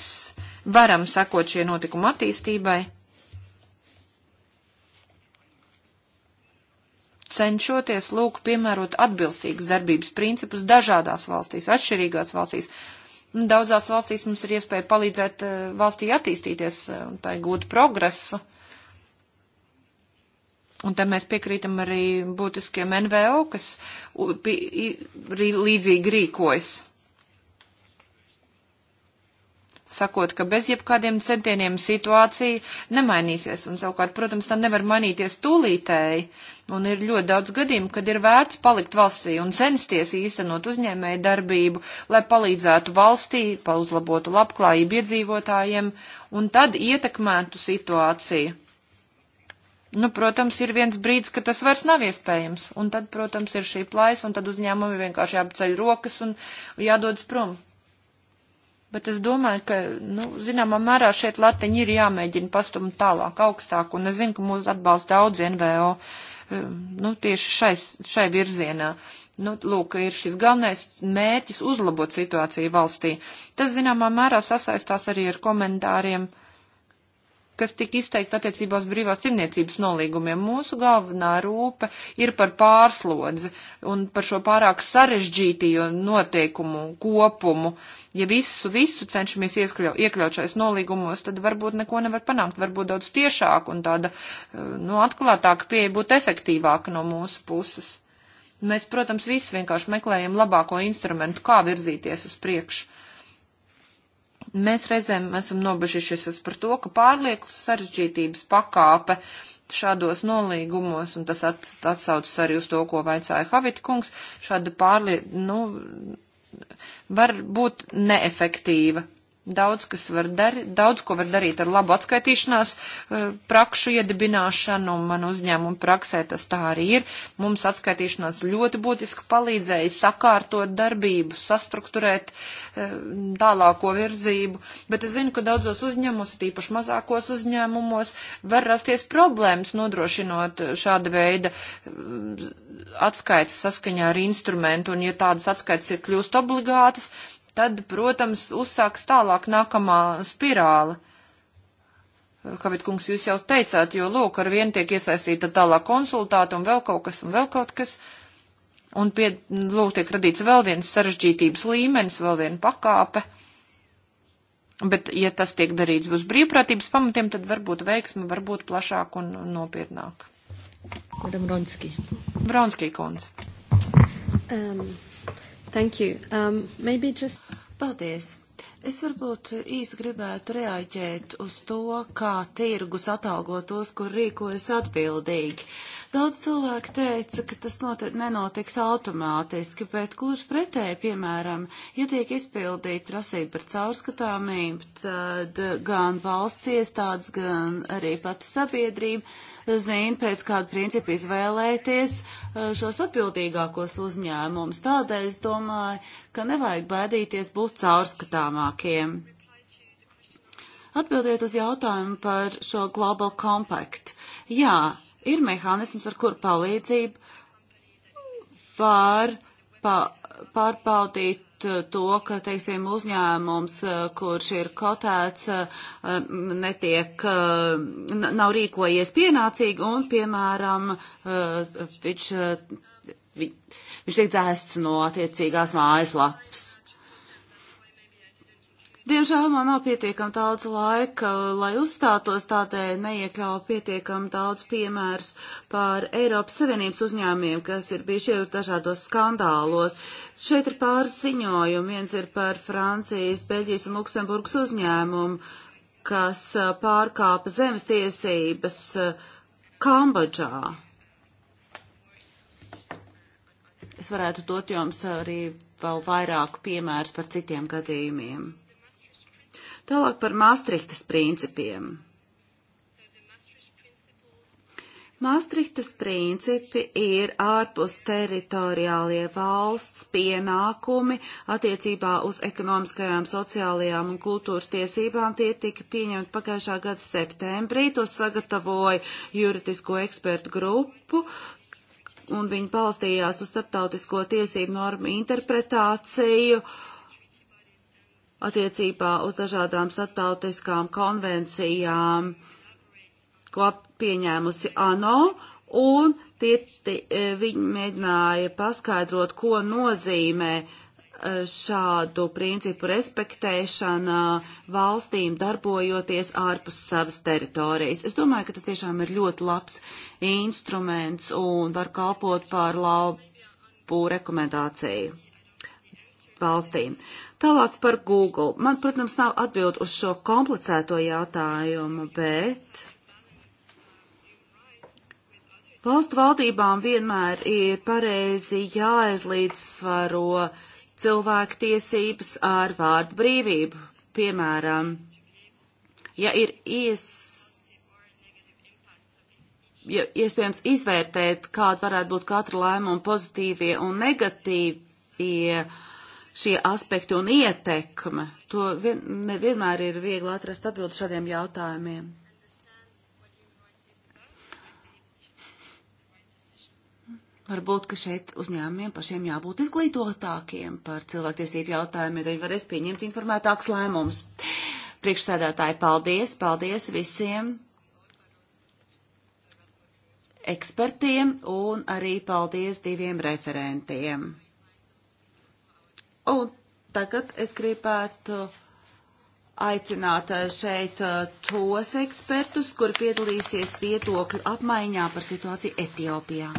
varam sekot šie notikuma attīstībai, cenšoties lūk piemērot atbilstīgas darbības principus dažādās valstīs, atšķirīgās valstīs, Daudzās valstīs mums ir iespēja palīdzēt eh, valstī attīstīties eh, un tai gūt progresu. Un te mēs piekrītam arī būtiskiem NVO, kas līdzīgi rīkojas sakot, ka bez jebkādiem centieniem situācija nemainīsies, un savukārt, protams, tā nevar mainīties tūlītēji, un ir ļoti daudz gadījumu, kad ir vērts palikt valstī un censties īstenot uzņēmēju darbību, lai palīdzētu valstī, pauzlabotu labklājību iedzīvotājiem, un tad ietekmētu situāciju. Nu, protams, ir viens brīdis, ka tas vairs nav iespējams, un tad, protams, ir šī plaisa, un tad uzņēmumi vienkārši jāapceļ rokas un jādodas prom. Bet es domāju, ka, nu, zināmā mērā šeit latiņi ir jāmēģina pastumt tālāk, augstāk, un es zinu, ka mūs atbalsta daudz NVO, um, nu, tieši šai, šai virzienā. Nu, lūk, ir šis galvenais mērķis uzlabot situāciju valstī. Tas, zināmā mērā, sasaistās arī ar komentāriem uh, kas tika izteikti attiecībā uz brīvās cimniecības nolīgumiem. Mūsu galvenā rūpe ir par pārslodzi un par šo pārāk sarežģītījo noteikumu kopumu. Ja visu, visu cenšamies ieskļau, iekļaut šais nolīgumos, tad varbūt neko nevar panākt, varbūt daudz tiešāk un tāda, eh, nu, atklātāka pieeja būtu efektīvāka no mūsu puses. Mēs, protams, visi vienkārši meklējam labāko instrumentu, kā virzīties uz priekšu Mēs reizēm esam nobežījušies par to, ka pārlieku sarežģītības pakāpe šādos nolīgumos, un tas at, atsaucas arī uz to, ko vaicāja Havita kungs, šāda pārlie, nu, var būt neefektīva. Daudz, kas var darīt, daudz, ko var darīt ar labu atskaitīšanās eh, prakšu iedibināšanu, un man uzņēmuma praksē tas tā arī ir. Mums atskaitīšanās ļoti būtiski palīdzēja sakārtot darbību, sastruktūrēt eh, tālāko virzību, bet es zinu, ka daudzos uzņēmumos, tīpaši mazākos uzņēmumos, var rasties problēmas nodrošinot šāda veida eh, atskaites saskaņā ar instrumentu, un ja tādas atskaites ir kļūst obligātas, tad, protams, uzsāks tālāk nākamā spirāla. Kavid kungs, jūs jau teicāt, jo, lūk, ar vienu tiek iesaistīta tālāk konsultāta un vēl kaut kas un vēl kaut kas. Un, pie, lūk, tiek radīts vēl viens sarežģītības līmenis, vēl viena pakāpe. Bet, ja tas tiek darīts uz brīvprātības pamatiem, tad varbūt veiksme var būt plašāk un nopietnāk. Madam Ronski. Bronski kundze. Um, Thank you. Um, maybe just... Paldies. Es varbūt īsi gribētu reaģēt uz to, kā tirgus atalgo tos, kur rīkojas atbildīgi. Daudz cilvēku teica, ka tas notiek, nenotiks automātiski, bet gluži pretēji, piemēram, ja tiek izpildīta prasība par caurskatāmību, tad gan valsts iestādes, gan arī pati sabiedrība zina, pēc kāda principa izvēlēties e, šos atbildīgākos uzņēmumus. Tādēļ es domāju, ka nevajag baidīties būt caurskatāmākiem. Atbildiet uz jautājumu par šo Global Compact. Jā, ir mehānisms, ar kuru palīdzību var pa, pārbaudīt Eh, to, ka, teiksim, uzņēmums, eh, kurš ir kotēts, eh, netiek, nav rīkojies pienācīgi un, piemēram, viņš, viņš tiek dzēsts no attiecīgās mājaslaps. Diemžēl man nav pietiekami daudz laika, lai uzstātos tādēļ neiekļauju pietiekami daudz piemērs par Eiropas Savienības uzņēmiem, kas ir bijuši jau dažādos skandālos. Šeit ir pāris ziņojumi. Viens ir par Francijas, Beļģijas un Luksemburgas uzņēmumu, kas pārkāpa zemes tiesības Kambodžā. Es varētu dot jums arī vēl vairāk piemērus par citiem gadījumiem. Tālāk par Māstrihtas principiem. Māstrihtas principi ir ārpus teritoriālie valsts pienākumi attiecībā uz ekonomiskajām, sociālajām un kultūras tiesībām. Tie tika pieņemti pagājušā gada septembrī. To sagatavoja juridisko ekspertu grupu, un viņi palstījās uz starptautisko tiesību normu interpretāciju. Uh, attiecībā uz dažādām starptautiskām konvencijām, ko pieņēmusi ANO, un tie, tie, e, viņi mēģināja paskaidrot, ko nozīmē e, šādu principu respektēšana valstīm darbojoties ārpus savas teritorijas. Es domāju, ka tas tiešām ir ļoti labs instruments un var kalpot par labu rekomendāciju valstīm. Uh, Tālāk par Google. Man, protams, nav atbild uz šo komplicēto jautājumu, bet valstu valdībām vienmēr ir pareizi jāaizlīdzsvaro cilvēktiesības ar vārdu brīvību. Piemēram, ja ir ies ja iespējams izvērtēt, kāda varētu būt katra lēmuma pozitīvie un negatīvie šie aspekti un ietekme. To vien, nevienmēr ir viegli atrast atbildi šādiem jautājumiem. Varbūt, ka šeit uzņēmumiem pašiem jābūt izglītotākiem par cilvēktiesību jautājumiem, tad viņi varēs pieņemt informētāks lēmums. Priekšsēdētāji, paldies, paldies visiem ekspertiem un arī paldies diviem referentiem. Un tagad es gribētu uh, aicināt uh, šeit uh, tos ekspertus, kur piedalīsies viedokļu apmaiņā par situāciju Etiopijā.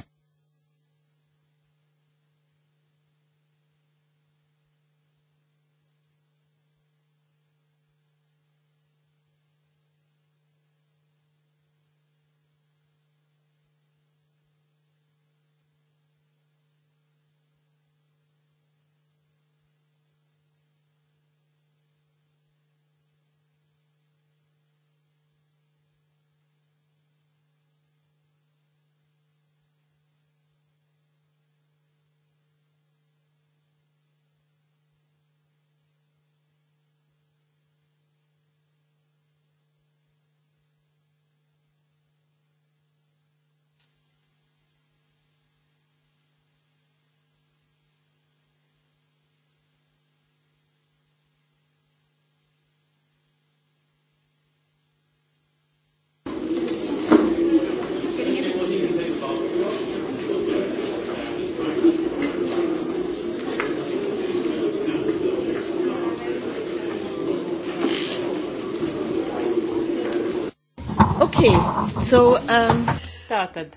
So, um... Tā tad.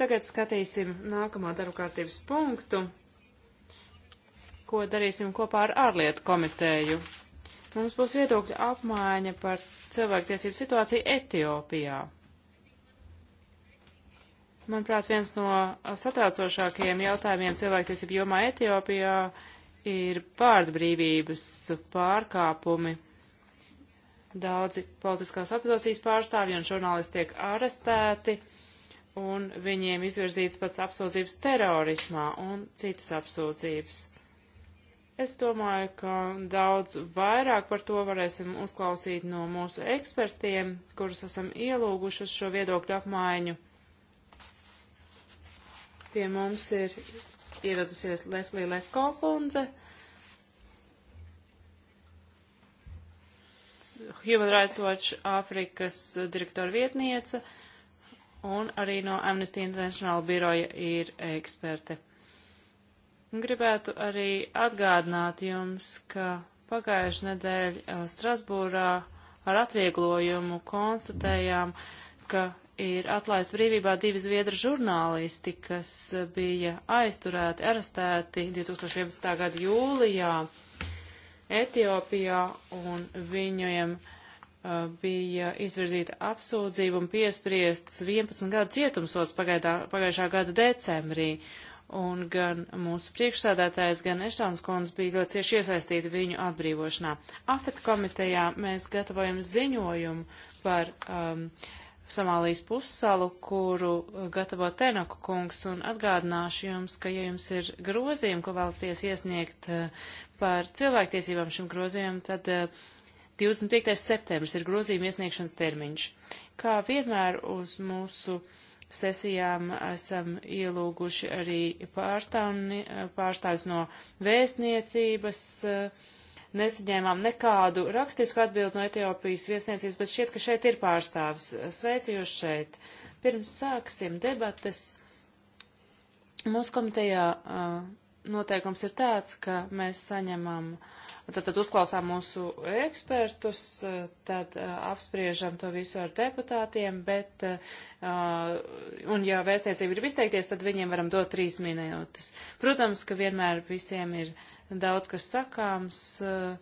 Tagad skatīsim nākamā darba kārtības punktu, ko darīsim kopā ar ārlietu komiteju. Mums būs viedokļa apmaiņa par cilvēktiesību situāciju Etiopijā. Manuprāt, viens no satraucošākajiem jautājumiem cilvēktiesību jomā Etiopijā ir vārdbrīvības pārkāpumi Daudzi politiskās opozīcijas pārstāvji un žurnālisti tiek arestēti, un viņiem izvirzīts pats apsūdzības terorismā un citas apsūdzības. Es domāju, ka daudz vairāk par to varēsim uzklausīt no mūsu ekspertiem, kurus esam ielūguši uz šo viedokļu apmaiņu. Pie mums ir ieradusies Leflī Lefko kundze. Human Rights Watch Āfrikas direktora vietniece un arī no Amnesty International biroja ir eksperte. Gribētu arī atgādināt jums, ka pagājuši nedēļ uh, Strasbūrā ar atvieglojumu konstatējām, ka ir atlaist brīvībā divi zviedru žurnālisti, kas uh, bija aizturēti, arestēti 2011. gada jūlijā Etiopijā un viņiem uh, bija izvirzīta apsūdzība un piespriests 11 gadu cietumsots pagājušā gada decembrī. Un gan mūsu priekšsādātājs, gan Eštāns kundze bija ļoti cieši iesaistīti viņu atbrīvošanā. Afet komitejā mēs gatavojam ziņojumu par um, uh, Somālijas pussalu, kuru uh, gatavo Tenoku kungs, un atgādināšu jums, ka, ja jums ir grozījumi, ko vēlaties iesniegt uh, par cilvēktiesībām šim grozījumam, tad 25. Uh, septembris ir grozījuma iesniegšanas termiņš. Kā vienmēr uz mūsu sesijām esam ielūguši arī pārstāvni, pārstāvis no vēstniecības, uh, nesaņēmām nekādu rakstisku atbildi no Etiopijas viesniecības, bet šķiet, ka šeit ir pārstāvs. Sveicu jūs šeit. Pirms sāksim debates. Mūsu komitejā uh, noteikums ir tāds, ka mēs saņemam, tad, tad uzklausām mūsu ekspertus, tad uh, apspriežam to visu ar deputātiem, bet, uh, un ja vēstniecība grib izteikties, tad viņiem varam dot trīs minūtes. Protams, ka vienmēr visiem ir daudz kas sakāms, eh,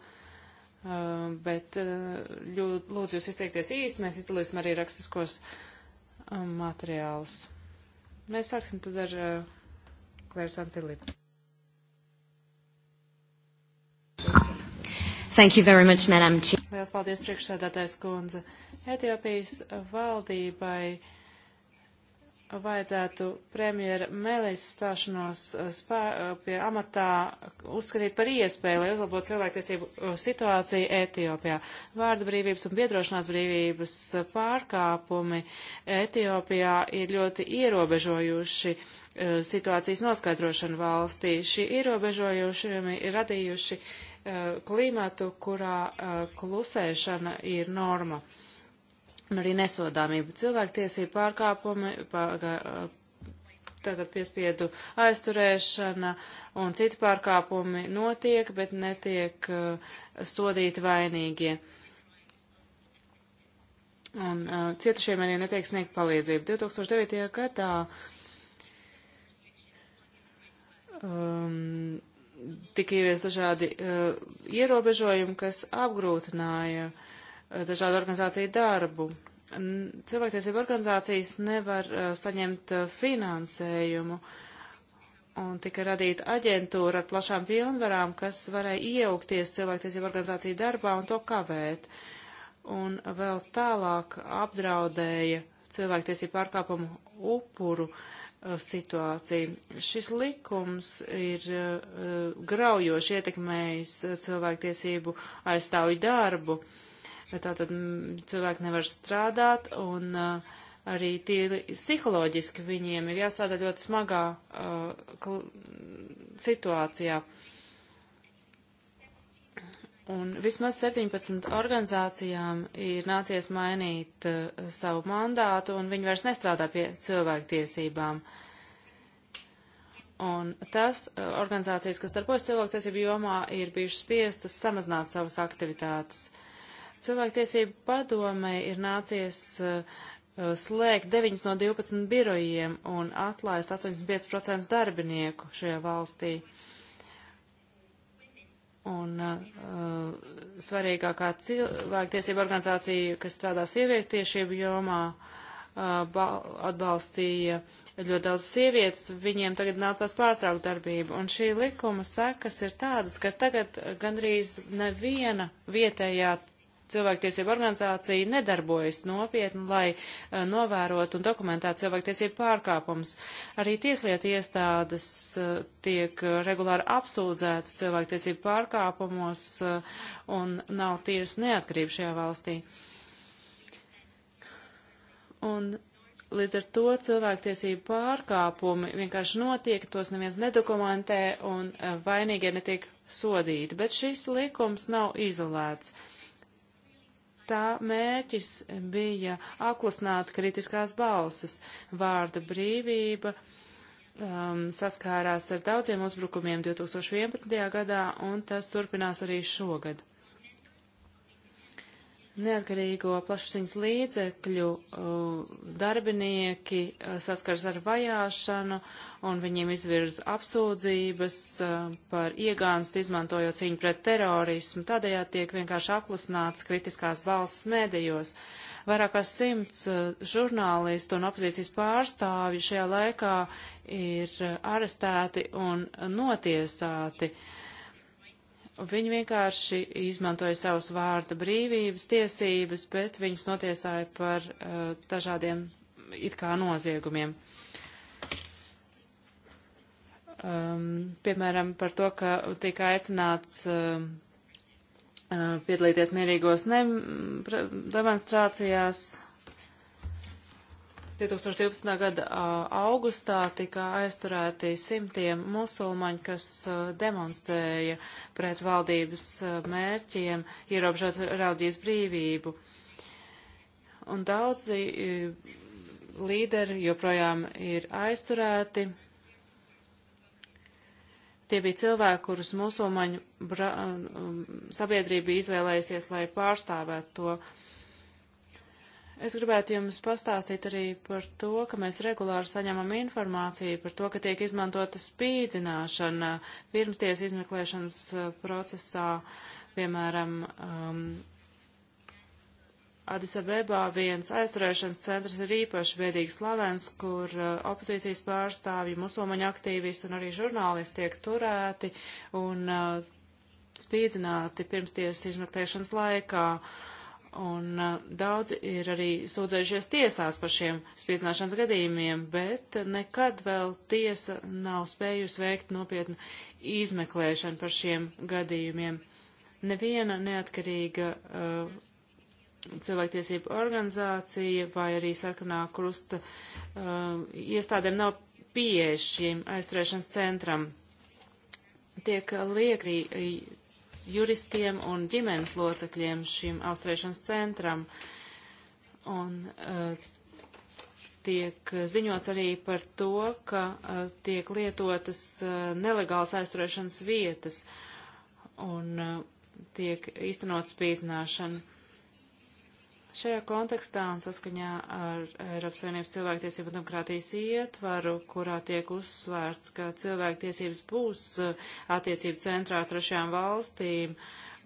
eh, bet eh, lūdzu jūs izteikties īsi, mēs izdalīsim arī rakstiskos materiālus. Mēs sāksim tad ar Klērs Antilipu. Thank you very much, Madam Chief. Lielas paldies priekšsēdētājs kundze. Etiopijas valdībai vajadzētu premjera Melis stāšanos eh, spē, eh, pie amatā uzskatīt par iespēju, lai uzlabotu cilvēktiesību eh, situāciju Etiopijā. Vārda brīvības un biedrošanās brīvības pārkāpumi Etiopijā ir ļoti ierobežojuši situācijas noskaidrošanu valstī. Šie ierobežojušumi ir radījuši klimatu, kurā klusēšana ir norma un arī nesodāmību. Cilvēktiesību pārkāpumi, pārgā, tātad piespiedu aizturēšana un citi pārkāpumi notiek, bet netiek uh, sodīti vainīgie. Un uh, cietušiem arī netiek sniegt palīdzību. 2009. gadā um, tika ievies dažādi uh, ierobežojumi, kas apgrūtināja uh, dažādu organizāciju darbu. Cilvēktiesība organizācijas nevar uh, saņemt uh, finansējumu un tika radīta aģentūra ar plašām pilnvarām, kas varēja iejaukties cilvēktiesību organizāciju darbā un to kavēt. Un vēl tālāk apdraudēja cilvēktiesību pārkāpumu upuru uh, situāciju. Šis likums ir graujoši ietekmējis cilvēktiesību aizstāvju darbu. Uh, Tātad mm, cilvēki nevar strādāt un uh, arī tie psiholoģiski viņiem ir jāstrādā ļoti smagā uh, situācijā. Un vismaz 17 organizācijām ir nācies mainīt uh, savu mandātu, un viņi vairs nestrādā pie cilvēktiesībām. Un tas uh, organizācijas, kas darbojas cilvēktiesību jomā, ir bijušas spiestas samazināt savas aktivitātes. Uh, Cilvēktiesība padomē ir nācies uh, slēgt 9 no 12 birojiem un atlaist 85% darbinieku šajā valstī. Un uh, svarīgākā cilvēktiesība organizācija, kas strādā sievietiešību jomā, uh, atbalstīja ļoti daudz sievietes, viņiem tagad nācās pārtraukt darbību. Un šī likuma sekas ir tādas, ka tagad gandrīz neviena vietējā cilvēktiesību organizācija nedarbojas nopietni, lai eh, novērotu un dokumentētu cilvēktiesību pārkāpumus. Arī tieslietu iestādes eh, tiek eh, regulāri apsūdzētas cilvēktiesību pārkāpumos un nav tiesu neatkarību šajā valstī. Un Līdz ar to cilvēktiesību pārkāpumi vienkārši notiek, tos neviens nedokumentē un vainīgie netiek sodīti, bet šis likums nav izolēts. Uh, tā mērķis bija aklusnāt kritiskās balsas. Vārda brīvība um, saskārās ar daudziem uzbrukumiem 2011. gadā, un tas turpinās arī šogad neatkarīgo plašsaziņas līdzekļu darbinieki saskars ar vajāšanu un viņiem izvirz apsūdzības par iegānstu izmantojot cīņu pret terorismu. Tādējādi tiek vienkārši aplusināts kritiskās balss mēdījos. Vairāk kā simts žurnālistu un opozīcijas pārstāvju šajā laikā ir arestēti un notiesāti. Uh, Viņi vienkārši izmantoja savas vārda brīvības, tiesības, bet viņus notiesāja par uh, dažādiem it kā noziegumiem. Um, piemēram, par to, ka tika aicināts um, uh, piedalīties mierīgos demonstrācijās 2012. gada augustā tika aizturēti simtiem musulmaņu, kas demonstrēja pret valdības mērķiem, ierobežot raudīs brīvību. Un daudzi līderi joprojām ir aizturēti. Tie bija cilvēki, kurus musulmaņu sabiedrība izvēlējusies, lai pārstāvētu to. Es gribētu jums pastāstīt arī par to, ka mēs regulāri saņemam informāciju par to, ka tiek izmantota spīdzināšana pirmsties izmeklēšanas uh, procesā, piemēram, um, Adisabebā viens aizturēšanas centrs ir īpaši bēdīgi slavens, kur uh, opozīcijas pārstāvji, musulmaņu aktīvisti un arī žurnālisti tiek turēti un uh, spīdzināti pirmsties izmeklēšanas laikā. Uh, Un uh, daudzi ir arī sūdzējušies tiesās par šiem spīdzināšanas gadījumiem, bet nekad vēl tiesa nav spējusi veikt nopietnu izmeklēšanu par šiem gadījumiem. Neviena neatkarīga uh, cilvēktiesību organizācija vai arī sarkanā krusta uh, iestādēm nav pieeja šīm aizturēšanas centram. Tiek uh, liekri juristiem un ģimenes locekļiem šim austrēšanas centram. Un uh, tiek ziņots arī par to, ka uh, tiek lietotas uh, nelegālas aizturēšanas vietas un uh, tiek īstenot spīdzināšana. Šajā kontekstā un saskaņā ar Eiropas Savienības cilvēktiesību un demokrātijas ietvaru, kurā tiek uzsvērts, ka cilvēktiesības būs eh, attiecību centrā trešajām valstīm,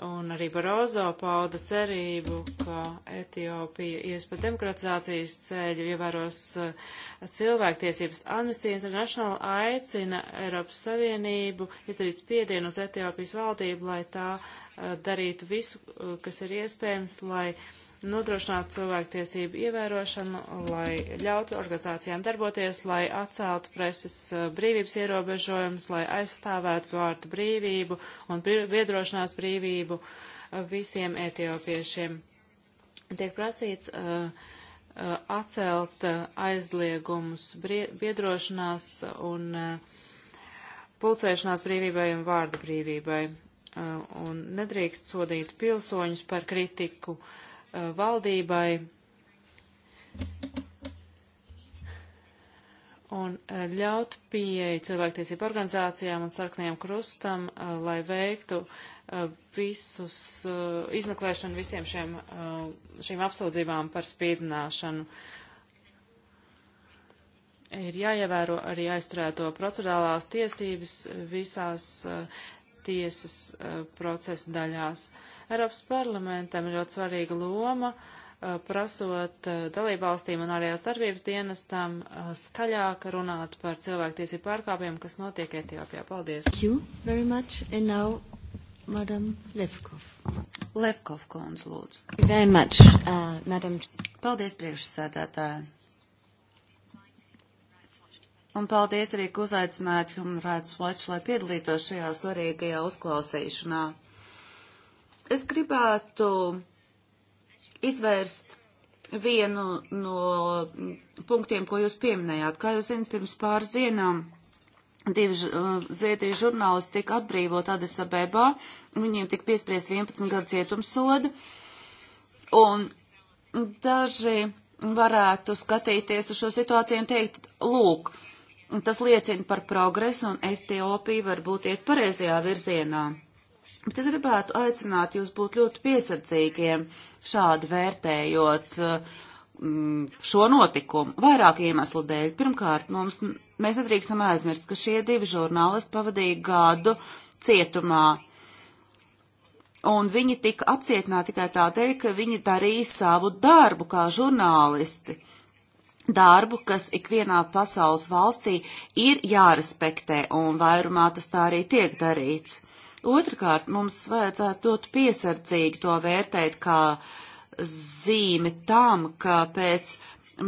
un arī Barozo pauda cerību, ka Etiopija ies pa demokratizācijas ceļu, ievēros eh, cilvēktiesības. Amnesty International aicina Eiropas Savienību izdarīt spiedienu uz Etiopijas valdību, lai tā eh, darītu visu, kas ir iespējams, lai nodrošinātu cilvēktiesību ievērošanu, lai ļautu organizācijām darboties, lai atceltu preses brīvības ierobežojumus, lai aizstāvētu vārtu brīvību un biedrošanās brīvību visiem etiopiešiem. Tiek prasīts uh, atcelt aizliegumus biedrošanās un pulcēšanās brīvībai un vārda brīvībai. Un nedrīkst sodīt pilsoņus par kritiku uh, Uh, valdībai un uh, ļaut pieeju cilvēktiesību organizācijām un sarkniem krustam, uh, lai veiktu visus, izmeklēšanu visiem šiem, šīm apsūdzībām par spīdzināšanu. Ir jāievēro arī aizturēto procedurālās tiesības visās tiesas procesa daļās. Uh, Eiropas parlamentam ir ļoti svarīga loma, prasot dalībvalstīm un ārējās darbības dienestam skaļāk runāt par cilvēktiesību pārkāpjiem, kas notiek Etiopijā. Paldies! Now, Madam Levkov. Levkov kundze, lūdzu. Very much, uh, Madam. Paldies, priekšsēdētāji. Un paldies arī, ka uzaicinājāt Human Rights Watch, lai piedalītos šajā svarīgajā uzklausīšanā. Es gribētu izvērst vienu no punktiem, ko jūs pieminējāt. Kā jūs zināt, pirms pāris dienām divi eh, zviedriešu žurnālisti tika atbrīvot Adisabebā, viņiem tika piespriest 11 gadu cietumsodu, un daži varētu skatīties uz šo situāciju un teikt, lūk, tas liecina par progresu, un Etiopija varbūt iet pareizajā virzienā. Bet es gribētu aicināt jūs būt ļoti piesardzīgiem šādi vērtējot eh, mm, šo notikumu. Vairāk iemeslu dēļ. Pirmkārt, mums, mēs nedrīkstam aizmirst, ka šie divi žurnālisti pavadīja gadu cietumā. Un viņi tika apcietināti tikai tādēļ, ka viņi darīja savu darbu kā žurnālisti darbu, kas ikvienā pasaules valstī ir jārespektē, un vairumā tas tā arī tiek darīts. Otrakārt, mums vajadzētu dot piesardzīgi to vērtēt kā zīmi tam, ka pēc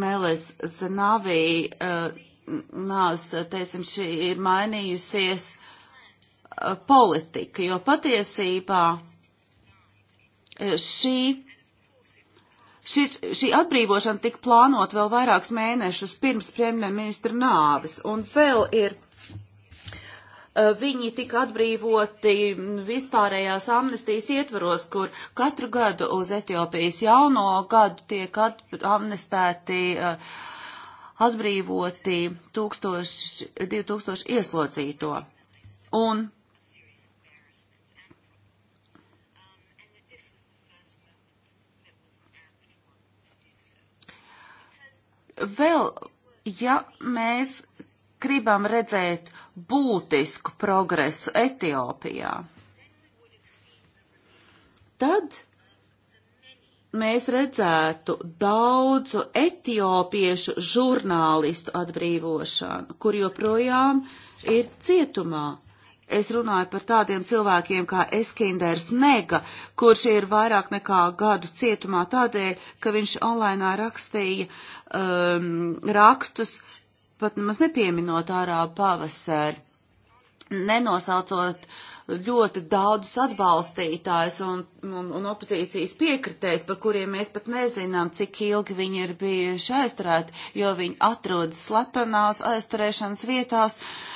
Meles Zanavī uh, eh, nāves, teiksim, šī ir mainījusies uh, politika, jo patiesībā eh, šī Šis, šī atbrīvošana tika plānot vēl vairākus mēnešus pirms premjerministra nāves, un vēl ir Eh, viņi tika atbrīvoti vispārējās amnestijas ietvaros, kur katru gadu uz Etiopijas jauno gadu tiek amnestēti eh, atbrīvoti 1000, 2000 ieslodzīto. Un vēl, ja mēs gribam redzēt būtisku progresu Etiopijā, tad mēs redzētu daudzu etiopiešu žurnālistu atbrīvošanu, kur joprojām ir cietumā. Es runāju par tādiem cilvēkiem kā Eskinders Nega, kurš ir vairāk nekā gadu cietumā tādēļ, ka viņš online rakstīja um, rakstus uh, pat maz nepieminot ārābu pavasari, nenosaucot ļoti daudzus atbalstītājus un, un, un opozīcijas piekritējus, par kuriem mēs pat nezinām, cik ilgi viņi ir bijuši aizturēti, jo viņi atrodas slepenās aizturēšanas vietās. Uh,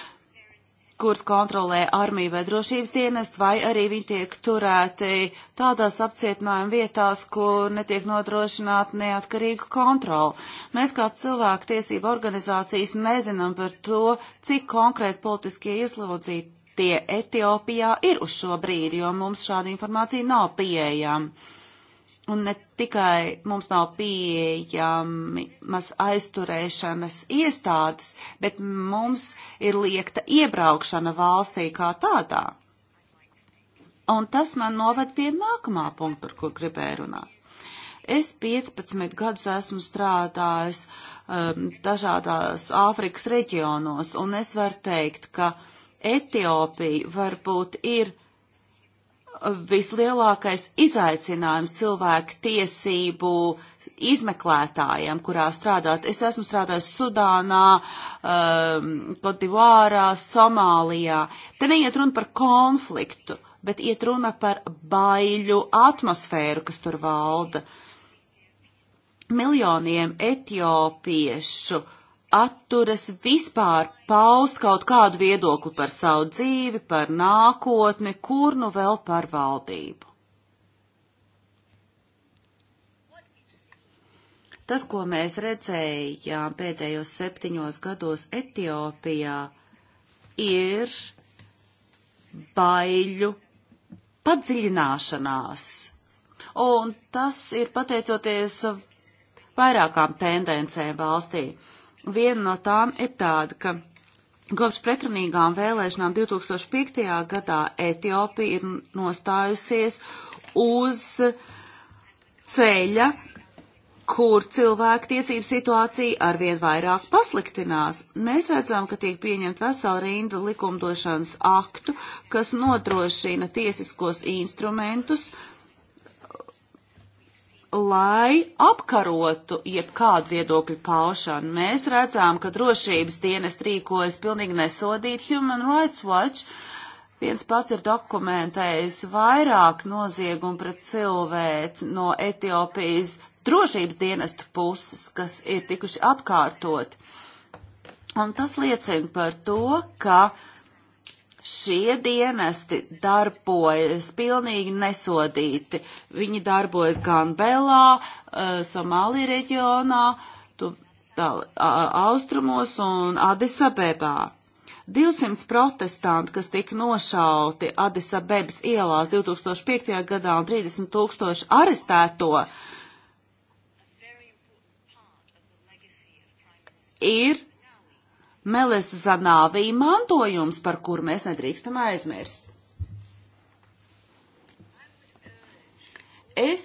kuras kontrolē armija vai drošības dienest, vai arī viņi tiek turēti tādās apcietinājuma vietās, kur netiek nodrošināta neatkarīga kontrola. Mēs kā cilvēku tiesība organizācijas nezinām par to, cik konkrēti politiskie ieslodzītie Etiopijā ir uz šo brīdi, jo mums šāda informācija nav pieejama. Un ne tikai mums nav pieejamas aizturēšanas iestādes, bet mums ir liekta iebraukšana valstī kā tādā. Un tas man noved pie nākamā punkta, par ko gribēju runāt. Es 15 gadus esmu strādājis um, dažādās Āfrikas reģionos, un es varu teikt, ka Etiopija varbūt ir uh, vislielākais izaicinājums cilvēku tiesību izmeklētājiem, kurā strādāt. Es esmu strādājis Sudānā, Kotivārā, um, Somālijā. Te neiet runa par konfliktu, bet iet runa par baiļu atmosfēru, kas tur valda. Miljoniem etiopiešu uh, atturas vispār paust kaut kādu viedokli par savu dzīvi, par nākotni, kur nu vēl par valdību. Tas, ko mēs redzējām pēdējos septiņos gados Etiopijā, ir baiļu padziļināšanās. Un tas ir pateicoties vairākām tendencēm valstī. Viena no tām ir tāda, ka Kopš pretrunīgām vēlēšanām 2005. gadā Etiopija ir nostājusies uz ceļa, kur cilvēku tiesību situācija arvien vairāk pasliktinās. Mēs redzam, ka tiek pieņemt vesela rinda likumdošanas aktu, kas nodrošina tiesiskos instrumentus uh, lai apkarotu jebkādu viedokļu paušanu. Mēs redzām, ka drošības dienas rīkojas pilnīgi nesodīt. Human Rights Watch viens pats ir dokumentējis vairāk noziegumu pret cilvēci no Etiopijas drošības dienestu puses, kas ir tikuši atkārtot. Un tas liecina par to, ka uh, Šie dienesti darbojas pilnīgi nesodīti. Viņi darbojas gan Belā, eh, Somālija reģionā, tu, tā, austrumos un Adisabebā. 200 protestanti, kas tika nošauti Adisabebas ielās 2005. gadā un 30 tūkstoši arestēto, ir Meles zanāvija mantojums, par kur mēs nedrīkstam aizmirst. Es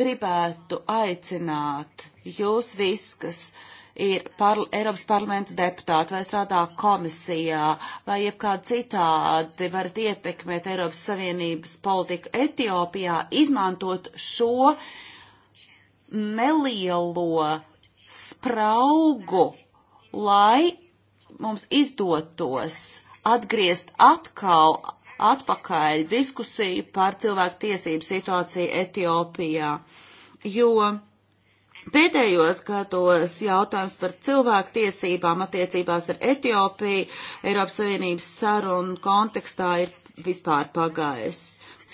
gribētu aicināt jūs visus, kas ir par, Eiropas parlamenta deputāti vai strādā komisijā vai jebkādi citādi varat ietekmēt Eiropas Savienības politiku Etiopijā, izmantot šo nelielo spraugu, lai mums izdotos atgriezt atkal atpakaļ diskusiju par cilvēku tiesību situāciju Etiopijā, jo pēdējos gados jautājums par cilvēku tiesībām attiecībās ar Etiopiju Eiropas Savienības sarunu kontekstā ir vispār pagājis.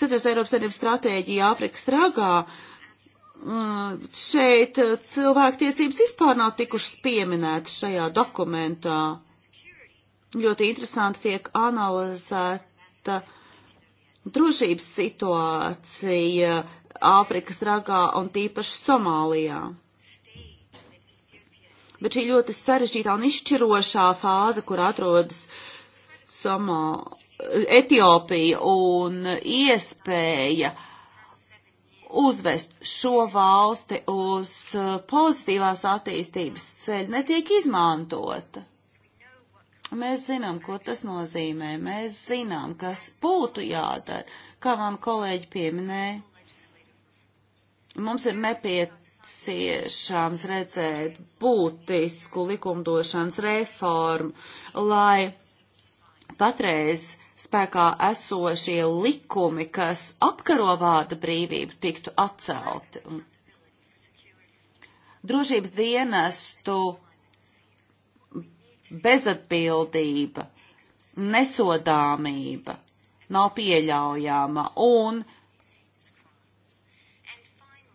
Citas Eiropas Savienības stratēģija Āfrikas ragā mm, šeit cilvēktiesības vispār nav tikušas pieminētas šajā dokumentā ļoti interesanti tiek analizēta drošības situācija Āfrikas ragā un tīpaši Somālijā. Bet šī ļoti sarežģītā un izšķirošā fāze, kur atrodas Somā, Etiopija un iespēja uzvest šo valsti uz pozitīvās attīstības ceļu, netiek izmantota. Mēs zinām, ko tas nozīmē, mēs zinām, kas būtu jādara, kā man kolēģi pieminēja. Mums ir nepieciešams redzēt būtisku likumdošanas reformu, lai patreiz spēkā esošie likumi, kas apkaro vārda brīvību, tiktu atcelti. Drošības dienestu bezatbildība, nesodāmība nav pieļaujama un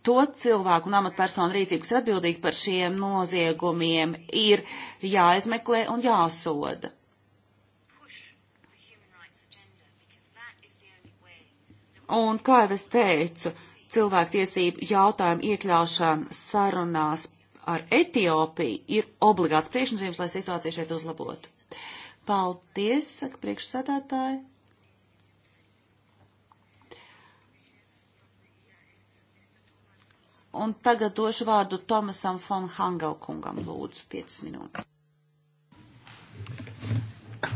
to cilvēku un amatpersonu rīcību, kas ir atbildīgi par šiem noziegumiem, ir jāizmeklē un jāsoda. Un, kā jau es teicu, cilvēktiesību jautājumu iekļaušana sarunās ar Etiopiju ir obligāts priekšnosījums, lai situācija šeit uzlabotu. Paldies, saka priekšsēdētāji. Un tagad došu vārdu Tomasam von Hangelkungam, lūdzu, 5 minūtes.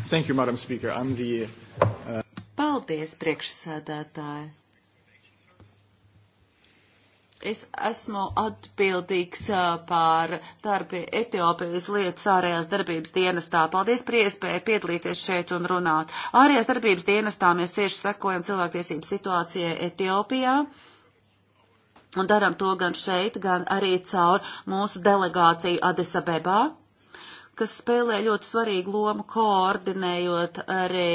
Thank you, Madam Speaker. I'm the, uh... Paldies, priekšsēdētāji es esmu atbildīgs par darbi Etiopijas lietas ārējās darbības dienestā. Paldies par iespēju piedalīties šeit un runāt. Ārējās darbības dienestā mēs cieši sekojam cilvēktiesību situācijai Etiopijā. Un darām to gan šeit, gan arī caur mūsu delegāciju Adisabebā, kas spēlē ļoti svarīgu lomu koordinējot arī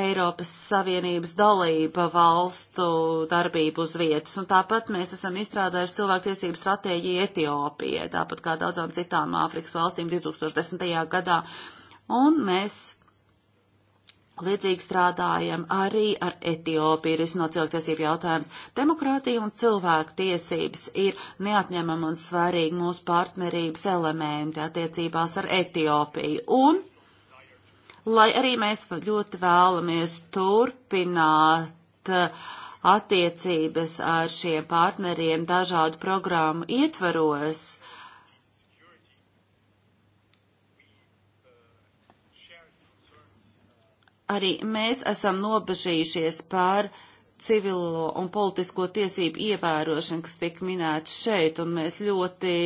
Eiropas Savienības dalība valstu darbību uz vietas, un tāpat mēs esam izstrādājuši cilvēktiesību stratēģiju Etiopijai, tāpat kā daudzām citām Āfrikas valstīm 2010. gadā, un mēs līdzīgi strādājam arī ar Etiopiju, risinot cilvēktiesību jautājumus. Demokrātija un cilvēktiesības ir neatņemama un svarīga mūsu partnerības elementi attiecībās ar Etiopiju, un lai arī mēs ļoti vēlamies turpināt eh, attiecības ar šiem partneriem dažādu programmu ietvaros, arī mēs esam nobežījušies par civilo un politisko tiesību ievērošanu, kas tiek minēts šeit, un mēs ļoti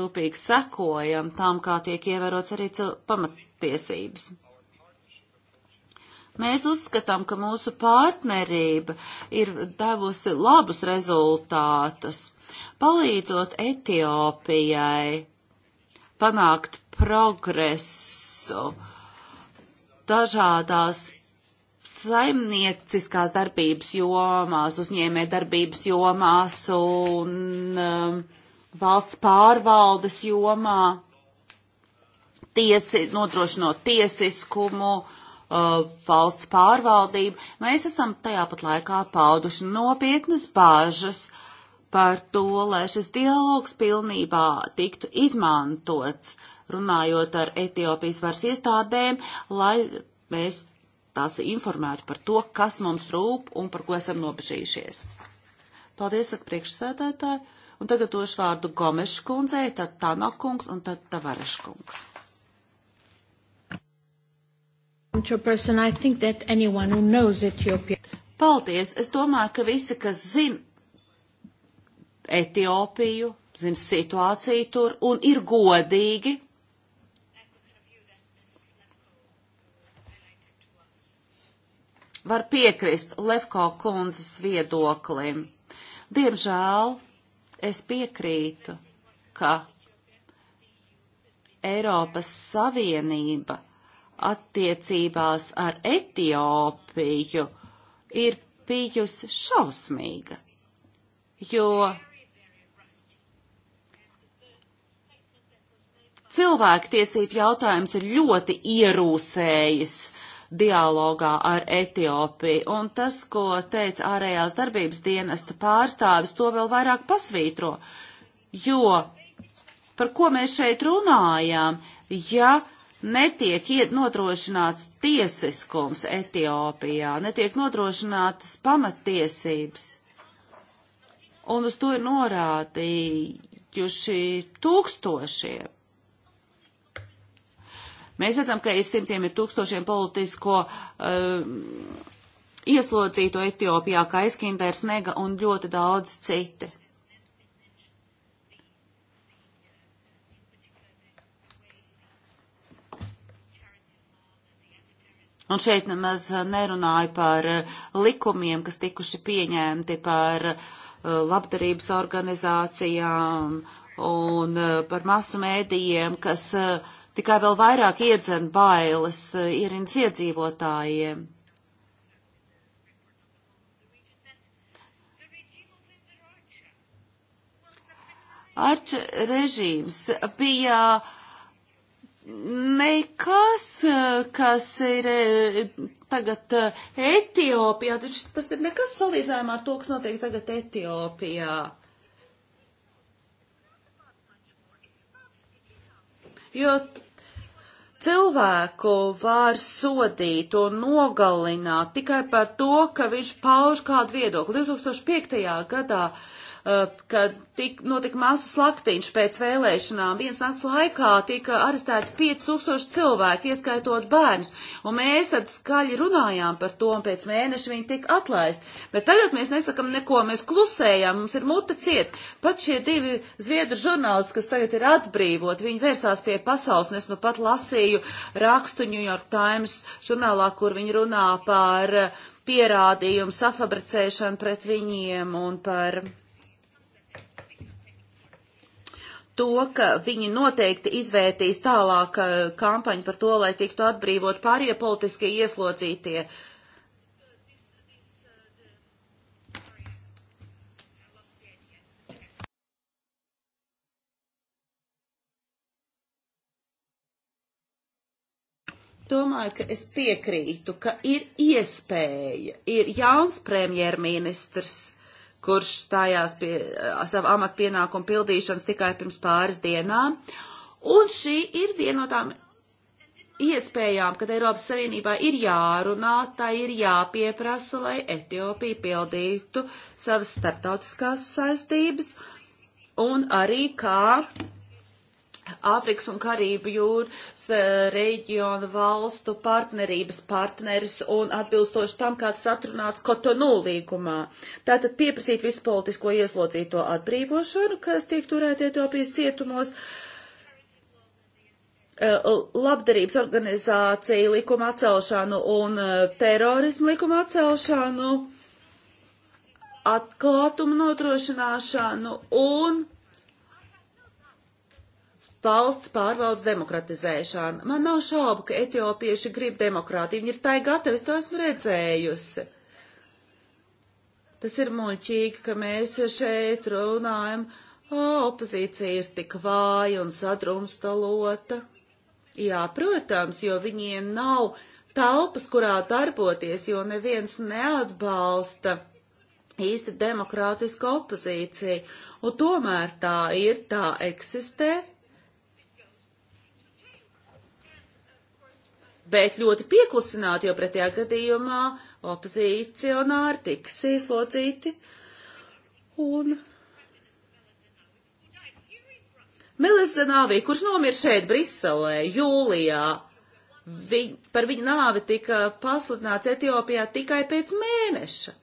rūpīgi sekojam tam, kā tiek ievērots arī pamatiesības. Mēs uzskatām, ka mūsu partnerība ir devusi labus rezultātus, palīdzot Etiopijai panākt progresu dažādās saimnieciskās darbības jomās, uzņēmē darbības jomās un um, valsts pārvaldes jomā, tiesi, nodrošinot tiesiskumu, uh, uh, valsts pārvaldību, mēs esam tajā pat laikā pauduši nopietnas bāžas par to, lai šis dialogs pilnībā tiktu izmantots, runājot ar Etiopijas varas iestādēm, lai mēs tās informētu par to, kas mums rūp un par ko esam nobežījušies. Paldies, saka priekšsēdētāji, un tagad došu vārdu Gomeša kundzei, tad Tanakungs un tad Tavareškungs. kungs. Paldies! Es domāju, ka visi, kas zina Etiopiju, zina situāciju tur un ir godīgi. Var piekrist Levko kundzes viedoklim. Diemžēl es piekrītu, ka Eiropas Savienība attiecībās ar Etiopiju ir bijusi šausmīga, jo cilvēktiesību jautājums ir ļoti ierūsējis dialogā ar Etiopiju, un tas, ko teica ārējās darbības dienesta pārstāvis, to vēl vairāk pasvītro, jo par ko mēs šeit runājām, ja netiek nodrošināts tiesiskums Etiopijā, netiek nodrošinātas pamatiesības. Un uz to ir norādījuši tūkstošie. Mēs redzam, ka aiz simtiem ir tūkstošiem politisko um, ieslodzīto Etiopijā, kā aizkindērs nega un ļoti daudz citi. Un šeit nemaz eh, nerunāju par eh, likumiem, kas tikuši pieņemti par eh, labdarības organizācijām un par masu mēdījiem, kas tikai vēl vairāk iedzen bailes ierindas iedzīvotājiem. Arča režīms bija uh, nekas, eh, kas ir eh, tagad eh, Etiopijā, taču tas ir nekas salīdzinājumā ar to, kas notiek tagad Etiopijā. Jo cilvēku var sodīt un nogalināt tikai par to, ka viņš pauž kādu viedokli. 2005. gadā uh, Eh, ka tik, notika masu slaktiņš pēc vēlēšanām. Viens nakts laikā tika arestēti 5000 cilvēki, ieskaitot bērnus, un mēs tad skaļi runājām par to, un pēc mēneša viņi tika atlaist. Bet tagad mēs nesakam neko, mēs klusējām, mums ir muta ciet. Pat šie divi zviedru žurnālisti, kas tagad ir atbrīvot, viņi vērsās pie pasaules, un es nu pat lasīju rakstu New York Times žurnālā, kur viņi runā par eh, pierādījumu safabricēšanu pret viņiem un par to, ka viņi noteikti izvērtīs tālāk eh, kampaņu par to, lai tiktu atbrīvot pārējie politiskie ieslodzītie. domāju, ka es piekrītu, ka ir iespēja, ir jauns premjerministrs, kurš stājās pie uh, savu amatu pienākumu pildīšanas tikai pirms pāris dienām. Un šī ir viena no tām iespējām, kad Eiropas Savienībā ir jārunā, tā ir jāpieprasa, lai Etiopija pildītu savas starptautiskās saistības un arī kā Āfrikas un Karību jūras eh, reģiona valstu partnerības partneris un atbilstoši tam, kāds atrunāts Kotonu līgumā. Tātad pieprasīt visu politisko ieslodzīto atbrīvošanu, kas tiek turēti Etiopijas cietumos. Eh, labdarības organizācija likuma atcelšanu un eh, terorismu likuma atcelšanu, atklātumu nodrošināšanu un valsts pārvaldes demokratizēšana. Man nav šaubu, ka etiopieši grib demokrātiju, viņi ir tai gatavi, es to esmu redzējusi. Tas ir muļķīgi, ka mēs šeit runājam, o, opozīcija ir tik vāja un sadrumstalota. Jā, protams, jo viņiem nav telpas, kurā darboties, jo neviens neatbalsta īsti demokrātisku opozīciju, un tomēr tā ir, tā eksistē, bet ļoti pieklusināt, jo pretējā gadījumā opozīcionāri tiks ieslodzīti. Un Melis Zanāvī, kurš nomira šeit Briselē jūlijā, viņ, par viņu nāvi tika pasludināts Etiopijā tikai pēc mēneša.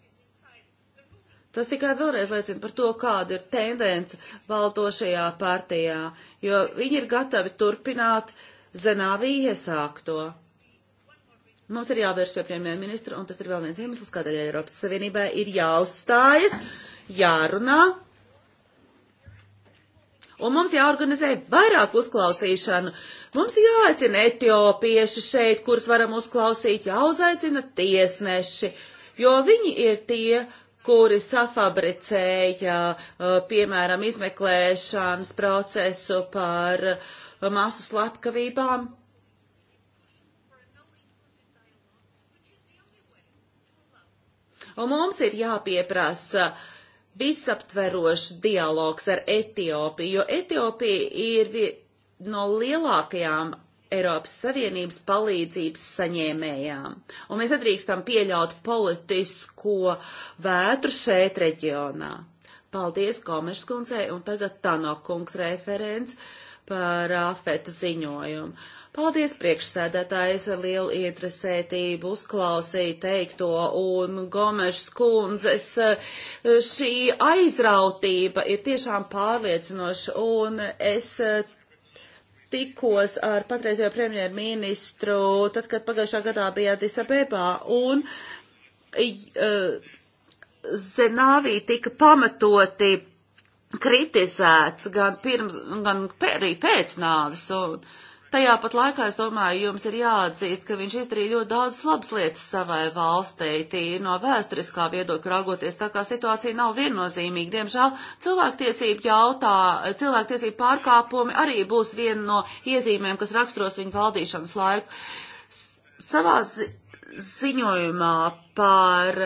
Tas tikai vēlreiz liecina par to, kāda ir tendence valdošajā partijā, jo viņi ir gatavi turpināt Zanāvī iesākto. Mums ir jāvērš pie premjerministra, un tas ir vēl viens iemesls, kādēļ Eiropas Savienībai ir jāuzstājas, jārunā. Un mums jāorganizē vairāk uzklausīšanu. Mums jāaicina etiopieši šeit, kurus varam uzklausīt, jāuzaicina tiesneši, jo viņi ir tie, kuri safabricēja, uh, piemēram, izmeklēšanas procesu par uh, masu slepkavībām Un mums ir jāpieprasa visaptverošs dialogs ar Etiopiju, jo Etiopija ir no lielākajām Eiropas Savienības palīdzības saņēmējām. Un mēs atrīkstam pieļaut politisko vētru šeit reģionā. Paldies Komešskundzei un tagad Tano kungs referents par afeta ziņojumu. Paldies priekšsēdētājs ar lielu ietresētību uzklausīju teikto un Gomešs kundzes eh, šī aizrautība ir tiešām pārliecinoša un es eh, tikos ar patreizējo premjerministru, tad, kad pagājušā gadā bija Disabebā un uh, Zenāvī tika pamatoti kritizēts gan pirms, gan arī pēc nāves. Un, Tajā pat laikā, es domāju, jums ir jāatzīst, ka viņš izdarīja ļoti daudz labas lietas savai valstei, tīri no vēsturiskā viedokļa raugoties, tā kā situācija nav viennozīmīga. Diemžēl cilvēktiesību jautā, cilvēktiesību pārkāpumi arī būs viena no iezīmēm, kas raksturos viņa valdīšanas laiku. Savā zi ziņojumā par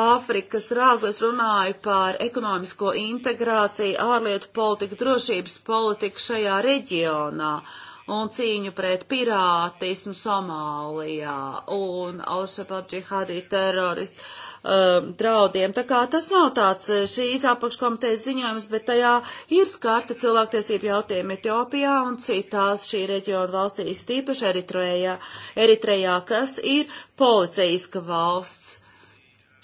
Āfrikas rāgu es runāju par ekonomisko integrāciju, ārlietu politiku, drošības politiku šajā reģionā. Uh, un cīņu pret pirātismu Somālijā un Al-Shabaab džihādī teroristu um, draudiem. Tā kā tas nav tāds eh, šīs apakškomitejas ziņojums, bet tajā ir skarta cilvēktiesību jautājumi Etiopijā un citās šī reģiona valstīs, tīpaši Eritrejā, Eritrejā kas ir policijas valsts.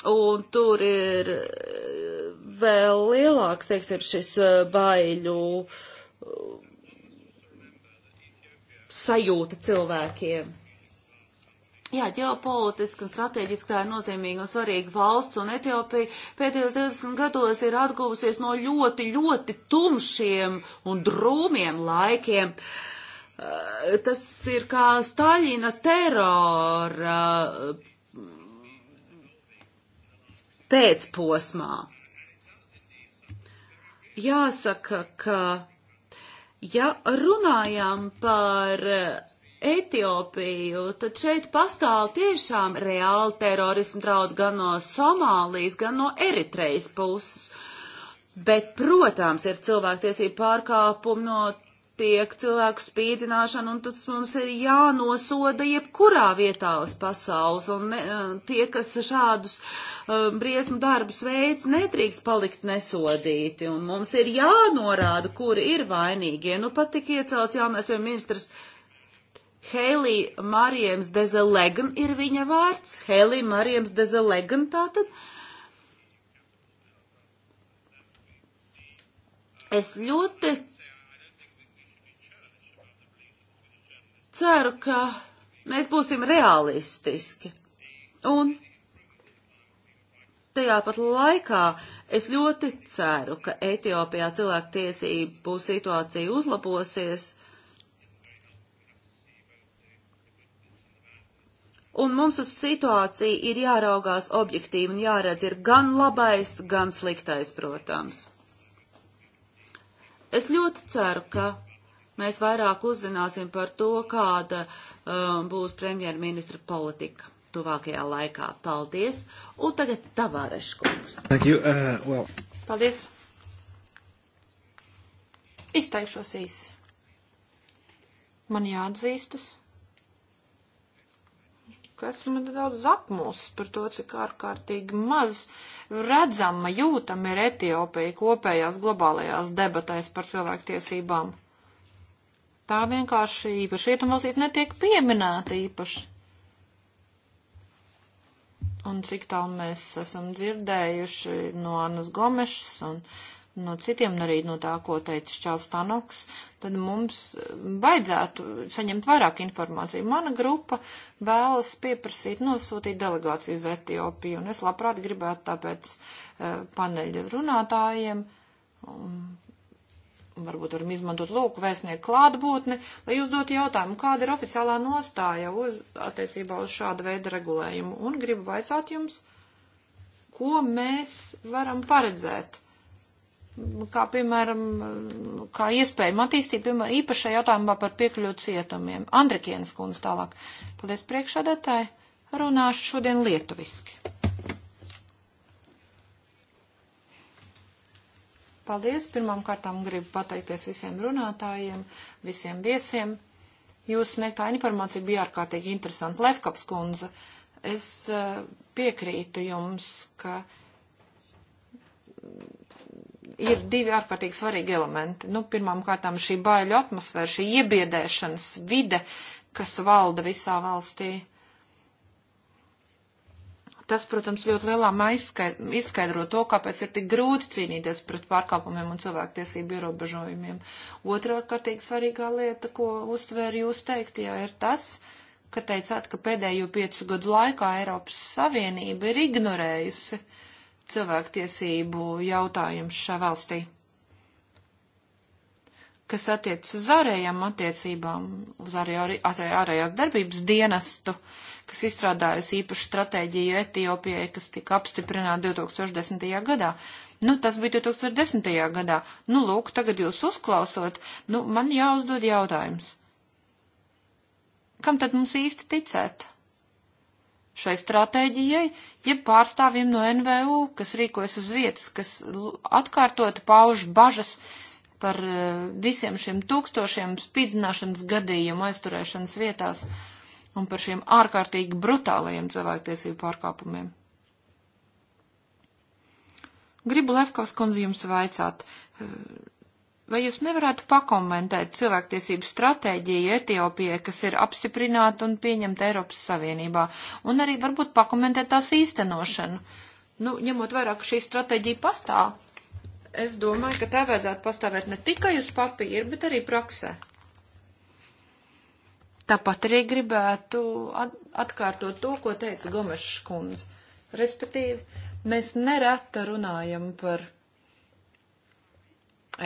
Un tur ir eh, vēl lielāks, teiksim, šis eh, baiļu sajūta cilvēkiem. Jā, ģeopolitiski un strateģiski tā ir nozīmīga un svarīga valsts, un Etiopija pēdējos 20 gados ir atguvusies no ļoti, ļoti tumšiem un drūmiem laikiem. Eh, tas ir kā Staļina terora eh, pēcposmā. Jāsaka, ka Ja runājam par Etiopiju, tad šeit pastāv tiešām reāli terorismu draudi gan no Somālijas, gan no Eritrejas puses. Bet, protams, ir cilvēktiesība pārkāpumi no notiek cilvēku spīdzināšana, un tas mums ir jānosoda jebkurā vietā uz pasaules, un ne, eh, tie, kas šādus um, briesmu darbus veids, nedrīkst palikt nesodīti, un mums ir jānorāda, kuri ir vainīgie. Nu, pat tik iecelts jaunais ministrs Helī Marijams Dezelegan ir viņa vārds. Helī Marijams Dezelegan tātad. Es ļoti ceru, ka mēs būsim realistiski. Un tajā pat laikā es ļoti ceru, ka Etiopijā cilvēktiesību situācija uzlabosies. Un mums uz situāciju ir jāraugās objektīvi un jāredz ir gan labais, gan sliktais, protams. Es ļoti ceru, ka mēs vairāk uzzināsim par to, kāda um, būs premjerministra politika tuvākajā laikā. Paldies! Un tagad Tavāreškungs. Uh, well. Paldies! Izteikšos īsi. Man jāatzīstas, ka esmu nedaudz apmūsts par to, cik ārkārtīgi maz redzama jūtama ir Etiopija kopējās globālajās debatēs par cilvēktiesībām. tiesībām tā vienkārši īpaši rietumvalstīs netiek pieminēta īpaši. Un cik tālu mēs esam dzirdējuši no Annas Gomešas un no citiem, arī no tā, ko teica Čāls Tanoks, tad mums vajadzētu saņemt vairāk informāciju. Mana grupa vēlas pieprasīt nosūtīt delegāciju uz Etiopiju, un es labprāt gribētu tāpēc eh, paneļa runātājiem varbūt varam izmantot lūku vēstnieku klātbūtni, lai uzdot jautājumu, kāda ir oficiālā nostāja uz, attiecībā uz šādu veidu regulējumu. Un gribu vaicāt jums, ko mēs varam paredzēt. Kā, piemēram, kā iespējama attīstība, piemēram, īpašajā jautājumā par piekļuvu cietumiem. Andrikienas kundze tālāk. Paldies priekšādātāji. Runāšu šodien lietuviski. Paldies! Pirmām kārtām gribu pateikties visiem runātājiem, visiem viesiem. Jūsu sniegtā informācija bija ārkārtīgi interesanta. Lefkaps kundze, es eh, piekrītu jums, ka ir divi ārkārtīgi svarīgi elementi. Nu, pirmām kārtām šī baiļu atmosfēra, šī iebiedēšanas vide, kas valda visā valstī. Tas, protams, ļoti lielā mērā izskaidro to, kāpēc ir tik grūti cīnīties pret pārkāpumiem un cilvēktiesību ierobežojumiem. Otra kārtīgi svarīgā lieta, ko uztvēra jūs teiktajā, ir tas, ka teicāt, ka pēdējo piecu gadu laikā Eiropas Savienība ir ignorējusi cilvēktiesību jautājumus šajā valstī kas attiec uz ārējām attiecībām, uz ārējās darbības dienestu. Uh, kas izstrādājusi īpašu stratēģiju Etiopijai, kas tika apstiprināta 2010. gadā. Nu, tas bija 2010. gadā. Nu, lūk, tagad jūs uzklausot, nu, man jāuzdod jautājums. Kam tad mums īsti ticēt? Šai stratēģijai, jeb ja pārstāvjiem no NVU, kas rīkojas uz vietas, kas atkārtot pauž bažas par eh, visiem šiem tūkstošiem spīdzināšanas gadījumu aizturēšanas vietās. Uh, un par šiem ārkārtīgi brutālajiem cilvēktiesību pārkāpumiem. Gribu Levkovs kundzi jums vaicāt, vai jūs nevarētu pakomentēt cilvēktiesību stratēģiju Etiopijai, kas ir apstiprināta un pieņemta Eiropas Savienībā, un arī varbūt pakomentēt tās īstenošanu? Nu, ņemot vairāk, ka šī stratēģija pastāv, es domāju, ka tā vajadzētu pastāvēt ne tikai uz papīra, bet arī praksē. Tāpat arī gribētu atkārtot to, ko teica Gomešs kundze. Respektīvi, mēs nerata runājam par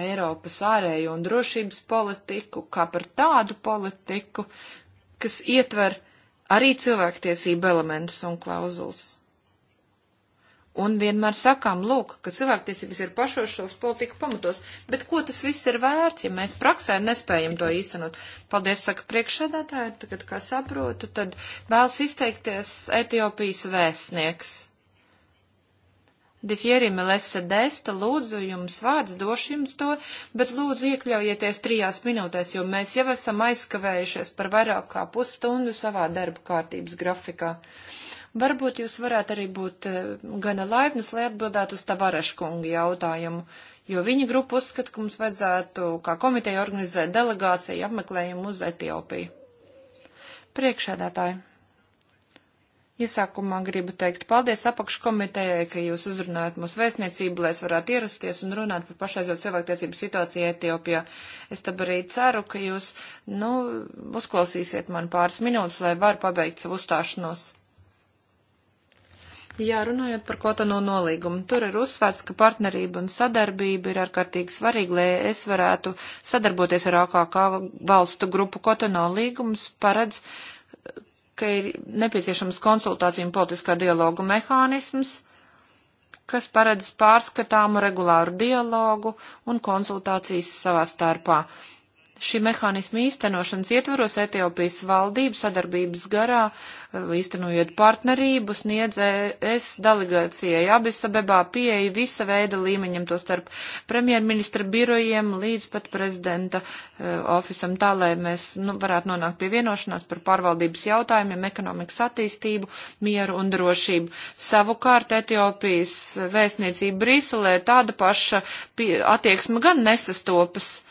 Eiropas ārējo un drošības politiku, kā par tādu politiku, kas ietver arī cilvēktiesību elementus un klauzulas. Un vienmēr sakām, lūk, ka cilvēktiesības ir pašos šos politiku pamatos, bet ko tas viss ir vērts, ja mēs praksē nespējam to īstenot? Paldies, saka priekšsēdētāji, tagad, kā saprotu, tad vēlas izteikties Etiopijas vēstnieks. Difieri Melese Desta, lūdzu jums vārds, došu jums to, bet lūdzu iekļaujieties trijās minūtēs, jo mēs jau esam aizskavējušies par vairāk kā pusstundu savā darba kārtības grafikā. Uh, Varbūt jūs varētu arī būt eh, gana laipnas, lai atbildētu uz Tavareškunga jautājumu, jo viņa grupa uzskata, ka mums vajadzētu kā komiteja organizēt delegāciju apmeklējumu uz Etiopiju. Priekšēdētāji. Iesākumā gribu teikt paldies apakškomitejai, ka jūs uzrunājat mūsu vēstniecību, lai es varētu ierasties un runāt par pašreizo cilvēktiesību situāciju Etiopijā. Es tad arī ceru, ka jūs, nu, uzklausīsiet man pāris minūtes, lai varu pabeigt savu uzstāšanos. Jā, runājot par Kotono nolīgumu, tur ir uzsvērts, ka partnerība un sadarbība ir ārkārtīgi svarīga, lai es varētu sadarboties ar AKK valstu grupu Kotono līgums paredz, ka ir nepieciešams konsultāciju un politiskā dialogu mehānisms, kas paredz pārskatāmu regulāru dialogu un konsultācijas savā starpā šī mehānisma īstenošanas ietvaros Etiopijas valdība sadarbības garā, eh, īstenojot partnerību, sniedz e- ES delegācijai Abisabebā pieeja visa veida līmeņiem, to starp premjerministra birojiem līdz pat prezidenta uh, ofisam, tā lai mēs nu, varētu nonākt pie vienošanās par pārvaldības jautājumiem, ekonomikas attīstību, mieru un drošību. Savukārt Etiopijas vēstniecība Briselē tāda paša attieksme gan nesastopas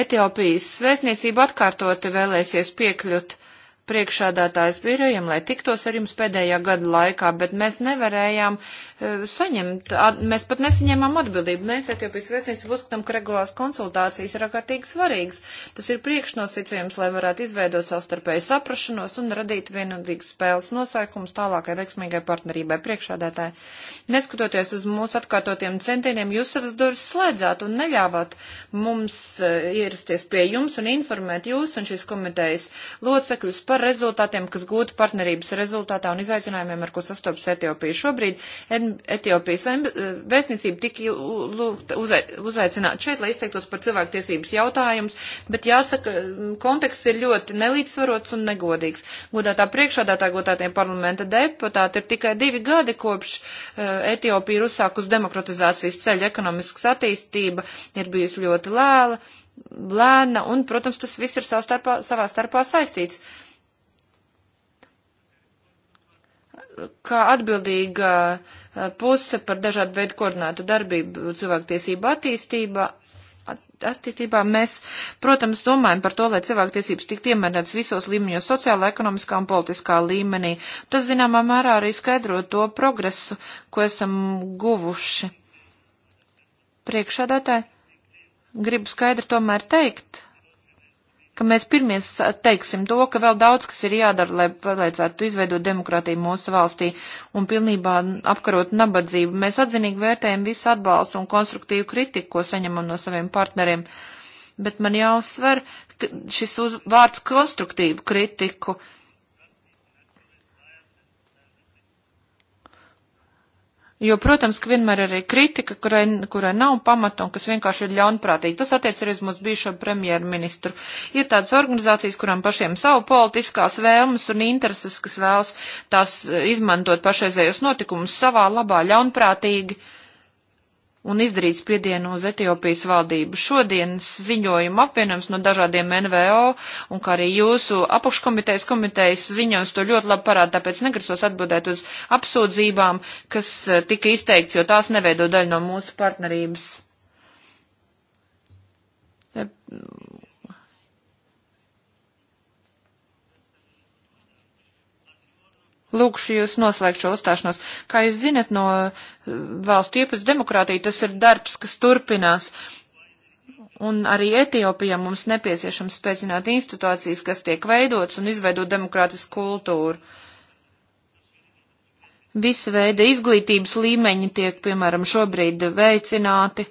Etiopijas vēstniecība atkārtoti vēlēsies piekļūt priekšādātājs birojam, lai tiktos ar jums pēdējā gada laikā, bet mēs nevarējām e, saņemt, mēs pat nesaņēmām atbildību. Mēs Etiopijas vēstniecību uzskatām, ka regulās konsultācijas ir ārkārtīgi svarīgas. Tas ir priekšnosacījums, lai varētu izveidot savstarpēju saprašanos un radīt vienādīgas spēles nosaikums tālākai veiksmīgai partnerībai priekšādātāji. Neskatoties uz mūsu atkārtotiem centieniem, jūs savas durvis slēdzāt un neļāvāt mums e, ierasties pie jums un informēt jūs un šīs komitejas locekļus par par rezultātiem, kas gūti partnerības rezultātā un izaicinājumiem, ar ko sastopas Etiopija. Šobrīd Etiopijas eh, vēstniecība tika uzaicināta šeit, lai izteiktos par cilvēktiesības jautājumus, bet jāsaka, konteksts ir ļoti nelīdzsvarots un negodīgs. Godātā priekšādātā godātiem parlamenta deputāti ir tikai divi gadi kopš eh, Etiopija ir uzsākus demokratizācijas ceļu, ekonomiskas attīstība ir bijusi ļoti lēla lēna, un, protams, tas viss ir savā starpā, savā starpā saistīts. Uh, kā atbildīga eh, puse par dažādu veidu koordinātu darbību cilvēktiesību attīstībā. Attīstībā mēs, protams, domājam par to, lai cilvēktiesības tiktu iemērētas visos līmeņos, sociālā, ekonomiskā un politiskā līmenī. Tas, zināmā mērā, arī skaidro to progresu, ko esam guvuši. Priekšādātāji, gribu skaidri tomēr teikt, ka mēs pirmie teiksim to, ka vēl daudz kas ir jādara, lai palīdzētu izveidot demokrātiju mūsu valstī un pilnībā apkarot nabadzību. Mēs atzinīgi vērtējam visu atbalstu un konstruktīvu kritiku, ko saņemam no saviem partneriem. Bet man jāuzsver šis uz, vārds konstruktīvu kritiku. Uh, Jo, protams, ka vienmēr ir arī kritika, kurai, kurai nav pamata un kas vienkārši ir ļaunprātīga. Tas attiec arī uz mūsu bijušo premjerministru. Ir tādas organizācijas, kurām pašiem savu politiskās vēlmes un intereses, kas vēlas tās izmantot pašreizējos notikumus savā labā ļaunprātīgi. Uh, un izdarīt spiedienu uz Etiopijas valdību. Šodienas ziņojuma apvienojums no dažādiem NVO un kā arī jūsu apakškomitejas komitejas ziņojums to ļoti labi parāda, tāpēc negrasos atbildēt uz apsūdzībām, kas eh, tika izteikts, jo tās neveido daļu no mūsu partnerības Lūkšu jūs noslēgt šo uzstāšanos. Kā jūs zinat, no eh, valsts iepas demokrātija tas ir darbs, kas turpinās. Un arī Etiopijā mums nepieciešams spēcināt institūcijas, kas tiek veidotas un izveidot demokrātisku kultūru. Visa veida izglītības līmeņi tiek, piemēram, šobrīd veicināti,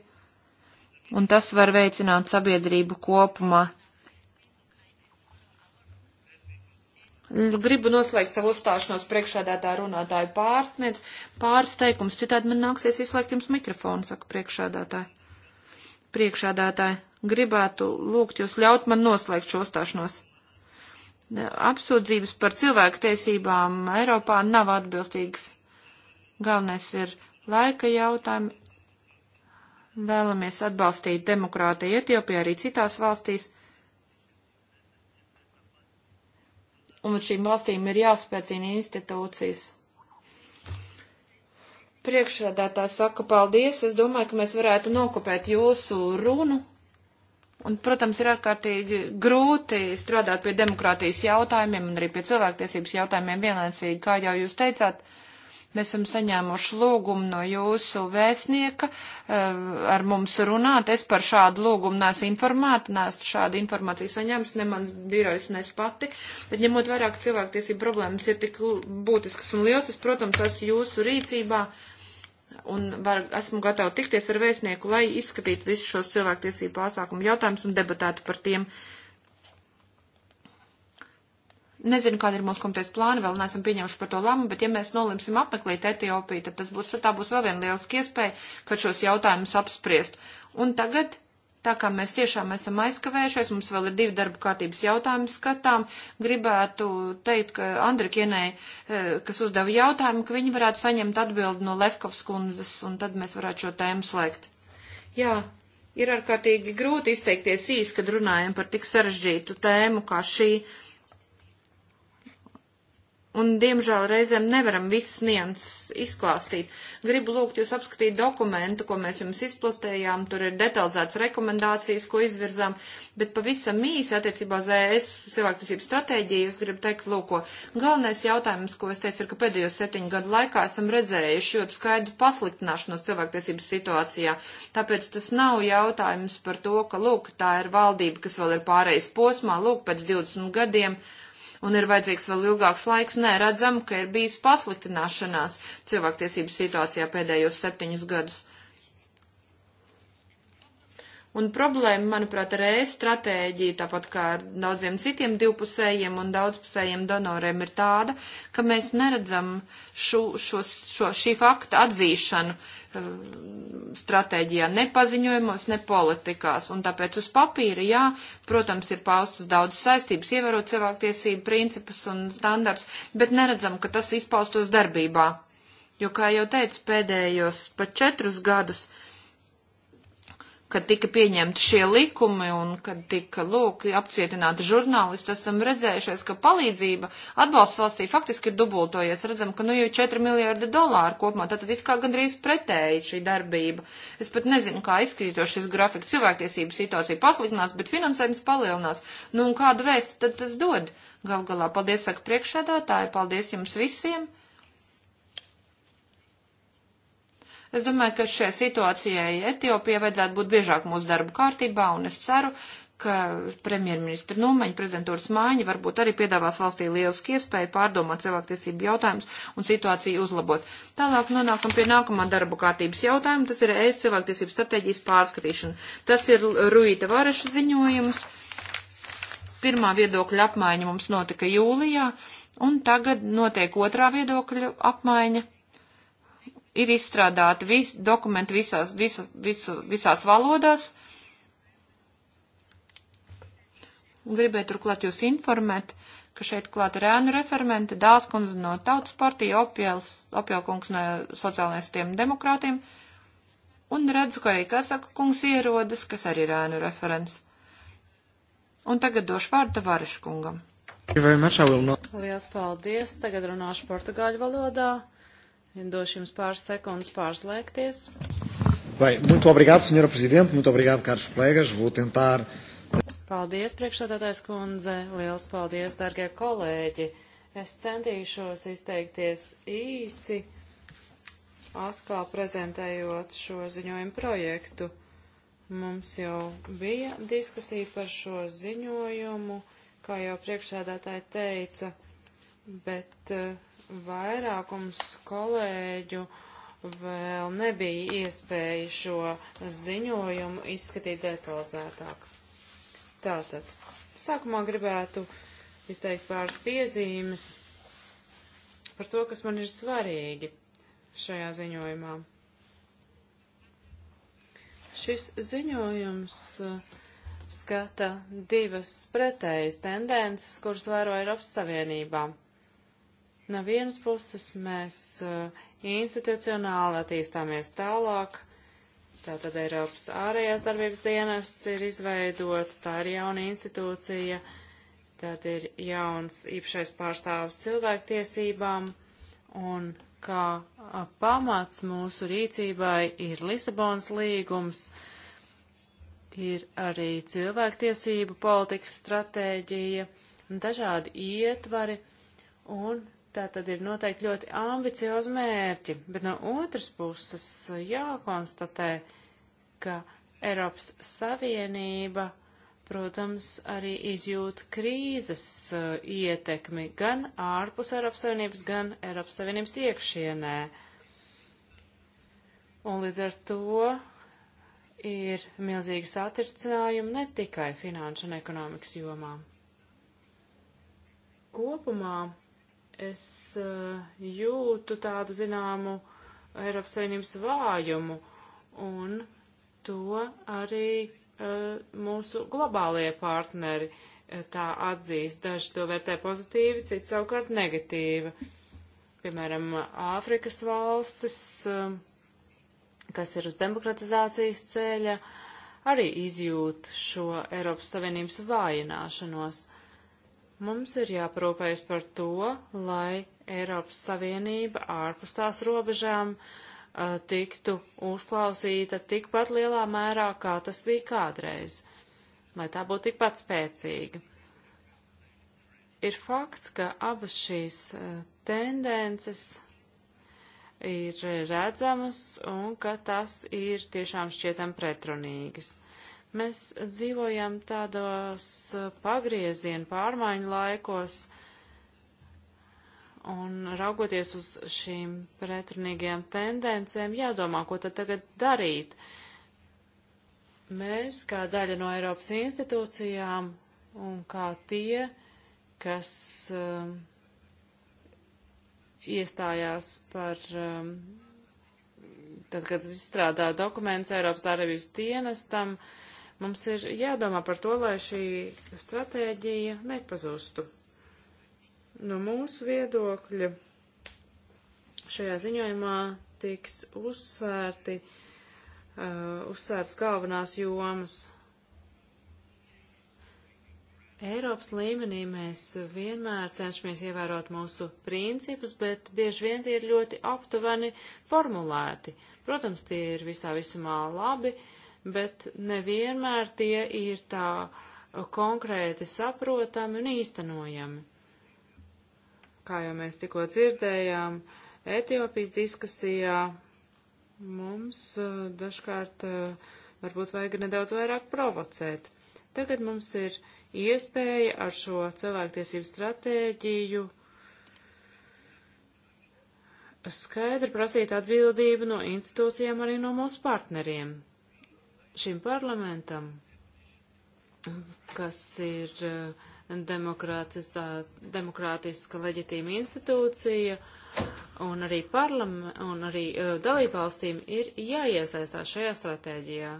un tas var veicināt sabiedrību kopumā. Gribu noslēgt savu uzstāšanos priekšādātā runātāju pārsniedz pāris teikums, citādi man nāksies izslēgt jums mikrofonu, saka priekšādātāji. Priekšādātāji, gribētu lūgt jūs ļaut man noslēgt šo uzstāšanos. Apsūdzības par cilvēku tiesībām Eiropā nav atbilstīgas. Galvenais ir laika jautājumi. Vēlamies atbalstīt demokrātiju Etiopijā arī citās valstīs un šīm valstīm ir jāspēcina institūcijas. Priekšsēdētā saka paldies, es domāju, ka mēs varētu nokopēt jūsu runu. Un, protams, ir ārkārtīgi grūti strādāt pie demokrātijas jautājumiem un arī pie cilvēktiesības jautājumiem vienlaicīgi, kā jau jūs teicāt. Uh, Mēs esam saņēmuši lūgumu no jūsu vēstnieka eh, ar mums runāt. Es par šādu lūgumu neesmu informēta, neesmu šādu informāciju saņēmusi, ne mans birojs, ne es pati. Bet ņemot vairāk cilvēktiesību problēmas ir tik būtiskas un liels, es, protams, esmu jūsu rīcībā un var, esmu gatava tikties ar vēstnieku, lai izskatītu visus šos cilvēktiesību pasākumu jautājumus un debatētu par tiem. Uh, nezinu, kāda ir mūsu komitejas plāna, vēl neesam pieņēmuši par to lēmumu, bet ja mēs nolimsim apmeklēt Etiopiju, tad tas būs, tā būs vēl viena lieliska iespēja, kad šos jautājumus apspriest. Un tagad, tā kā mēs tiešām esam aizkavējušies, mums vēl ir divi darba kārtības jautājumi skatām, gribētu teikt, ka Andrikienei, eh, kas uzdeva jautājumu, ka viņi varētu saņemt atbildi no Levkovs kundzes, un tad mēs varētu šo tēmu slēgt. Jā, ir ārkārtīgi grūti izteikties īsi, kad runājam par tik sarežģītu tēmu kā šī un, diemžēl, reizēm nevaram visas nianses izklāstīt. Gribu lūgt jūs apskatīt dokumentu, ko mēs jums izplatējām, tur ir detalizētas rekomendācijas, ko izvirzām, bet pavisam īsi attiecībā uz ES cilvēktiesību stratēģiju es gribu teikt, lūko, galvenais jautājums, ko es teicu, ir, ka pēdējo septiņu gadu laikā esam redzējuši ļoti skaidru pasliktināšanos cilvēktiesību situācijā, tāpēc tas nav jautājums par to, ka, lūk, tā ir valdība, kas vēl ir pārējais posmā, lūk, pēc 20 gadiem un ir vajadzīgs vēl ilgāks laiks, nē, redzam, ka ir bijis pasliktināšanās cilvēktiesību situācijā pēdējos septiņus gadus. Un problēma, manuprāt, ar ES stratēģiju, tāpat kā ar daudziem citiem divpusējiem un daudzpusējiem donoriem, ir tāda, ka mēs neredzam šo, šo, šo, šī fakta atzīšanu eh, stratēģijā, ne paziņojumos, ne politikās. Un tāpēc uz papīra, jā, protams, ir paustas daudz saistības, ievērot cilvēktiesību principus un standarts, bet neredzam, ka tas izpaustos darbībā. Jo, kā jau teicu, pēdējos pat četrus gadus kad tika pieņemti šie likumi un kad tika, lūk, apcietināti žurnālisti, esam redzējušies, ka palīdzība atbalsts valstī faktiski ir dubultojies. Redzam, ka nu jau 4 miljārdi dolāru kopumā, tātad it kā gandrīz pretēji šī darbība. Es pat nezinu, kā izskatītos šis grafiks, cilvēktiesību situācija pasliknās, bet finansējums palielinās. Nu un kādu vēstu tad tas dod? Gal galā, paldies, saka priekšēdātāji, paldies jums visiem! Es domāju, ka šajā situācijai Etiopijai vajadzētu būt biežāk mūsu darbu kārtībā, un es ceru, ka premjerministra Numeņa prezidentūras mājiņa varbūt arī piedāvās valstī lielisku iespēju pārdomāt cilvēktiesību jautājumus un situāciju uzlabot. Tālāk nonākam pie nākamā darba kārtības jautājuma, tas ir ES cilvēktiesību stratēģijas pārskatīšana. Tas ir Ruīta Vareša ziņojums. Pirmā viedokļa apmaiņa mums notika jūlijā, un tagad notiek otrā viedokļa apmaiņa ir izstrādāti vis, dokumenti visās, visu, visu, visās valodās. Un gribēju turklāt jūs informēt, ka šeit klāt ir ēnu referente, dāskundze no Tautas partija, Opjēls, Opjēlkungs no sociālistiem demokrātiem. Un redzu, ka arī Kasaka kungs ierodas, kas arī ir ēnu referents. Un tagad došu vārdu Variškungam. Lielas paldies! Tagad runāšu portugāļu valodā. Došu jums pāris sekundes pārslēgties. Vai, muito obrigado, senhora Presidente, muito obrigado, caros colegas. Vou tentar. Paldies, priekšsādātājs kundze, liels paldies, dargie kolēģi. Es centīšos izteikties īsi, atkal prezentējot šo ziņojumu projektu. Mums jau bija diskusija par šo ziņojumu, kā jau priekšsēdētāji teica, bet uh, vairākums kolēģu vēl nebija iespēja šo ziņojumu izskatīt detalizētāk. Tātad, sākumā gribētu izteikt pāris piezīmes par to, kas man ir svarīgi šajā ziņojumā. Šis ziņojums uh, skata divas pretējas tendences, kuras vēro Eiropas Savienībā. No vienas puses mēs eh, institucionāli attīstāmies tālāk, tātad Eiropas ārējās darbības dienests ir izveidots, tā ir jauna institūcija, tad ir jauns īpašais pārstāvs cilvēktiesībām un kā pamats mūsu rīcībai ir Lisabonas līgums, ir arī cilvēktiesību politikas stratēģija un dažādi ietvari, un Tā tad ir noteikti ļoti ambiciozi mērķi, bet no otras puses eh, jākonstatē, ka Eiropas Savienība, protams, arī izjūt krīzes uh, ietekmi gan ārpus Eiropas Savienības, gan Eiropas Savienības iekšienē. Un līdz ar to ir milzīgi satricinājumi ne tikai finanšu un ekonomikas jomā. Kopumā es eh, jūtu tādu zināmu Eiropas Savienības vājumu, un to arī eh, mūsu globālie partneri eh, tā atzīst. Daži to vērtē pozitīvi, citi savukārt negatīvi. Piemēram, Āfrikas valstis, kas ir uz demokratizācijas ceļa, arī izjūt šo Eiropas Savienības vājināšanos. Mums ir jāparūpējas par to, lai Eiropas Savienība ārpus tās robežām uh, tiktu uzklausīta tikpat lielā mērā, kā tas bija kādreiz, lai tā būtu tikpat spēcīga. Ir fakts, ka abas šīs tendences ir redzamas un ka tas ir tiešām šķietam pretrunīgas. Mēs dzīvojam tādos eh, pagriezienu pārmaiņu laikos, un raugoties uz šīm pretrunīgajām tendencēm, jādomā, ko tad tagad darīt. Mēs, kā daļa no Eiropas institūcijām, un kā tie, kas um, iestājās par, um, tad, kad izstrādā dokumentus Eiropas darbības dienestam, uh, Mums ir jādomā par to, lai šī stratēģija nepazustu. No mūsu viedokļa šajā ziņojumā tiks uzsvērti, uh, uzsvērts galvenās jomas. Eiropas līmenī mēs vienmēr cenšamies ievērot mūsu principus, bet bieži vien tie ir ļoti aptuveni formulēti. Protams, tie ir visā visumā labi, uh, bet nevienmēr tie ir tā konkrēti saprotami un īstenojami. Kā jau mēs tikko dzirdējām, Etiopijas diskusijā mums eh, dažkārt eh, varbūt vajag nedaudz vairāk provocēt. Tagad mums ir iespēja ar šo cilvēktiesību stratēģiju skaidri prasīt atbildību no institūcijām, arī no mūsu partneriem šim parlamentam, kas ir eh, demokrātiska leģitīma institūcija, un arī, un arī uh, dalībvalstīm ir jāiesaistās šajā stratēģijā.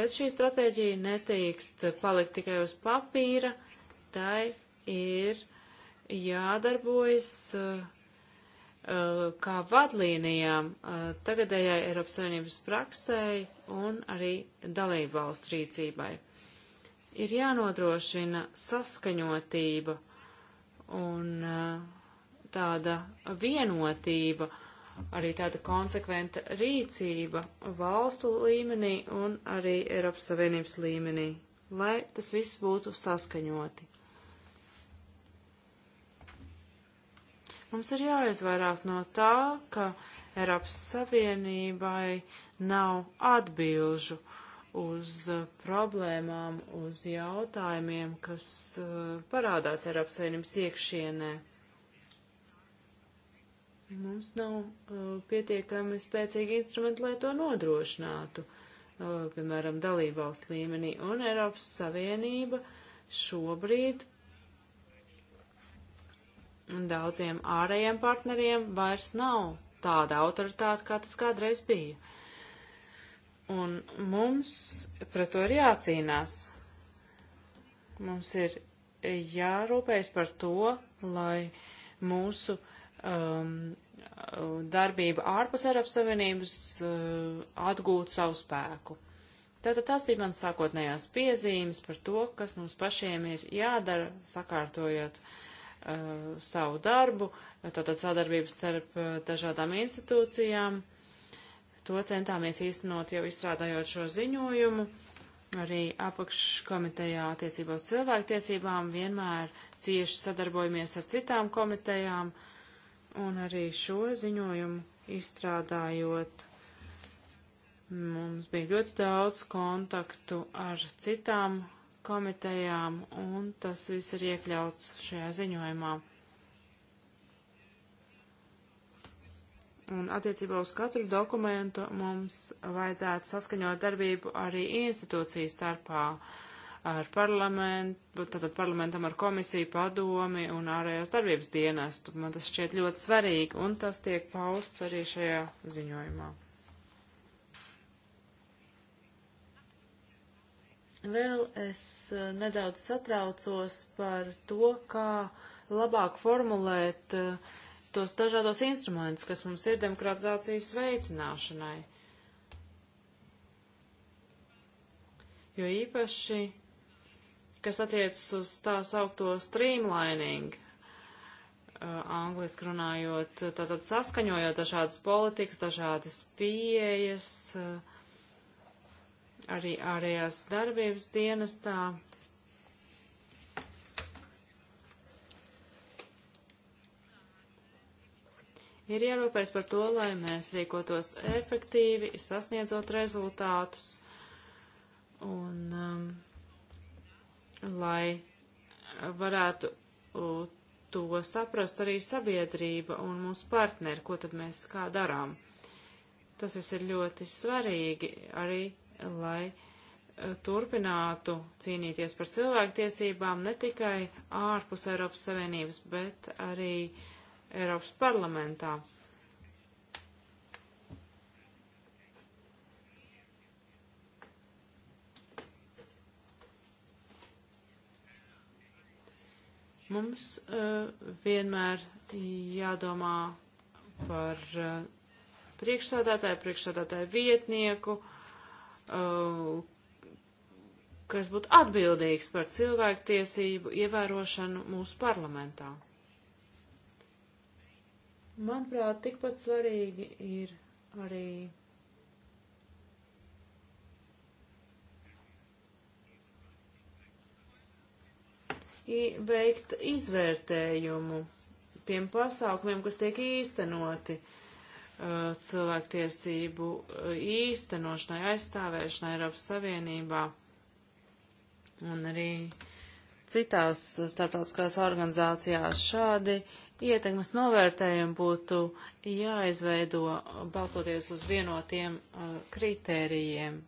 Bet šī stratēģija netīkst palikt tikai uz papīra, tai ir jādarbojas uh, Uh, kā vadlīnijām uh, tagadējai Eiropas Savienības praksēji un arī dalību valstu rīcībai. Ir jānodrošina saskaņotība un uh, tāda vienotība, arī tāda konsekventa rīcība valstu līmenī un arī Eiropas Savienības līmenī, lai tas viss būtu saskaņoti. Mums ir jāizvairās no tā, ka Eiropas Savienībai nav atbilžu uz uh, problēmām, uz jautājumiem, kas uh, parādās Eiropas Savienības iekšienē. Mums nav uh, pietiekami spēcīgi instrumenti, lai to nodrošinātu, uh, piemēram, dalībvalstu līmenī. Un Eiropas Savienība šobrīd Un daudziem ārējiem partneriem vairs nav tāda autoritāte, kā tas kādreiz bija. Un mums pret to ir jācīnās. Mums ir jārūpējas par to, lai mūsu um, darbība ārpus Eiropas Savienības uh, atgūtu savu spēku. Tātad tās bija mans sākotnējās piezīmes par to, kas mums pašiem ir jādara, sakārtojot uh, Uh, savu darbu, tātad sadarbības starp uh, dažādām institūcijām. To centāmies īstenot jau izstrādājot šo ziņojumu. Arī apakškomitejā attiecībā uz cilvēktiesībām vienmēr cieši sadarbojamies ar citām komitejām un arī šo ziņojumu izstrādājot. Mums bija ļoti daudz kontaktu ar citām komitejām, un tas viss ir iekļauts šajā ziņojumā. Un attiecībā uz katru dokumentu mums vajadzētu saskaņot darbību arī institūciju starpā ar parlamentu, tātad parlamentam ar komisiju, padomi un ārējās darbības dienestu. Man tas šķiet ļoti svarīgi, un tas tiek pausts arī šajā ziņojumā. Vēl es eh, nedaudz satraucos par to, kā labāk formulēt eh, tos dažādos instrumentus, kas mums ir demokratizācijas veicināšanai. Jo īpaši, kas attiecas uz tā saukto streamlining, eh, angliski runājot, tātad saskaņojot dažādas politikas, dažādas pieejas, uh, arī ārējās darbības dienestā. Ir jārūpēs par to, lai mēs rīkotos efektīvi, sasniedzot rezultātus un um, lai varētu uh, to saprast arī sabiedrība un mūsu partneri, ko tad mēs kā darām. Tas ir ļoti svarīgi arī lai e, turpinātu cīnīties par cilvēktiesībām ne tikai ārpus Eiropas Savienības, bet arī Eiropas parlamentā. Mums uh, vienmēr jādomā par uh, priekšsādātāju, priekšsādātāju vietnieku, uh, Uh, kas būtu atbildīgs par cilvēktiesību ievērošanu mūsu parlamentā. Manuprāt, tikpat svarīgi ir arī veikt izvērtējumu tiem pasākumiem, kas tiek īstenoti. Uh, Uh, cilvēktiesību uh, īstenošanai, aizstāvēšanai Eiropas Savienībā un arī citās starptautiskās organizācijās šādi ietekmes novērtējumi būtu jāizveido balstoties uz vienotiem uh, kritērijiem,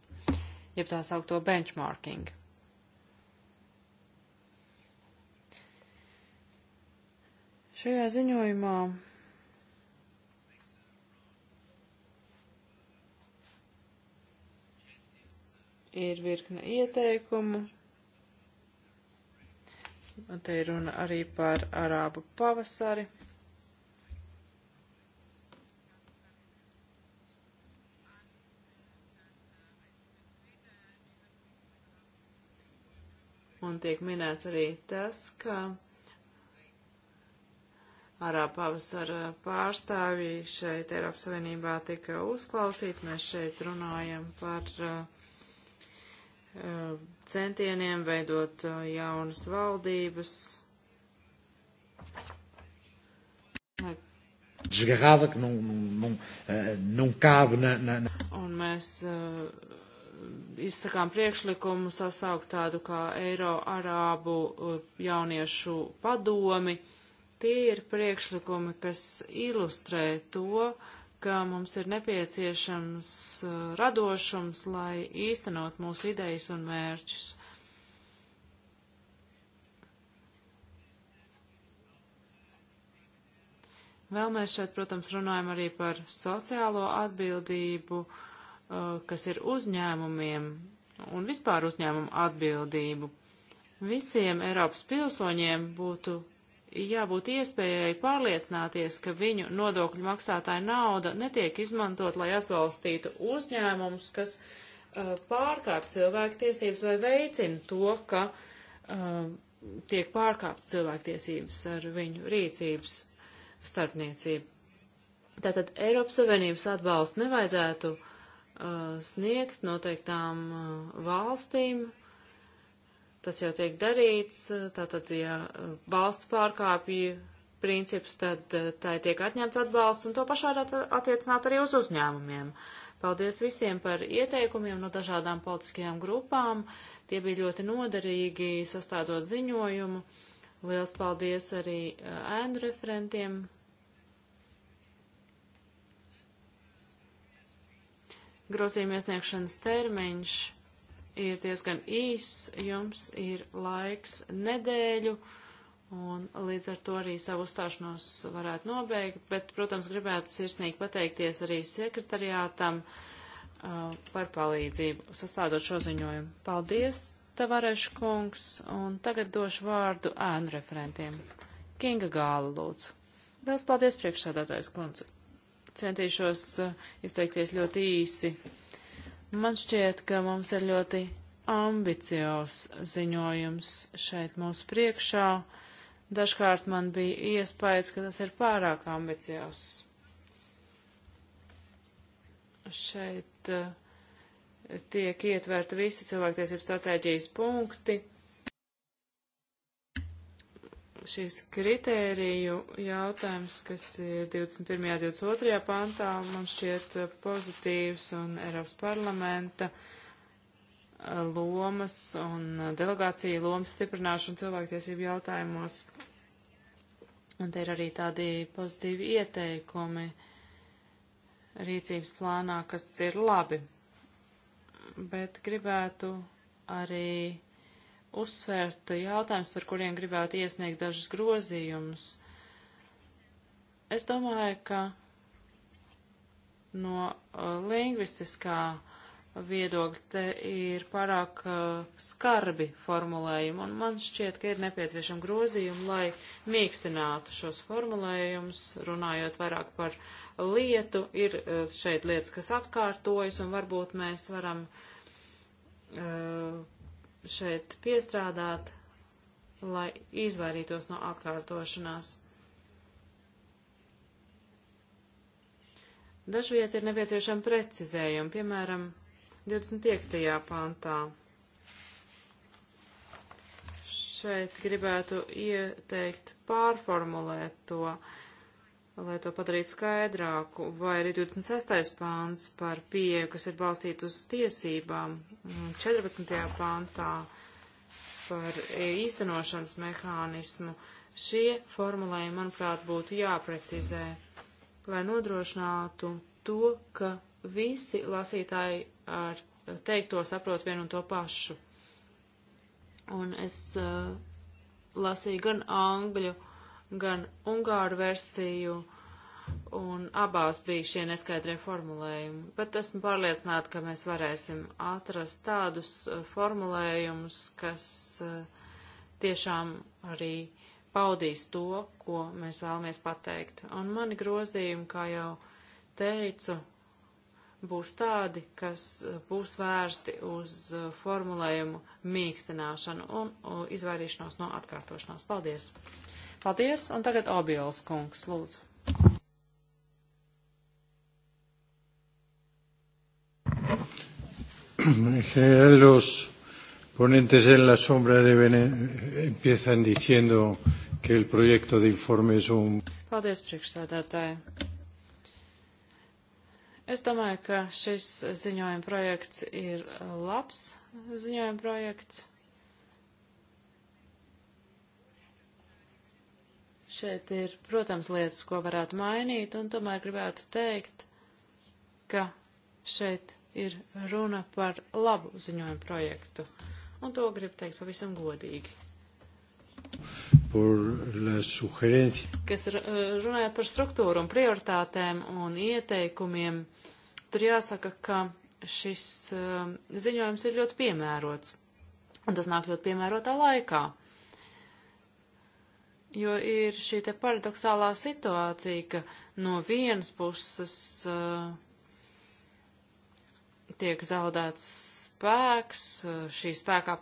jeb tā saukto benchmarking. Šajā ziņojumā ir virkne ieteikumu. Un te ir runa arī par arābu pavasari. Un tiek minēts arī tas, ka arā pavasara pārstāvji šeit Eiropas Savienībā tika uzklausīti. Mēs šeit runājam par uh, centieniem veidot uh, jaunas valdības. Desgarrada, ka não, não, eh, não cabe na, na, na. Un mēs uh, izsakām priekšlikumu sasaukt tādu kā Eiro-Arābu eh, jauniešu padomi. Tie ir priekšlikumi, kas ilustrē to, uh, ka mums ir nepieciešams uh, radošums, lai īstenot mūsu idejas un mērķus. Vēl mēs šeit, protams, runājam arī par sociālo atbildību, uh, kas ir uzņēmumiem un vispār uzņēmumu atbildību. Visiem Eiropas pilsoņiem būtu jābūt iespējai pārliecināties, ka viņu nodokļu maksātāja nauda netiek izmantot, lai atbalstītu uzņēmumus, kas uh, pārkāpj cilvēku tiesības vai veicina to, ka uh, tiek pārkāptas cilvēktiesības ar viņu rīcības starpniecību. Tātad Eiropas Savienības atbalstu nevajadzētu uh, sniegt noteiktām uh, valstīm, uh, Tas jau tiek darīts, tātad, ja uh, valsts pārkāpja principus, tad uh, tai tiek atņemts atbalsts, un to pašā attiecināt arī uz uzņēmumiem. Paldies visiem par ieteikumiem no dažādām politiskajām grupām. Tie bija ļoti noderīgi sastādot ziņojumu. Liels paldies arī uh, ēnu referentiem. Grozījuma iesniegšanas termiņš ir diezgan īss, jums ir laiks nedēļu, un līdz ar to arī savu uzstāšanos varētu nobeigt, bet, protams, gribētu sirsnīgi pateikties arī sekretariātam uh, par palīdzību sastādot šo ziņojumu. Paldies, Tavareša kungs, un tagad došu vārdu ēnu referentiem. Kinga Gāla, lūdzu. Vēl paldies priekšsādātājs kundze. Centīšos uh, izteikties ļoti īsi. Man šķiet, ka mums ir ļoti ambiciozs ziņojums šeit mūsu priekšā. Dažkārt man bija iespējas, ka tas ir pārāk ambiciozs. Šeit uh, tiek ietverti visi cilvēktiesību stratēģijas punkti šīs kritēriju jautājums, kas ir 21. un 22. pantā, man šķiet eh, pozitīvs un Eiropas parlamenta eh, lomas un eh, delegācija lomas stiprināšana cilvēktiesību jautājumos. Un te ir arī tādi pozitīvi ieteikumi rīcības plānā, kas ir labi. Bet gribētu arī uzsvērt jautājums, par kuriem gribētu iesniegt dažus grozījumus. Es domāju, ka no uh, lingvistiskā viedokļa te ir pārāk uh, skarbi formulējumi, un man šķiet, ka ir nepieciešama grozījuma, lai mīkstinātu šos formulējumus, runājot vairāk par lietu. Ir uh, šeit lietas, kas atkārtojas, un varbūt mēs varam uh, šeit piestrādāt, lai izvairītos no atkārtošanās. Dažviet ir nepieciešama precizējuma, piemēram, 25. pantā. Šeit gribētu ieteikt pārformulēt to. Uh, lai to padarītu skaidrāku, vai arī 26. pāns par pieeju, kas ir balstīta uz tiesībām, 14. pāntā par e, īstenošanas mehānismu. Šie formulējumi, manuprāt, būtu jāprecizē, lai nodrošinātu to, ka visi lasītāji ar teikto saprot vienu un to pašu. Un es uh, lasīju gan angļu, uh, gan ungāru versiju, un abās bija šie neskaidrie formulējumi. Bet esmu pārliecināta, ka mēs varēsim atrast tādus uh, formulējumus, kas uh, tiešām arī paudīs to, ko mēs vēlamies pateikt. Un mani grozījumi, kā jau teicu, būs tādi, kas uh, būs vērsti uz formulējumu mīkstināšanu un izvairīšanos no atkārtošanās. Paldies! Paldies, un tagad Obielas kungs, lūdzu. En general, los ponentes en la sombra deben eh, empiezan diciendo que el proyecto de informe es un. Paldies, priekšsēdētāji. Es domāju, ka šis ziņojuma projekts ir labs ziņojuma projekts. Šeit ir, protams, lietas, ko varētu mainīt, un tomēr gribētu teikt, ka šeit ir runa par labu ziņojumu projektu, un to gribu teikt pavisam godīgi. Kas eh, runājot par struktūru un prioritātēm un ieteikumiem, tur jāsaka, ka šis eh, ziņojums ir ļoti piemērots, un tas nāk ļoti piemērotā laikā jo ir šī te paradoxālā situācija, ka no vienas puses uh, tiek zaudēts spēks, uh, šī spēkā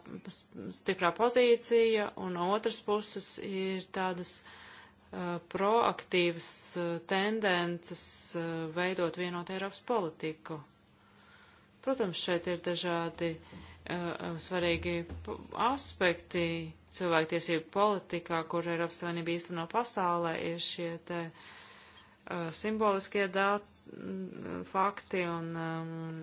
stiprā pozīcija, un no otras puses ir tādas uh, proaktīvas uh, tendences uh, veidot vienotu Eiropas politiku. Protams, šeit ir dažādi uh, uh, svarīgi aspekti, cilvēktiesību politikā, kur Eiropas Savienība īsteno pasaulē, ir šie te uh, simboliskie dati, mm, fakti un, um,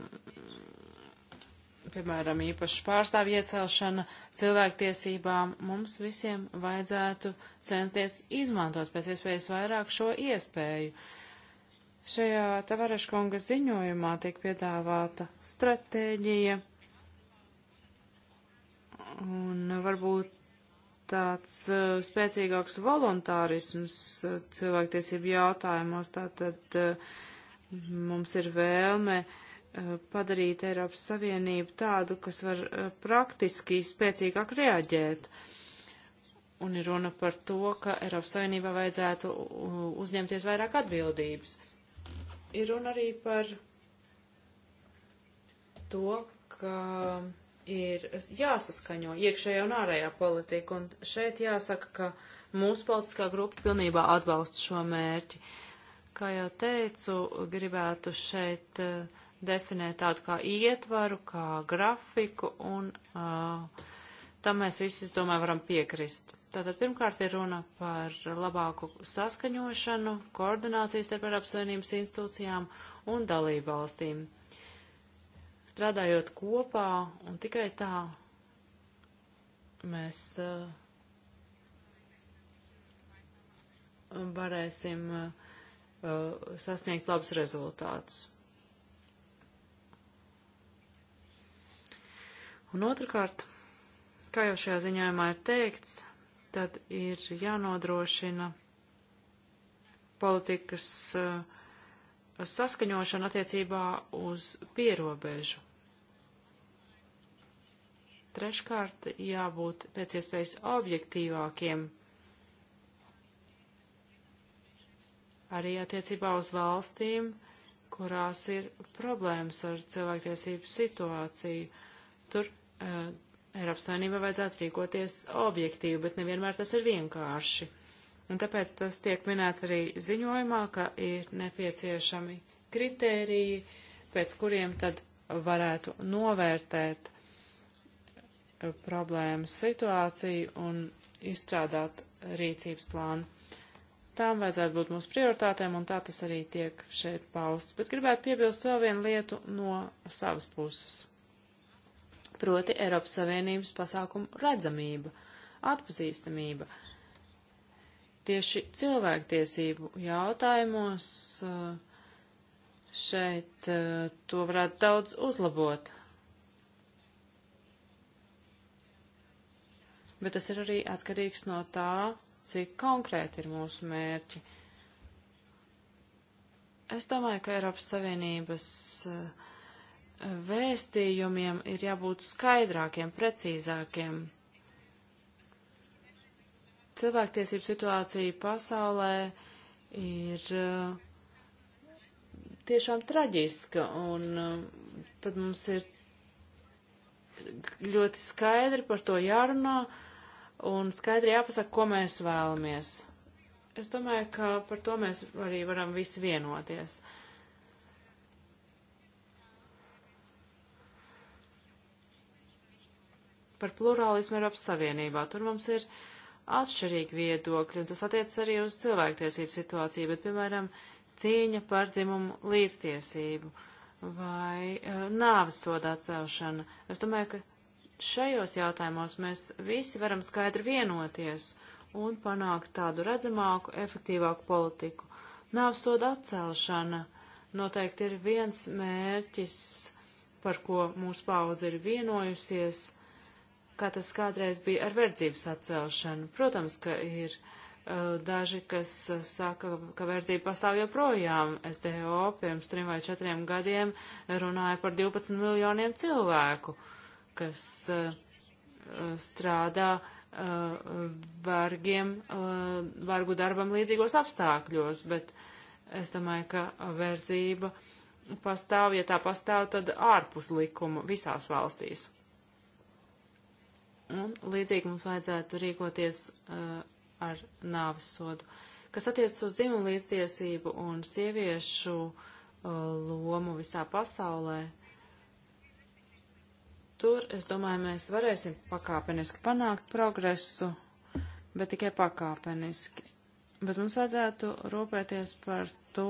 piemēram, īpaši pārstāvju iecelšana cilvēktiesībām. Mums visiem vajadzētu censties izmantot pēc iespējas vairāk šo iespēju. Šajā Tavareškonga ziņojumā tiek piedāvāta stratēģija un varbūt tāds uh, spēcīgāks voluntārisms uh, cilvēktiesību jautājumos. Tātad uh, mums ir vēlme uh, padarīt Eiropas Savienību tādu, kas var uh, praktiski spēcīgāk reaģēt. Un ir runa par to, ka Eiropas Savienībā vajadzētu uh, uzņemties vairāk atbildības. Ir runa arī par to, ka. Uh, ir jāsaskaņo iekšējā un ārējā politika, un šeit jāsaka, ka mūsu politiskā grupa pilnībā atbalsta šo mērķi. Kā jau teicu, gribētu šeit uh, definēt tādu kā ietvaru, kā grafiku, un uh, tam mēs visi, es domāju, varam piekrist. Tātad pirmkārt ir runa par labāku saskaņošanu, koordinācijas starp Eiropas Savienības institūcijām un dalību valstīm strādājot kopā, un tikai tā mēs uh, varēsim uh, sasniegt labus rezultātus. Un otrkārt, kā jau šajā ziņojumā ir teikts, tad ir jānodrošina politikas uh, saskaņošanu attiecībā uz pierobežu. Treškārt, jābūt pēc iespējas objektīvākiem arī attiecībā uz valstīm, kurās ir problēmas ar cilvēktiesību situāciju. Tur uh, Eiropas Savienībā vajadzētu rīkoties objektīvi, bet nevienmēr tas ir vienkārši. Un tāpēc tas tiek minēts arī ziņojumā, ka ir nepieciešami kritēriji, pēc kuriem tad varētu novērtēt eh, problēmas situāciju un izstrādāt rīcības plānu. Tām vajadzētu būt mūsu prioritātēm, un tā tas arī tiek šeit pausts. Bet gribētu piebilst vēl vienu lietu no savas puses. Proti Eiropas Savienības pasākumu redzamība, atpazīstamība. Uh, tieši cilvēktiesību jautājumos eh, šeit eh, to varētu daudz uzlabot. Bet tas ir arī atkarīgs no tā, cik konkrēti ir mūsu mērķi. Es domāju, ka Eiropas Savienības eh, vēstījumiem ir jābūt skaidrākiem, precīzākiem cilvēktiesību situācija pasaulē ir eh, tiešām traģiska, un eh, tad mums ir ļoti skaidri par to jārunā un skaidri jāpasaka, ko mēs vēlamies. Es domāju, ka par to mēs arī varam visi vienoties. Par plurālismu Eiropas Savienībā. Tur mums ir uh, atšķirīgi viedokļi, un tas attiec arī uz cilvēktiesību situāciju, bet, piemēram, cīņa par dzimumu līdztiesību vai eh, nāves soda atcelšana. Es domāju, ka šajos jautājumos mēs visi varam skaidri vienoties un panākt tādu redzamāku, efektīvāku politiku. Nāves soda atcelšana noteikti ir viens mērķis, par ko mūsu paudze ir vienojusies kā tas kādreiz bija ar verdzības atcelšanu. Protams, ka ir uh, daži, kas uh, saka, ka verdzība pastāv joprojām. SDO pirms trim vai četriem gadiem runāja par 12 miljoniem cilvēku, kas uh, strādā uh, vargiem, uh, vargu darbam līdzīgos apstākļos, bet es domāju, ka verdzība pastāv, ja tā pastāv, tad ārpus likuma visās valstīs. Un līdzīgi mums vajadzētu rīkoties uh, ar nāves sodu. Kas attiecas uz dzimumu līdztiesību un sieviešu uh, lomu visā pasaulē, tur, es domāju, mēs varēsim pakāpeniski panākt progresu, bet tikai pakāpeniski. Bet mums vajadzētu rūpēties par to,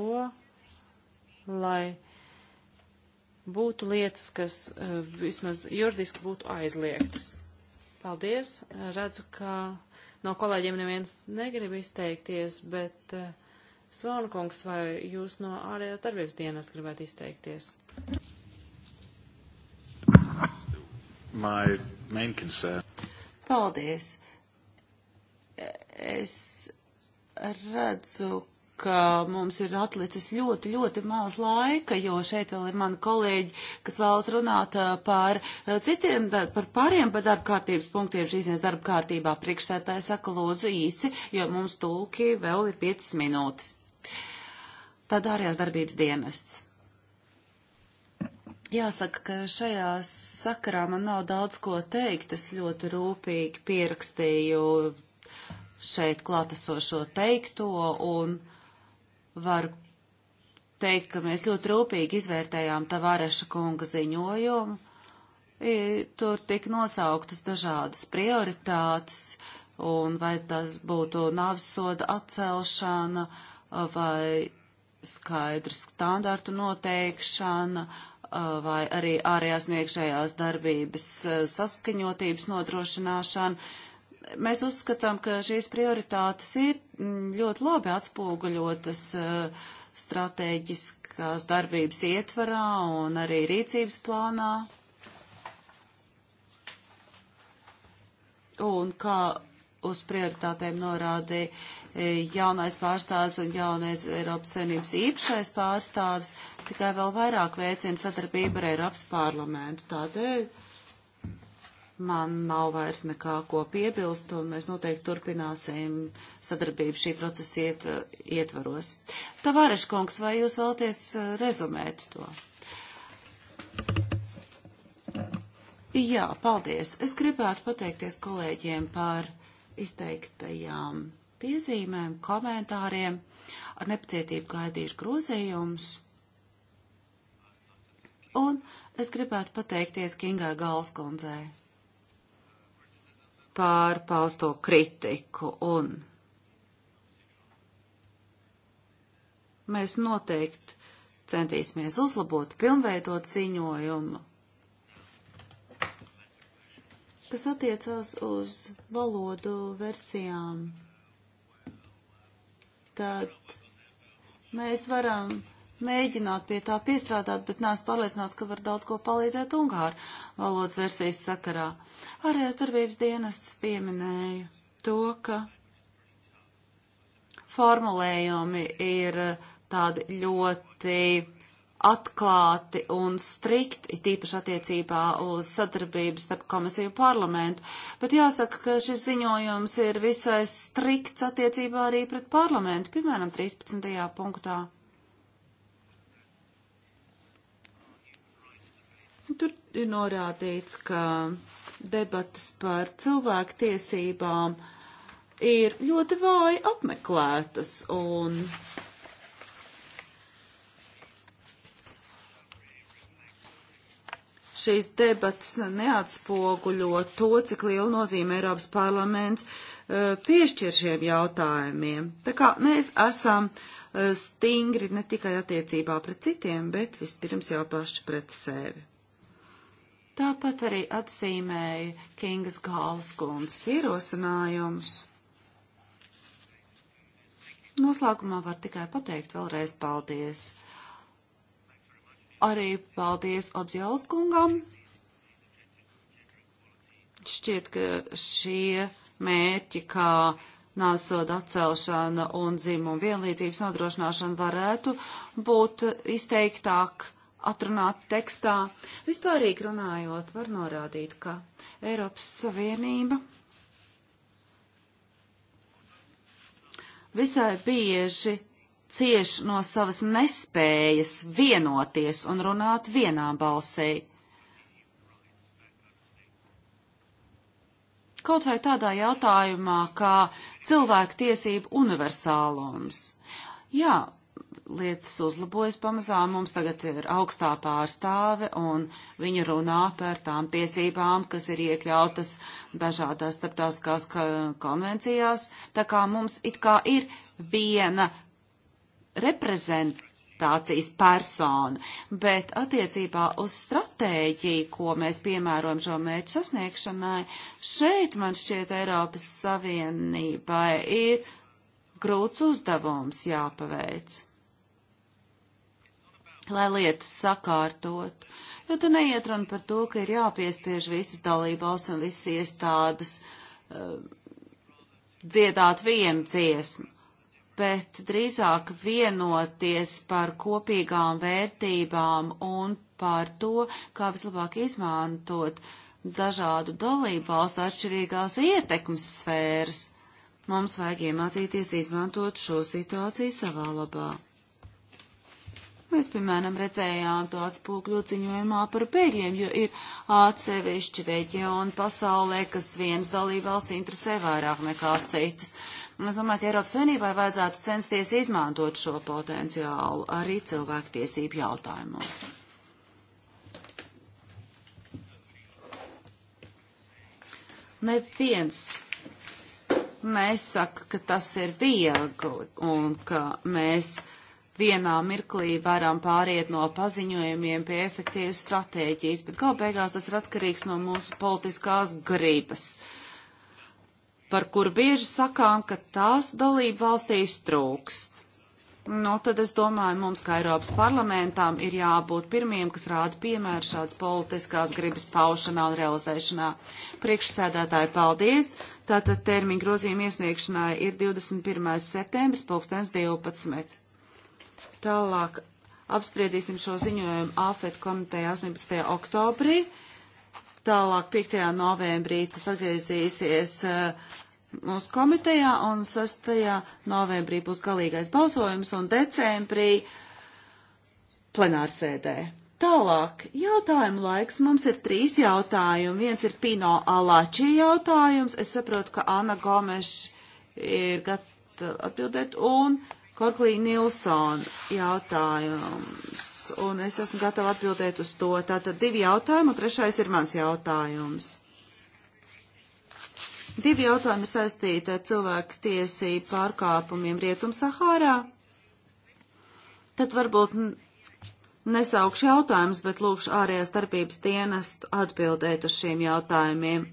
lai būtu lietas, kas uh, vismaz juridiski būtu aizliegtas. Paldies. Redzu, ka no kolēģiem neviens negrib izteikties, bet eh, Svonkungs vai jūs no ārējās darbības dienas gribētu izteikties? My main concern. Paldies. Es redzu, ka mums ir atlicis ļoti, ļoti maz laika, jo šeit vēl ir mani kolēģi, kas vēlas runāt uh, par uh, citiem, darb, par pāriem par darba kārtības punktiem šīs dienas darba kārtībā. Priekšsētāji saka lūdzu īsi, jo mums tulki vēl ir 5 minūtes. Tad ārējās darbības dienests. Jāsaka, ka šajā sakarā man nav daudz ko teikt. Es ļoti rūpīgi pierakstīju šeit klātesošo teikto, un varu teikt, ka mēs ļoti rūpīgi izvērtējām Tavareša kunga ziņojumu. Tur tika nosauktas dažādas prioritātes, un vai tas būtu navs soda atcelšana, vai skaidru standartu noteikšana, vai arī ārējās un iekšējās darbības saskaņotības nodrošināšana mēs uzskatām, ka šīs prioritātes ir mm, ļoti labi atspoguļotas eh, stratēģiskās darbības ietvarā un arī rīcības plānā. Un kā uz prioritātēm norādīja eh, jaunais pārstāvis un jaunais Eiropas Savienības īpašais pārstāvis, tikai vēl vairāk veicina sadarbību ar Eiropas parlamentu. Tādēļ Man nav vairs nekā ko piebilst, un mēs noteikti turpināsim sadarbību šī procesa iet, ietvaros. Tavāreša kungs, vai jūs vēlaties eh, rezumēt to? Jā, paldies. Es gribētu pateikties kolēģiem par izteiktajām piezīmēm, komentāriem. Ar nepacietību gaidīšu grozījumus. Un es gribētu pateikties Kingai Galskundzei par pausto kritiku un mēs noteikti centīsimies uzlabot, pilnveidot ziņojumu, kas attiecās uz valodu versijām. Tad mēs varam mēģināt pie tā piestrādāt, bet neesmu pārliecināts, ka var daudz ko palīdzēt ungāru valodas versijas sakarā. Ārējās darbības dienests pieminēja to, ka formulējumi ir eh, tādi ļoti atklāti un strikti, tīpaši attiecībā uz sadarbību starp komisiju parlamentu, bet jāsaka, ka šis ziņojums ir visai strikts attiecībā arī pret parlamentu, piemēram, 13. punktā. ir norādīts, ka debatas par cilvēku tiesībām ir ļoti vāji apmeklētas un šīs debatas neatspoguļo to, cik lielu nozīmi Eiropas parlaments uh, piešķir šiem jautājumiem. Tā kā mēs esam uh, stingri ne tikai attiecībā pret citiem, bet vispirms jau paši pret sevi. Tāpat arī atzīmēja Kingas Gāles kundzes ierosinājumus. Noslēgumā var tikai pateikt vēlreiz paldies. Arī paldies Obzjāls kungam. Šķiet, ka šie mērķi, kā nāsoda atcelšana un dzimuma vienlīdzības nodrošināšana varētu būt izteiktāk atrunāt tekstā. Vispārīgi runājot, var norādīt, ka Eiropas Savienība visai bieži cieš no savas nespējas vienoties un runāt vienā balsī. Kaut vai tādā jautājumā, kā cilvēku tiesību universālums. Jā, lietas uzlabojas pamazām. Mums tagad ir augstā pārstāve, un viņa runā par tām tiesībām, kas ir iekļautas dažādās starptautiskās konvencijās. Tā kā mums it kā ir viena reprezentācijas persona, bet attiecībā uz stratēģiju, ko mēs piemērojam šo mērķu sasniegšanai, šeit man šķiet Eiropas Savienībai ir grūts uzdevums jāpaveic lai lietas sakārtot. Jo tu neiet runa par to, ka ir jāpiespiež visas dalībās un visas iestādes uh, dziedāt vienu dziesmu, bet drīzāk vienoties par kopīgām vērtībām un par to, kā vislabāk izmantot dažādu dalību valstu atšķirīgās ietekmes sfēras. Mums vajag iemācīties izmantot šo situāciju savā labā. Mēs, piemēram, redzējām to atspūkļot ziņojumā par bēgļiem, jo ir atsevišķi reģioni pasaulē, kas viens dalībvalsts interesē vairāk nekā citas. Un es domāju, ka Eiropas Savienībai vajadzētu censties izmantot šo potenciālu arī cilvēktiesību jautājumos. Neviens nesaka, ka tas ir viegli un ka mēs vienā mirklī varam pāriet no paziņojumiem pie efektīvas stratēģijas, bet gal beigās tas ir atkarīgs no mūsu politiskās gribas, par kur bieži sakām, ka tās dalība valstīs trūkst. Nu, tad es domāju, mums kā Eiropas parlamentām ir jābūt pirmiem, kas rāda piemēru šādas politiskās gribas paušanā un realizēšanā. Priekšsēdētāji, paldies! Tātad termiņa grozījuma iesniegšanai ir 21. septembris, pulkstens 12. Tālāk apspriedīsim šo ziņojumu AFET komiteja 18. oktobrī. Tālāk 5. novembrī tas atgriezīsies eh, mūsu komitejā un 6. novembrī būs galīgais balsojums un decembrī plenārsēdē. Tālāk, jautājumu laiks. Mums ir trīs jautājumi. Viens ir Pino Alači jautājums. Es saprotu, ka Anna Gomeša ir gatava atbildēt. Un Korklī Nilsona jautājums, un es esmu gatava atbildēt uz to. Tātad divi jautājumi, un trešais ir mans jautājums. Divi jautājumi saistīti ar cilvēku tiesību pārkāpumiem Rietum-Sahārā. Tad varbūt nesaukšu jautājumus, bet lūkšu ārējās darbības dienestu atbildēt uz šiem jautājumiem.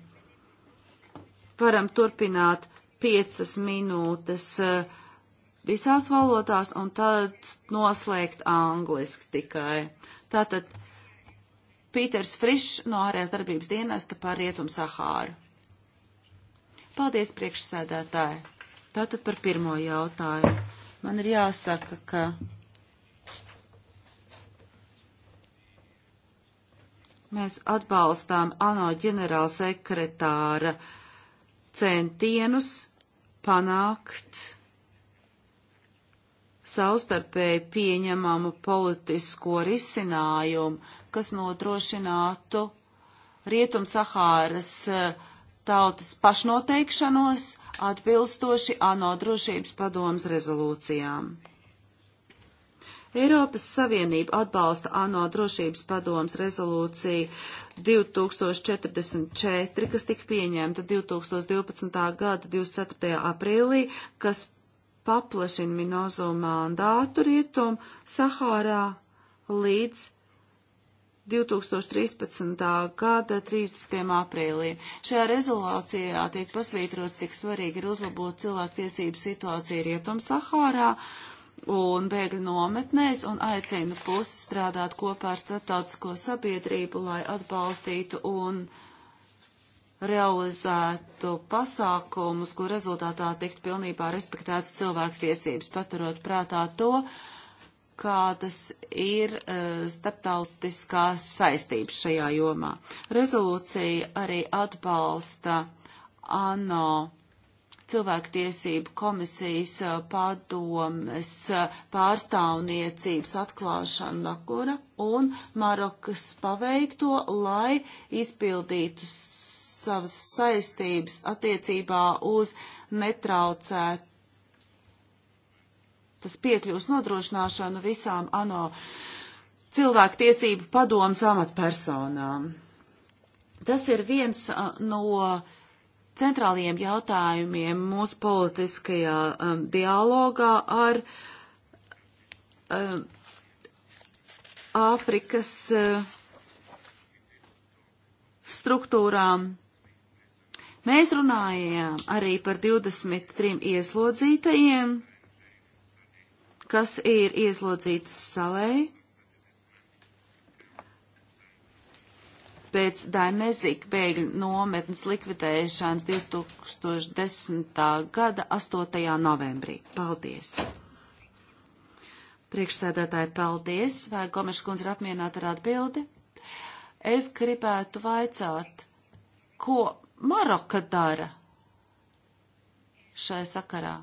Varam turpināt piecas minūtes uh, visās valodās un tad noslēgt angliski tikai. Tātad Pīters Frišs no ārējās darbības dienesta par Rietumu Sahāru. Paldies, priekšsēdētāji. Tātad par pirmo jautājumu. Man ir jāsaka, ka mēs atbalstām ANO ģenerālsekretāra centienus panākt savstarpēji pieņemamu politisko risinājumu, kas nodrošinātu Rietum-Sahāras e, tautas pašnoteikšanos atbilstoši ANO drošības padomas rezolūcijām. Eiropas Savienība atbalsta ANO drošības padomas rezolūciju 2044, kas tika pieņemta 2012. gada 24. aprīlī, kas paplašina Minozo mandātu rietumu Sahārā līdz 2013. gada 30. aprīlī. Šajā rezolācijā tiek pasvītrots, cik svarīgi ir uzlabot cilvēktiesību situāciju Rietum Sahārā un bēgļu nometnēs un aicina puses strādāt kopā ar starptautisko sabiedrību, lai atbalstītu un uh, realizētu pasākumus, kur rezultātā tiktu pilnībā respektētas cilvēktiesības, paturot prātā to, kā tas ir uh, e, starptautiskās saistības šajā jomā. Rezolūcija arī atbalsta ANO cilvēktiesību komisijas e, padomes e, pārstāvniecības atklāšanu Nakura un Marokas paveikto, lai izpildītu savas saistības attiecībā uz netraucētas piekļūs nodrošināšanu visām ANO cilvēktiesību padomas amatpersonām. Tas ir viens no centrālajiem jautājumiem mūsu politiskajā um, dialogā ar um, Āfrikas uh, struktūrām. Mēs runājām arī par 23 ieslodzītajiem, kas ir ieslodzītas salē. Pēc Daimezika bēgļu nometnes likvidēšanas 2010. gada 8. novembrī. Paldies! Priekšsēdētāji, paldies! Vai Gomeša kundze ir apmierināta ar atbildi? Es gribētu vaicāt, ko Maroka dara šai sakarā?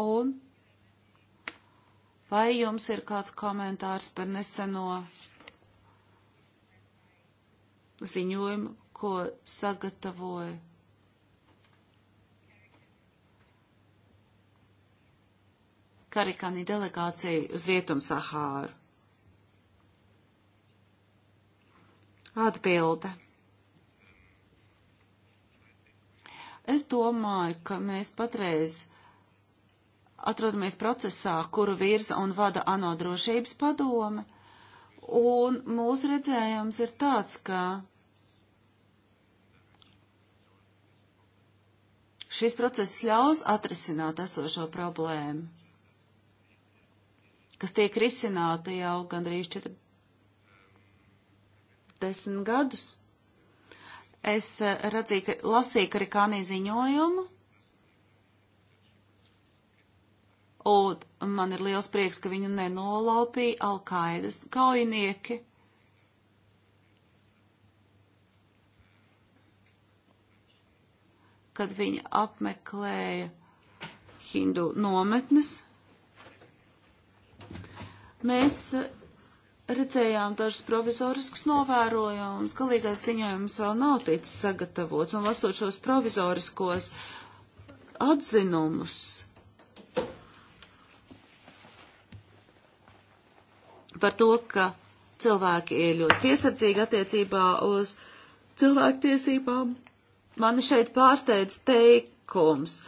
Un vai jums ir kāds komentārs par neseno ziņojumu, ko sagatavoja? Karikāni delegācija uz Rietum Sahāru. Atbilde. Es domāju, ka mēs patreiz atrodamies procesā, kuru virza un vada ANO drošības padome, un mūsu redzējums ir tāds, ka šis process ļaus atrisināt esošo problēmu, kas tiek risināta jau gandrīz 40 gadus. Es eh, redzīju, ka lasīju Karikānī ziņojumu, un man ir liels prieks, ka viņu nenolaupīja Alkaidas kaujinieki. Kad viņa apmeklēja hindu nometnes, mēs eh, redzējām dažus provizoriskus novērojumus. Galīgais ziņojums vēl nav ticis sagatavots, un lasot šos provizoriskos atzinumus, par to, ka cilvēki ir ļoti piesardzīgi attiecībā uz cilvēktiesībām. Mani šeit pārsteidz teikums,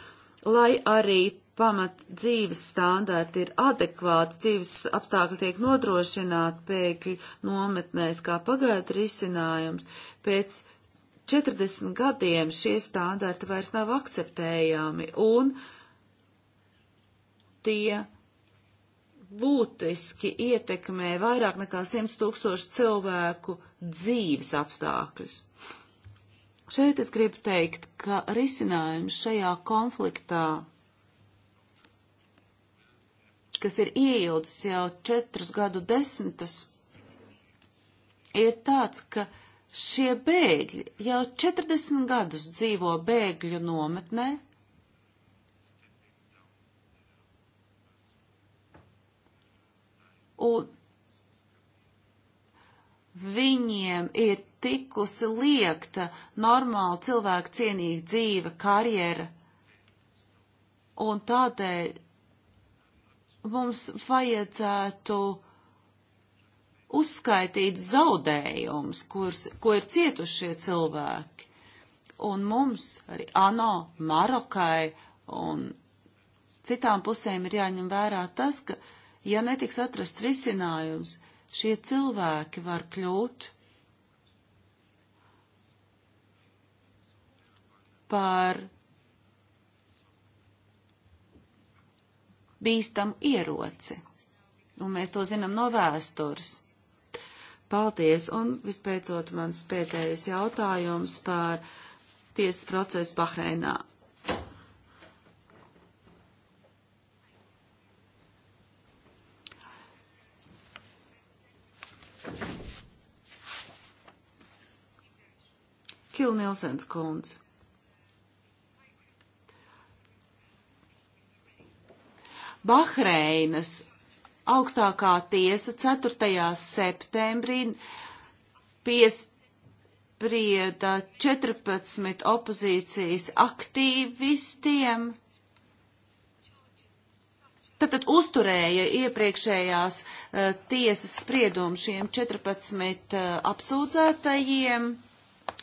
lai arī pamat dzīves standarti ir adekvāti, dzīves apstākļi tiek nodrošināti pēkļi nometnēs kā pagaidu risinājums. Pēc 40 gadiem šie standarti vairs nav akceptējami un tie būtiski ietekmē vairāk nekā 100 tūkstošu cilvēku dzīves apstākļus. Šeit es gribu teikt, ka risinājums šajā konfliktā kas ir ieildzis jau četrus gadu desmitus, ir tāds, ka šie bēgļi jau 40 gadus dzīvo bēgļu nometnē, un viņiem ir tikusi liekta normāla cilvēka cienīga dzīve, karjera, un tādēļ mums vajadzētu uzskaitīt zaudējumus, ko ir cietuši šie cilvēki. Un mums arī ANO, Marokai un citām pusēm ir jāņem vērā tas, ka, ja netiks atrast risinājums, šie cilvēki var kļūt par bīstamu ieroci. Un mēs to zinām no vēstures. Paldies! Un vispēcot mans pēdējais jautājums par tiesas procesu Bahreinā. Kilnilsens kundze. Bahreinas augstākā tiesa 4. septembrī piesprieda 14 opozīcijas aktīvistiem. Tātad uzturēja iepriekšējās uh, tiesas spriedumu šiem 14 uh, eh, apsūdzētajiem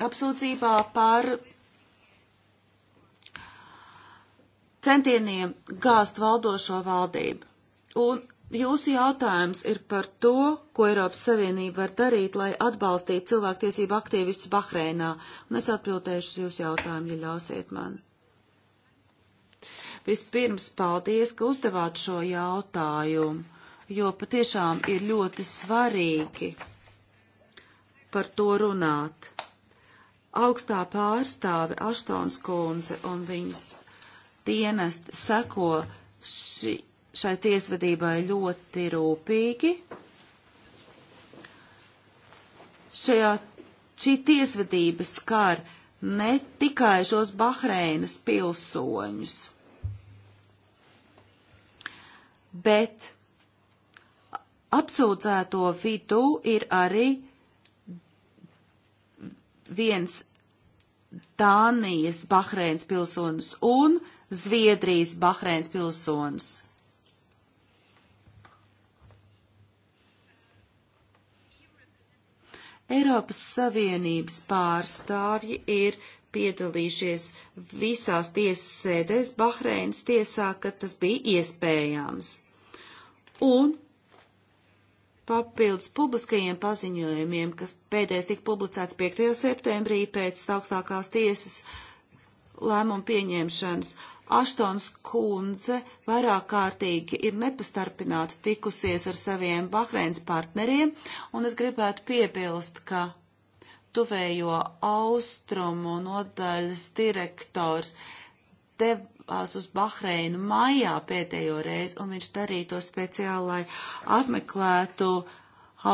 apsūdzībā par centieniem gāzt valdošo valdību. Un jūsu jautājums ir par to, ko Eiropas Savienība var darīt, lai atbalstītu cilvēktiesību aktīvistus Bahreinā, un es atbildēšu uz jūsu jautājumu, ja ļausiet man. Vispirms paldies, ka uzdevāt šo jautājumu, jo patiešām ir ļoti svarīgi par to runāt. Augstā pārstāve Aštons kundze un viņas dienest seko ši, šai tiesvedībai ļoti rūpīgi. Šajā, šī tiesvedība skar ne tikai šos Bahreinas pilsoņus, bet apsūdzēto vidū ir arī viens Dānijas Bahreins pilsonis un Zviedrijas Bahreins pilsonis. Eiropas Savienības pārstāvji ir piedalījušies visās tiesas sēdēs Bahreinas tiesā, kad tas bija iespējams. Un papildus publiskajiem paziņojumiem, kas pēdējais tika publicēts 5. septembrī pēc augstākās tiesas lēmuma pieņemšanas, Aštons kundze vairāk kārtīgi ir nepastarpināti tikusies ar saviem Bahreins partneriem, un es gribētu piebilst, ka tuvējo austrumu nodaļas direktors devās uz Bahreinu maijā pēdējo reizi, un viņš darīja to speciāli, lai apmeklētu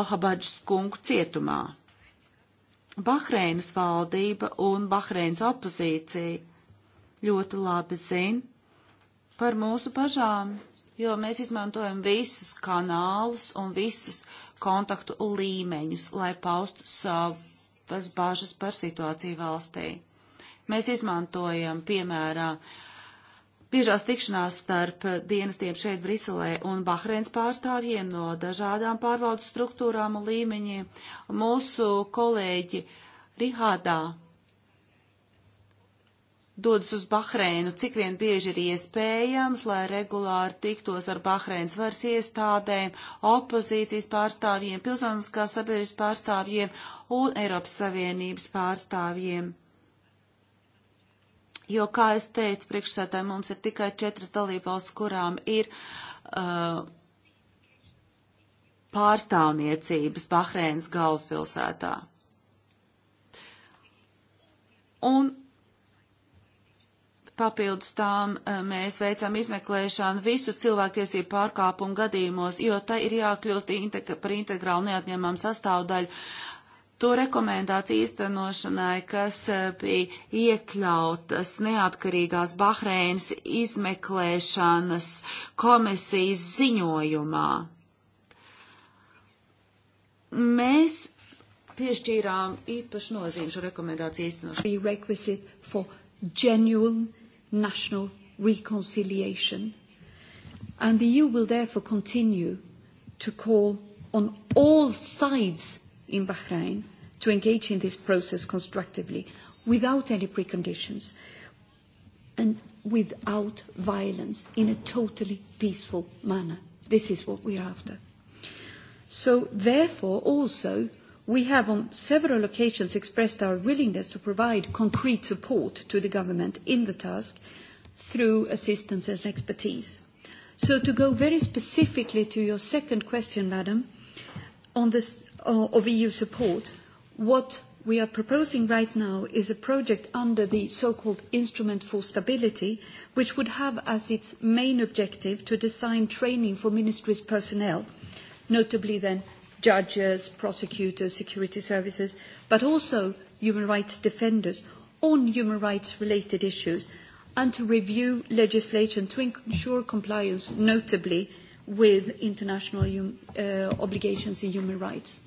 Alhabadžas kungu cietumā. Bahreinas valdība un Bahreinas opozīcija ļoti labi zina par mūsu pašām, jo mēs izmantojam visus kanālus un visus kontaktu līmeņus, lai paustu savas bažas par situāciju valstī. Mēs izmantojam, piemēram, biežās tikšanās starp dienestiem šeit Briselē un Bahreins pārstāvjiem no dažādām pārvaldes struktūrām un līmeņiem. Mūsu kolēģi Rihādā dodas uz Bahreinu, cik vien bieži ir iespējams, lai regulāri tiktos ar Bahreinas varas iestādēm, opozīcijas pārstāvjiem, pilsoniskās sabiedrības pārstāvjiem un Eiropas Savienības pārstāvjiem. Jo, kā es teicu, priekšsētāji mums ir tikai četras dalībvalsts, kurām ir uh, pārstāvniecības Bahreinas galvaspilsētā. Un Papildus tām eh, mēs veicam izmeklēšanu visu cilvēktiesību pārkāpumu gadījumos, jo tai ir jākļūst integ par integrālu neatņemam sastāvdaļu to rekomendāciju īstenošanai, kas eh, bija iekļautas neatkarīgās Bahreinas izmeklēšanas komisijas ziņojumā. Mēs piešķīrām īpašu nozīmi šo rekomendāciju īstenošanai national reconciliation. And the EU will therefore continue to call on all sides in Bahrain to engage in this process constructively without any preconditions and without violence in a totally peaceful manner. This is what we are after. So therefore also we have on several occasions expressed our willingness to provide concrete support to the government in the task through assistance and expertise. So to go very specifically to your second question, madam, on this uh, of EU support, what we are proposing right now is a project under the so-called Instrument for Stability, which would have as its main objective to design training for ministries' personnel, notably then judges, prosecutors, security services, but also human rights defenders on human rights related issues and to review legislation to ensure compliance, notably with international hum, uh, obligations in human rights.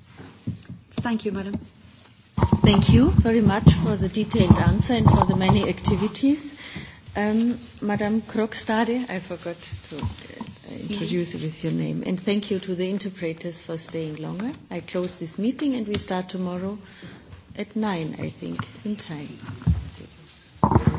Thank you, Madam. Thank you very much for the detailed answer and for the many activities. Um, Madam Krogstade, I forgot to introduce you with your name. And thank you to the interpreters for staying longer. I close this meeting and we start tomorrow at 9, I think, in time. Thank you.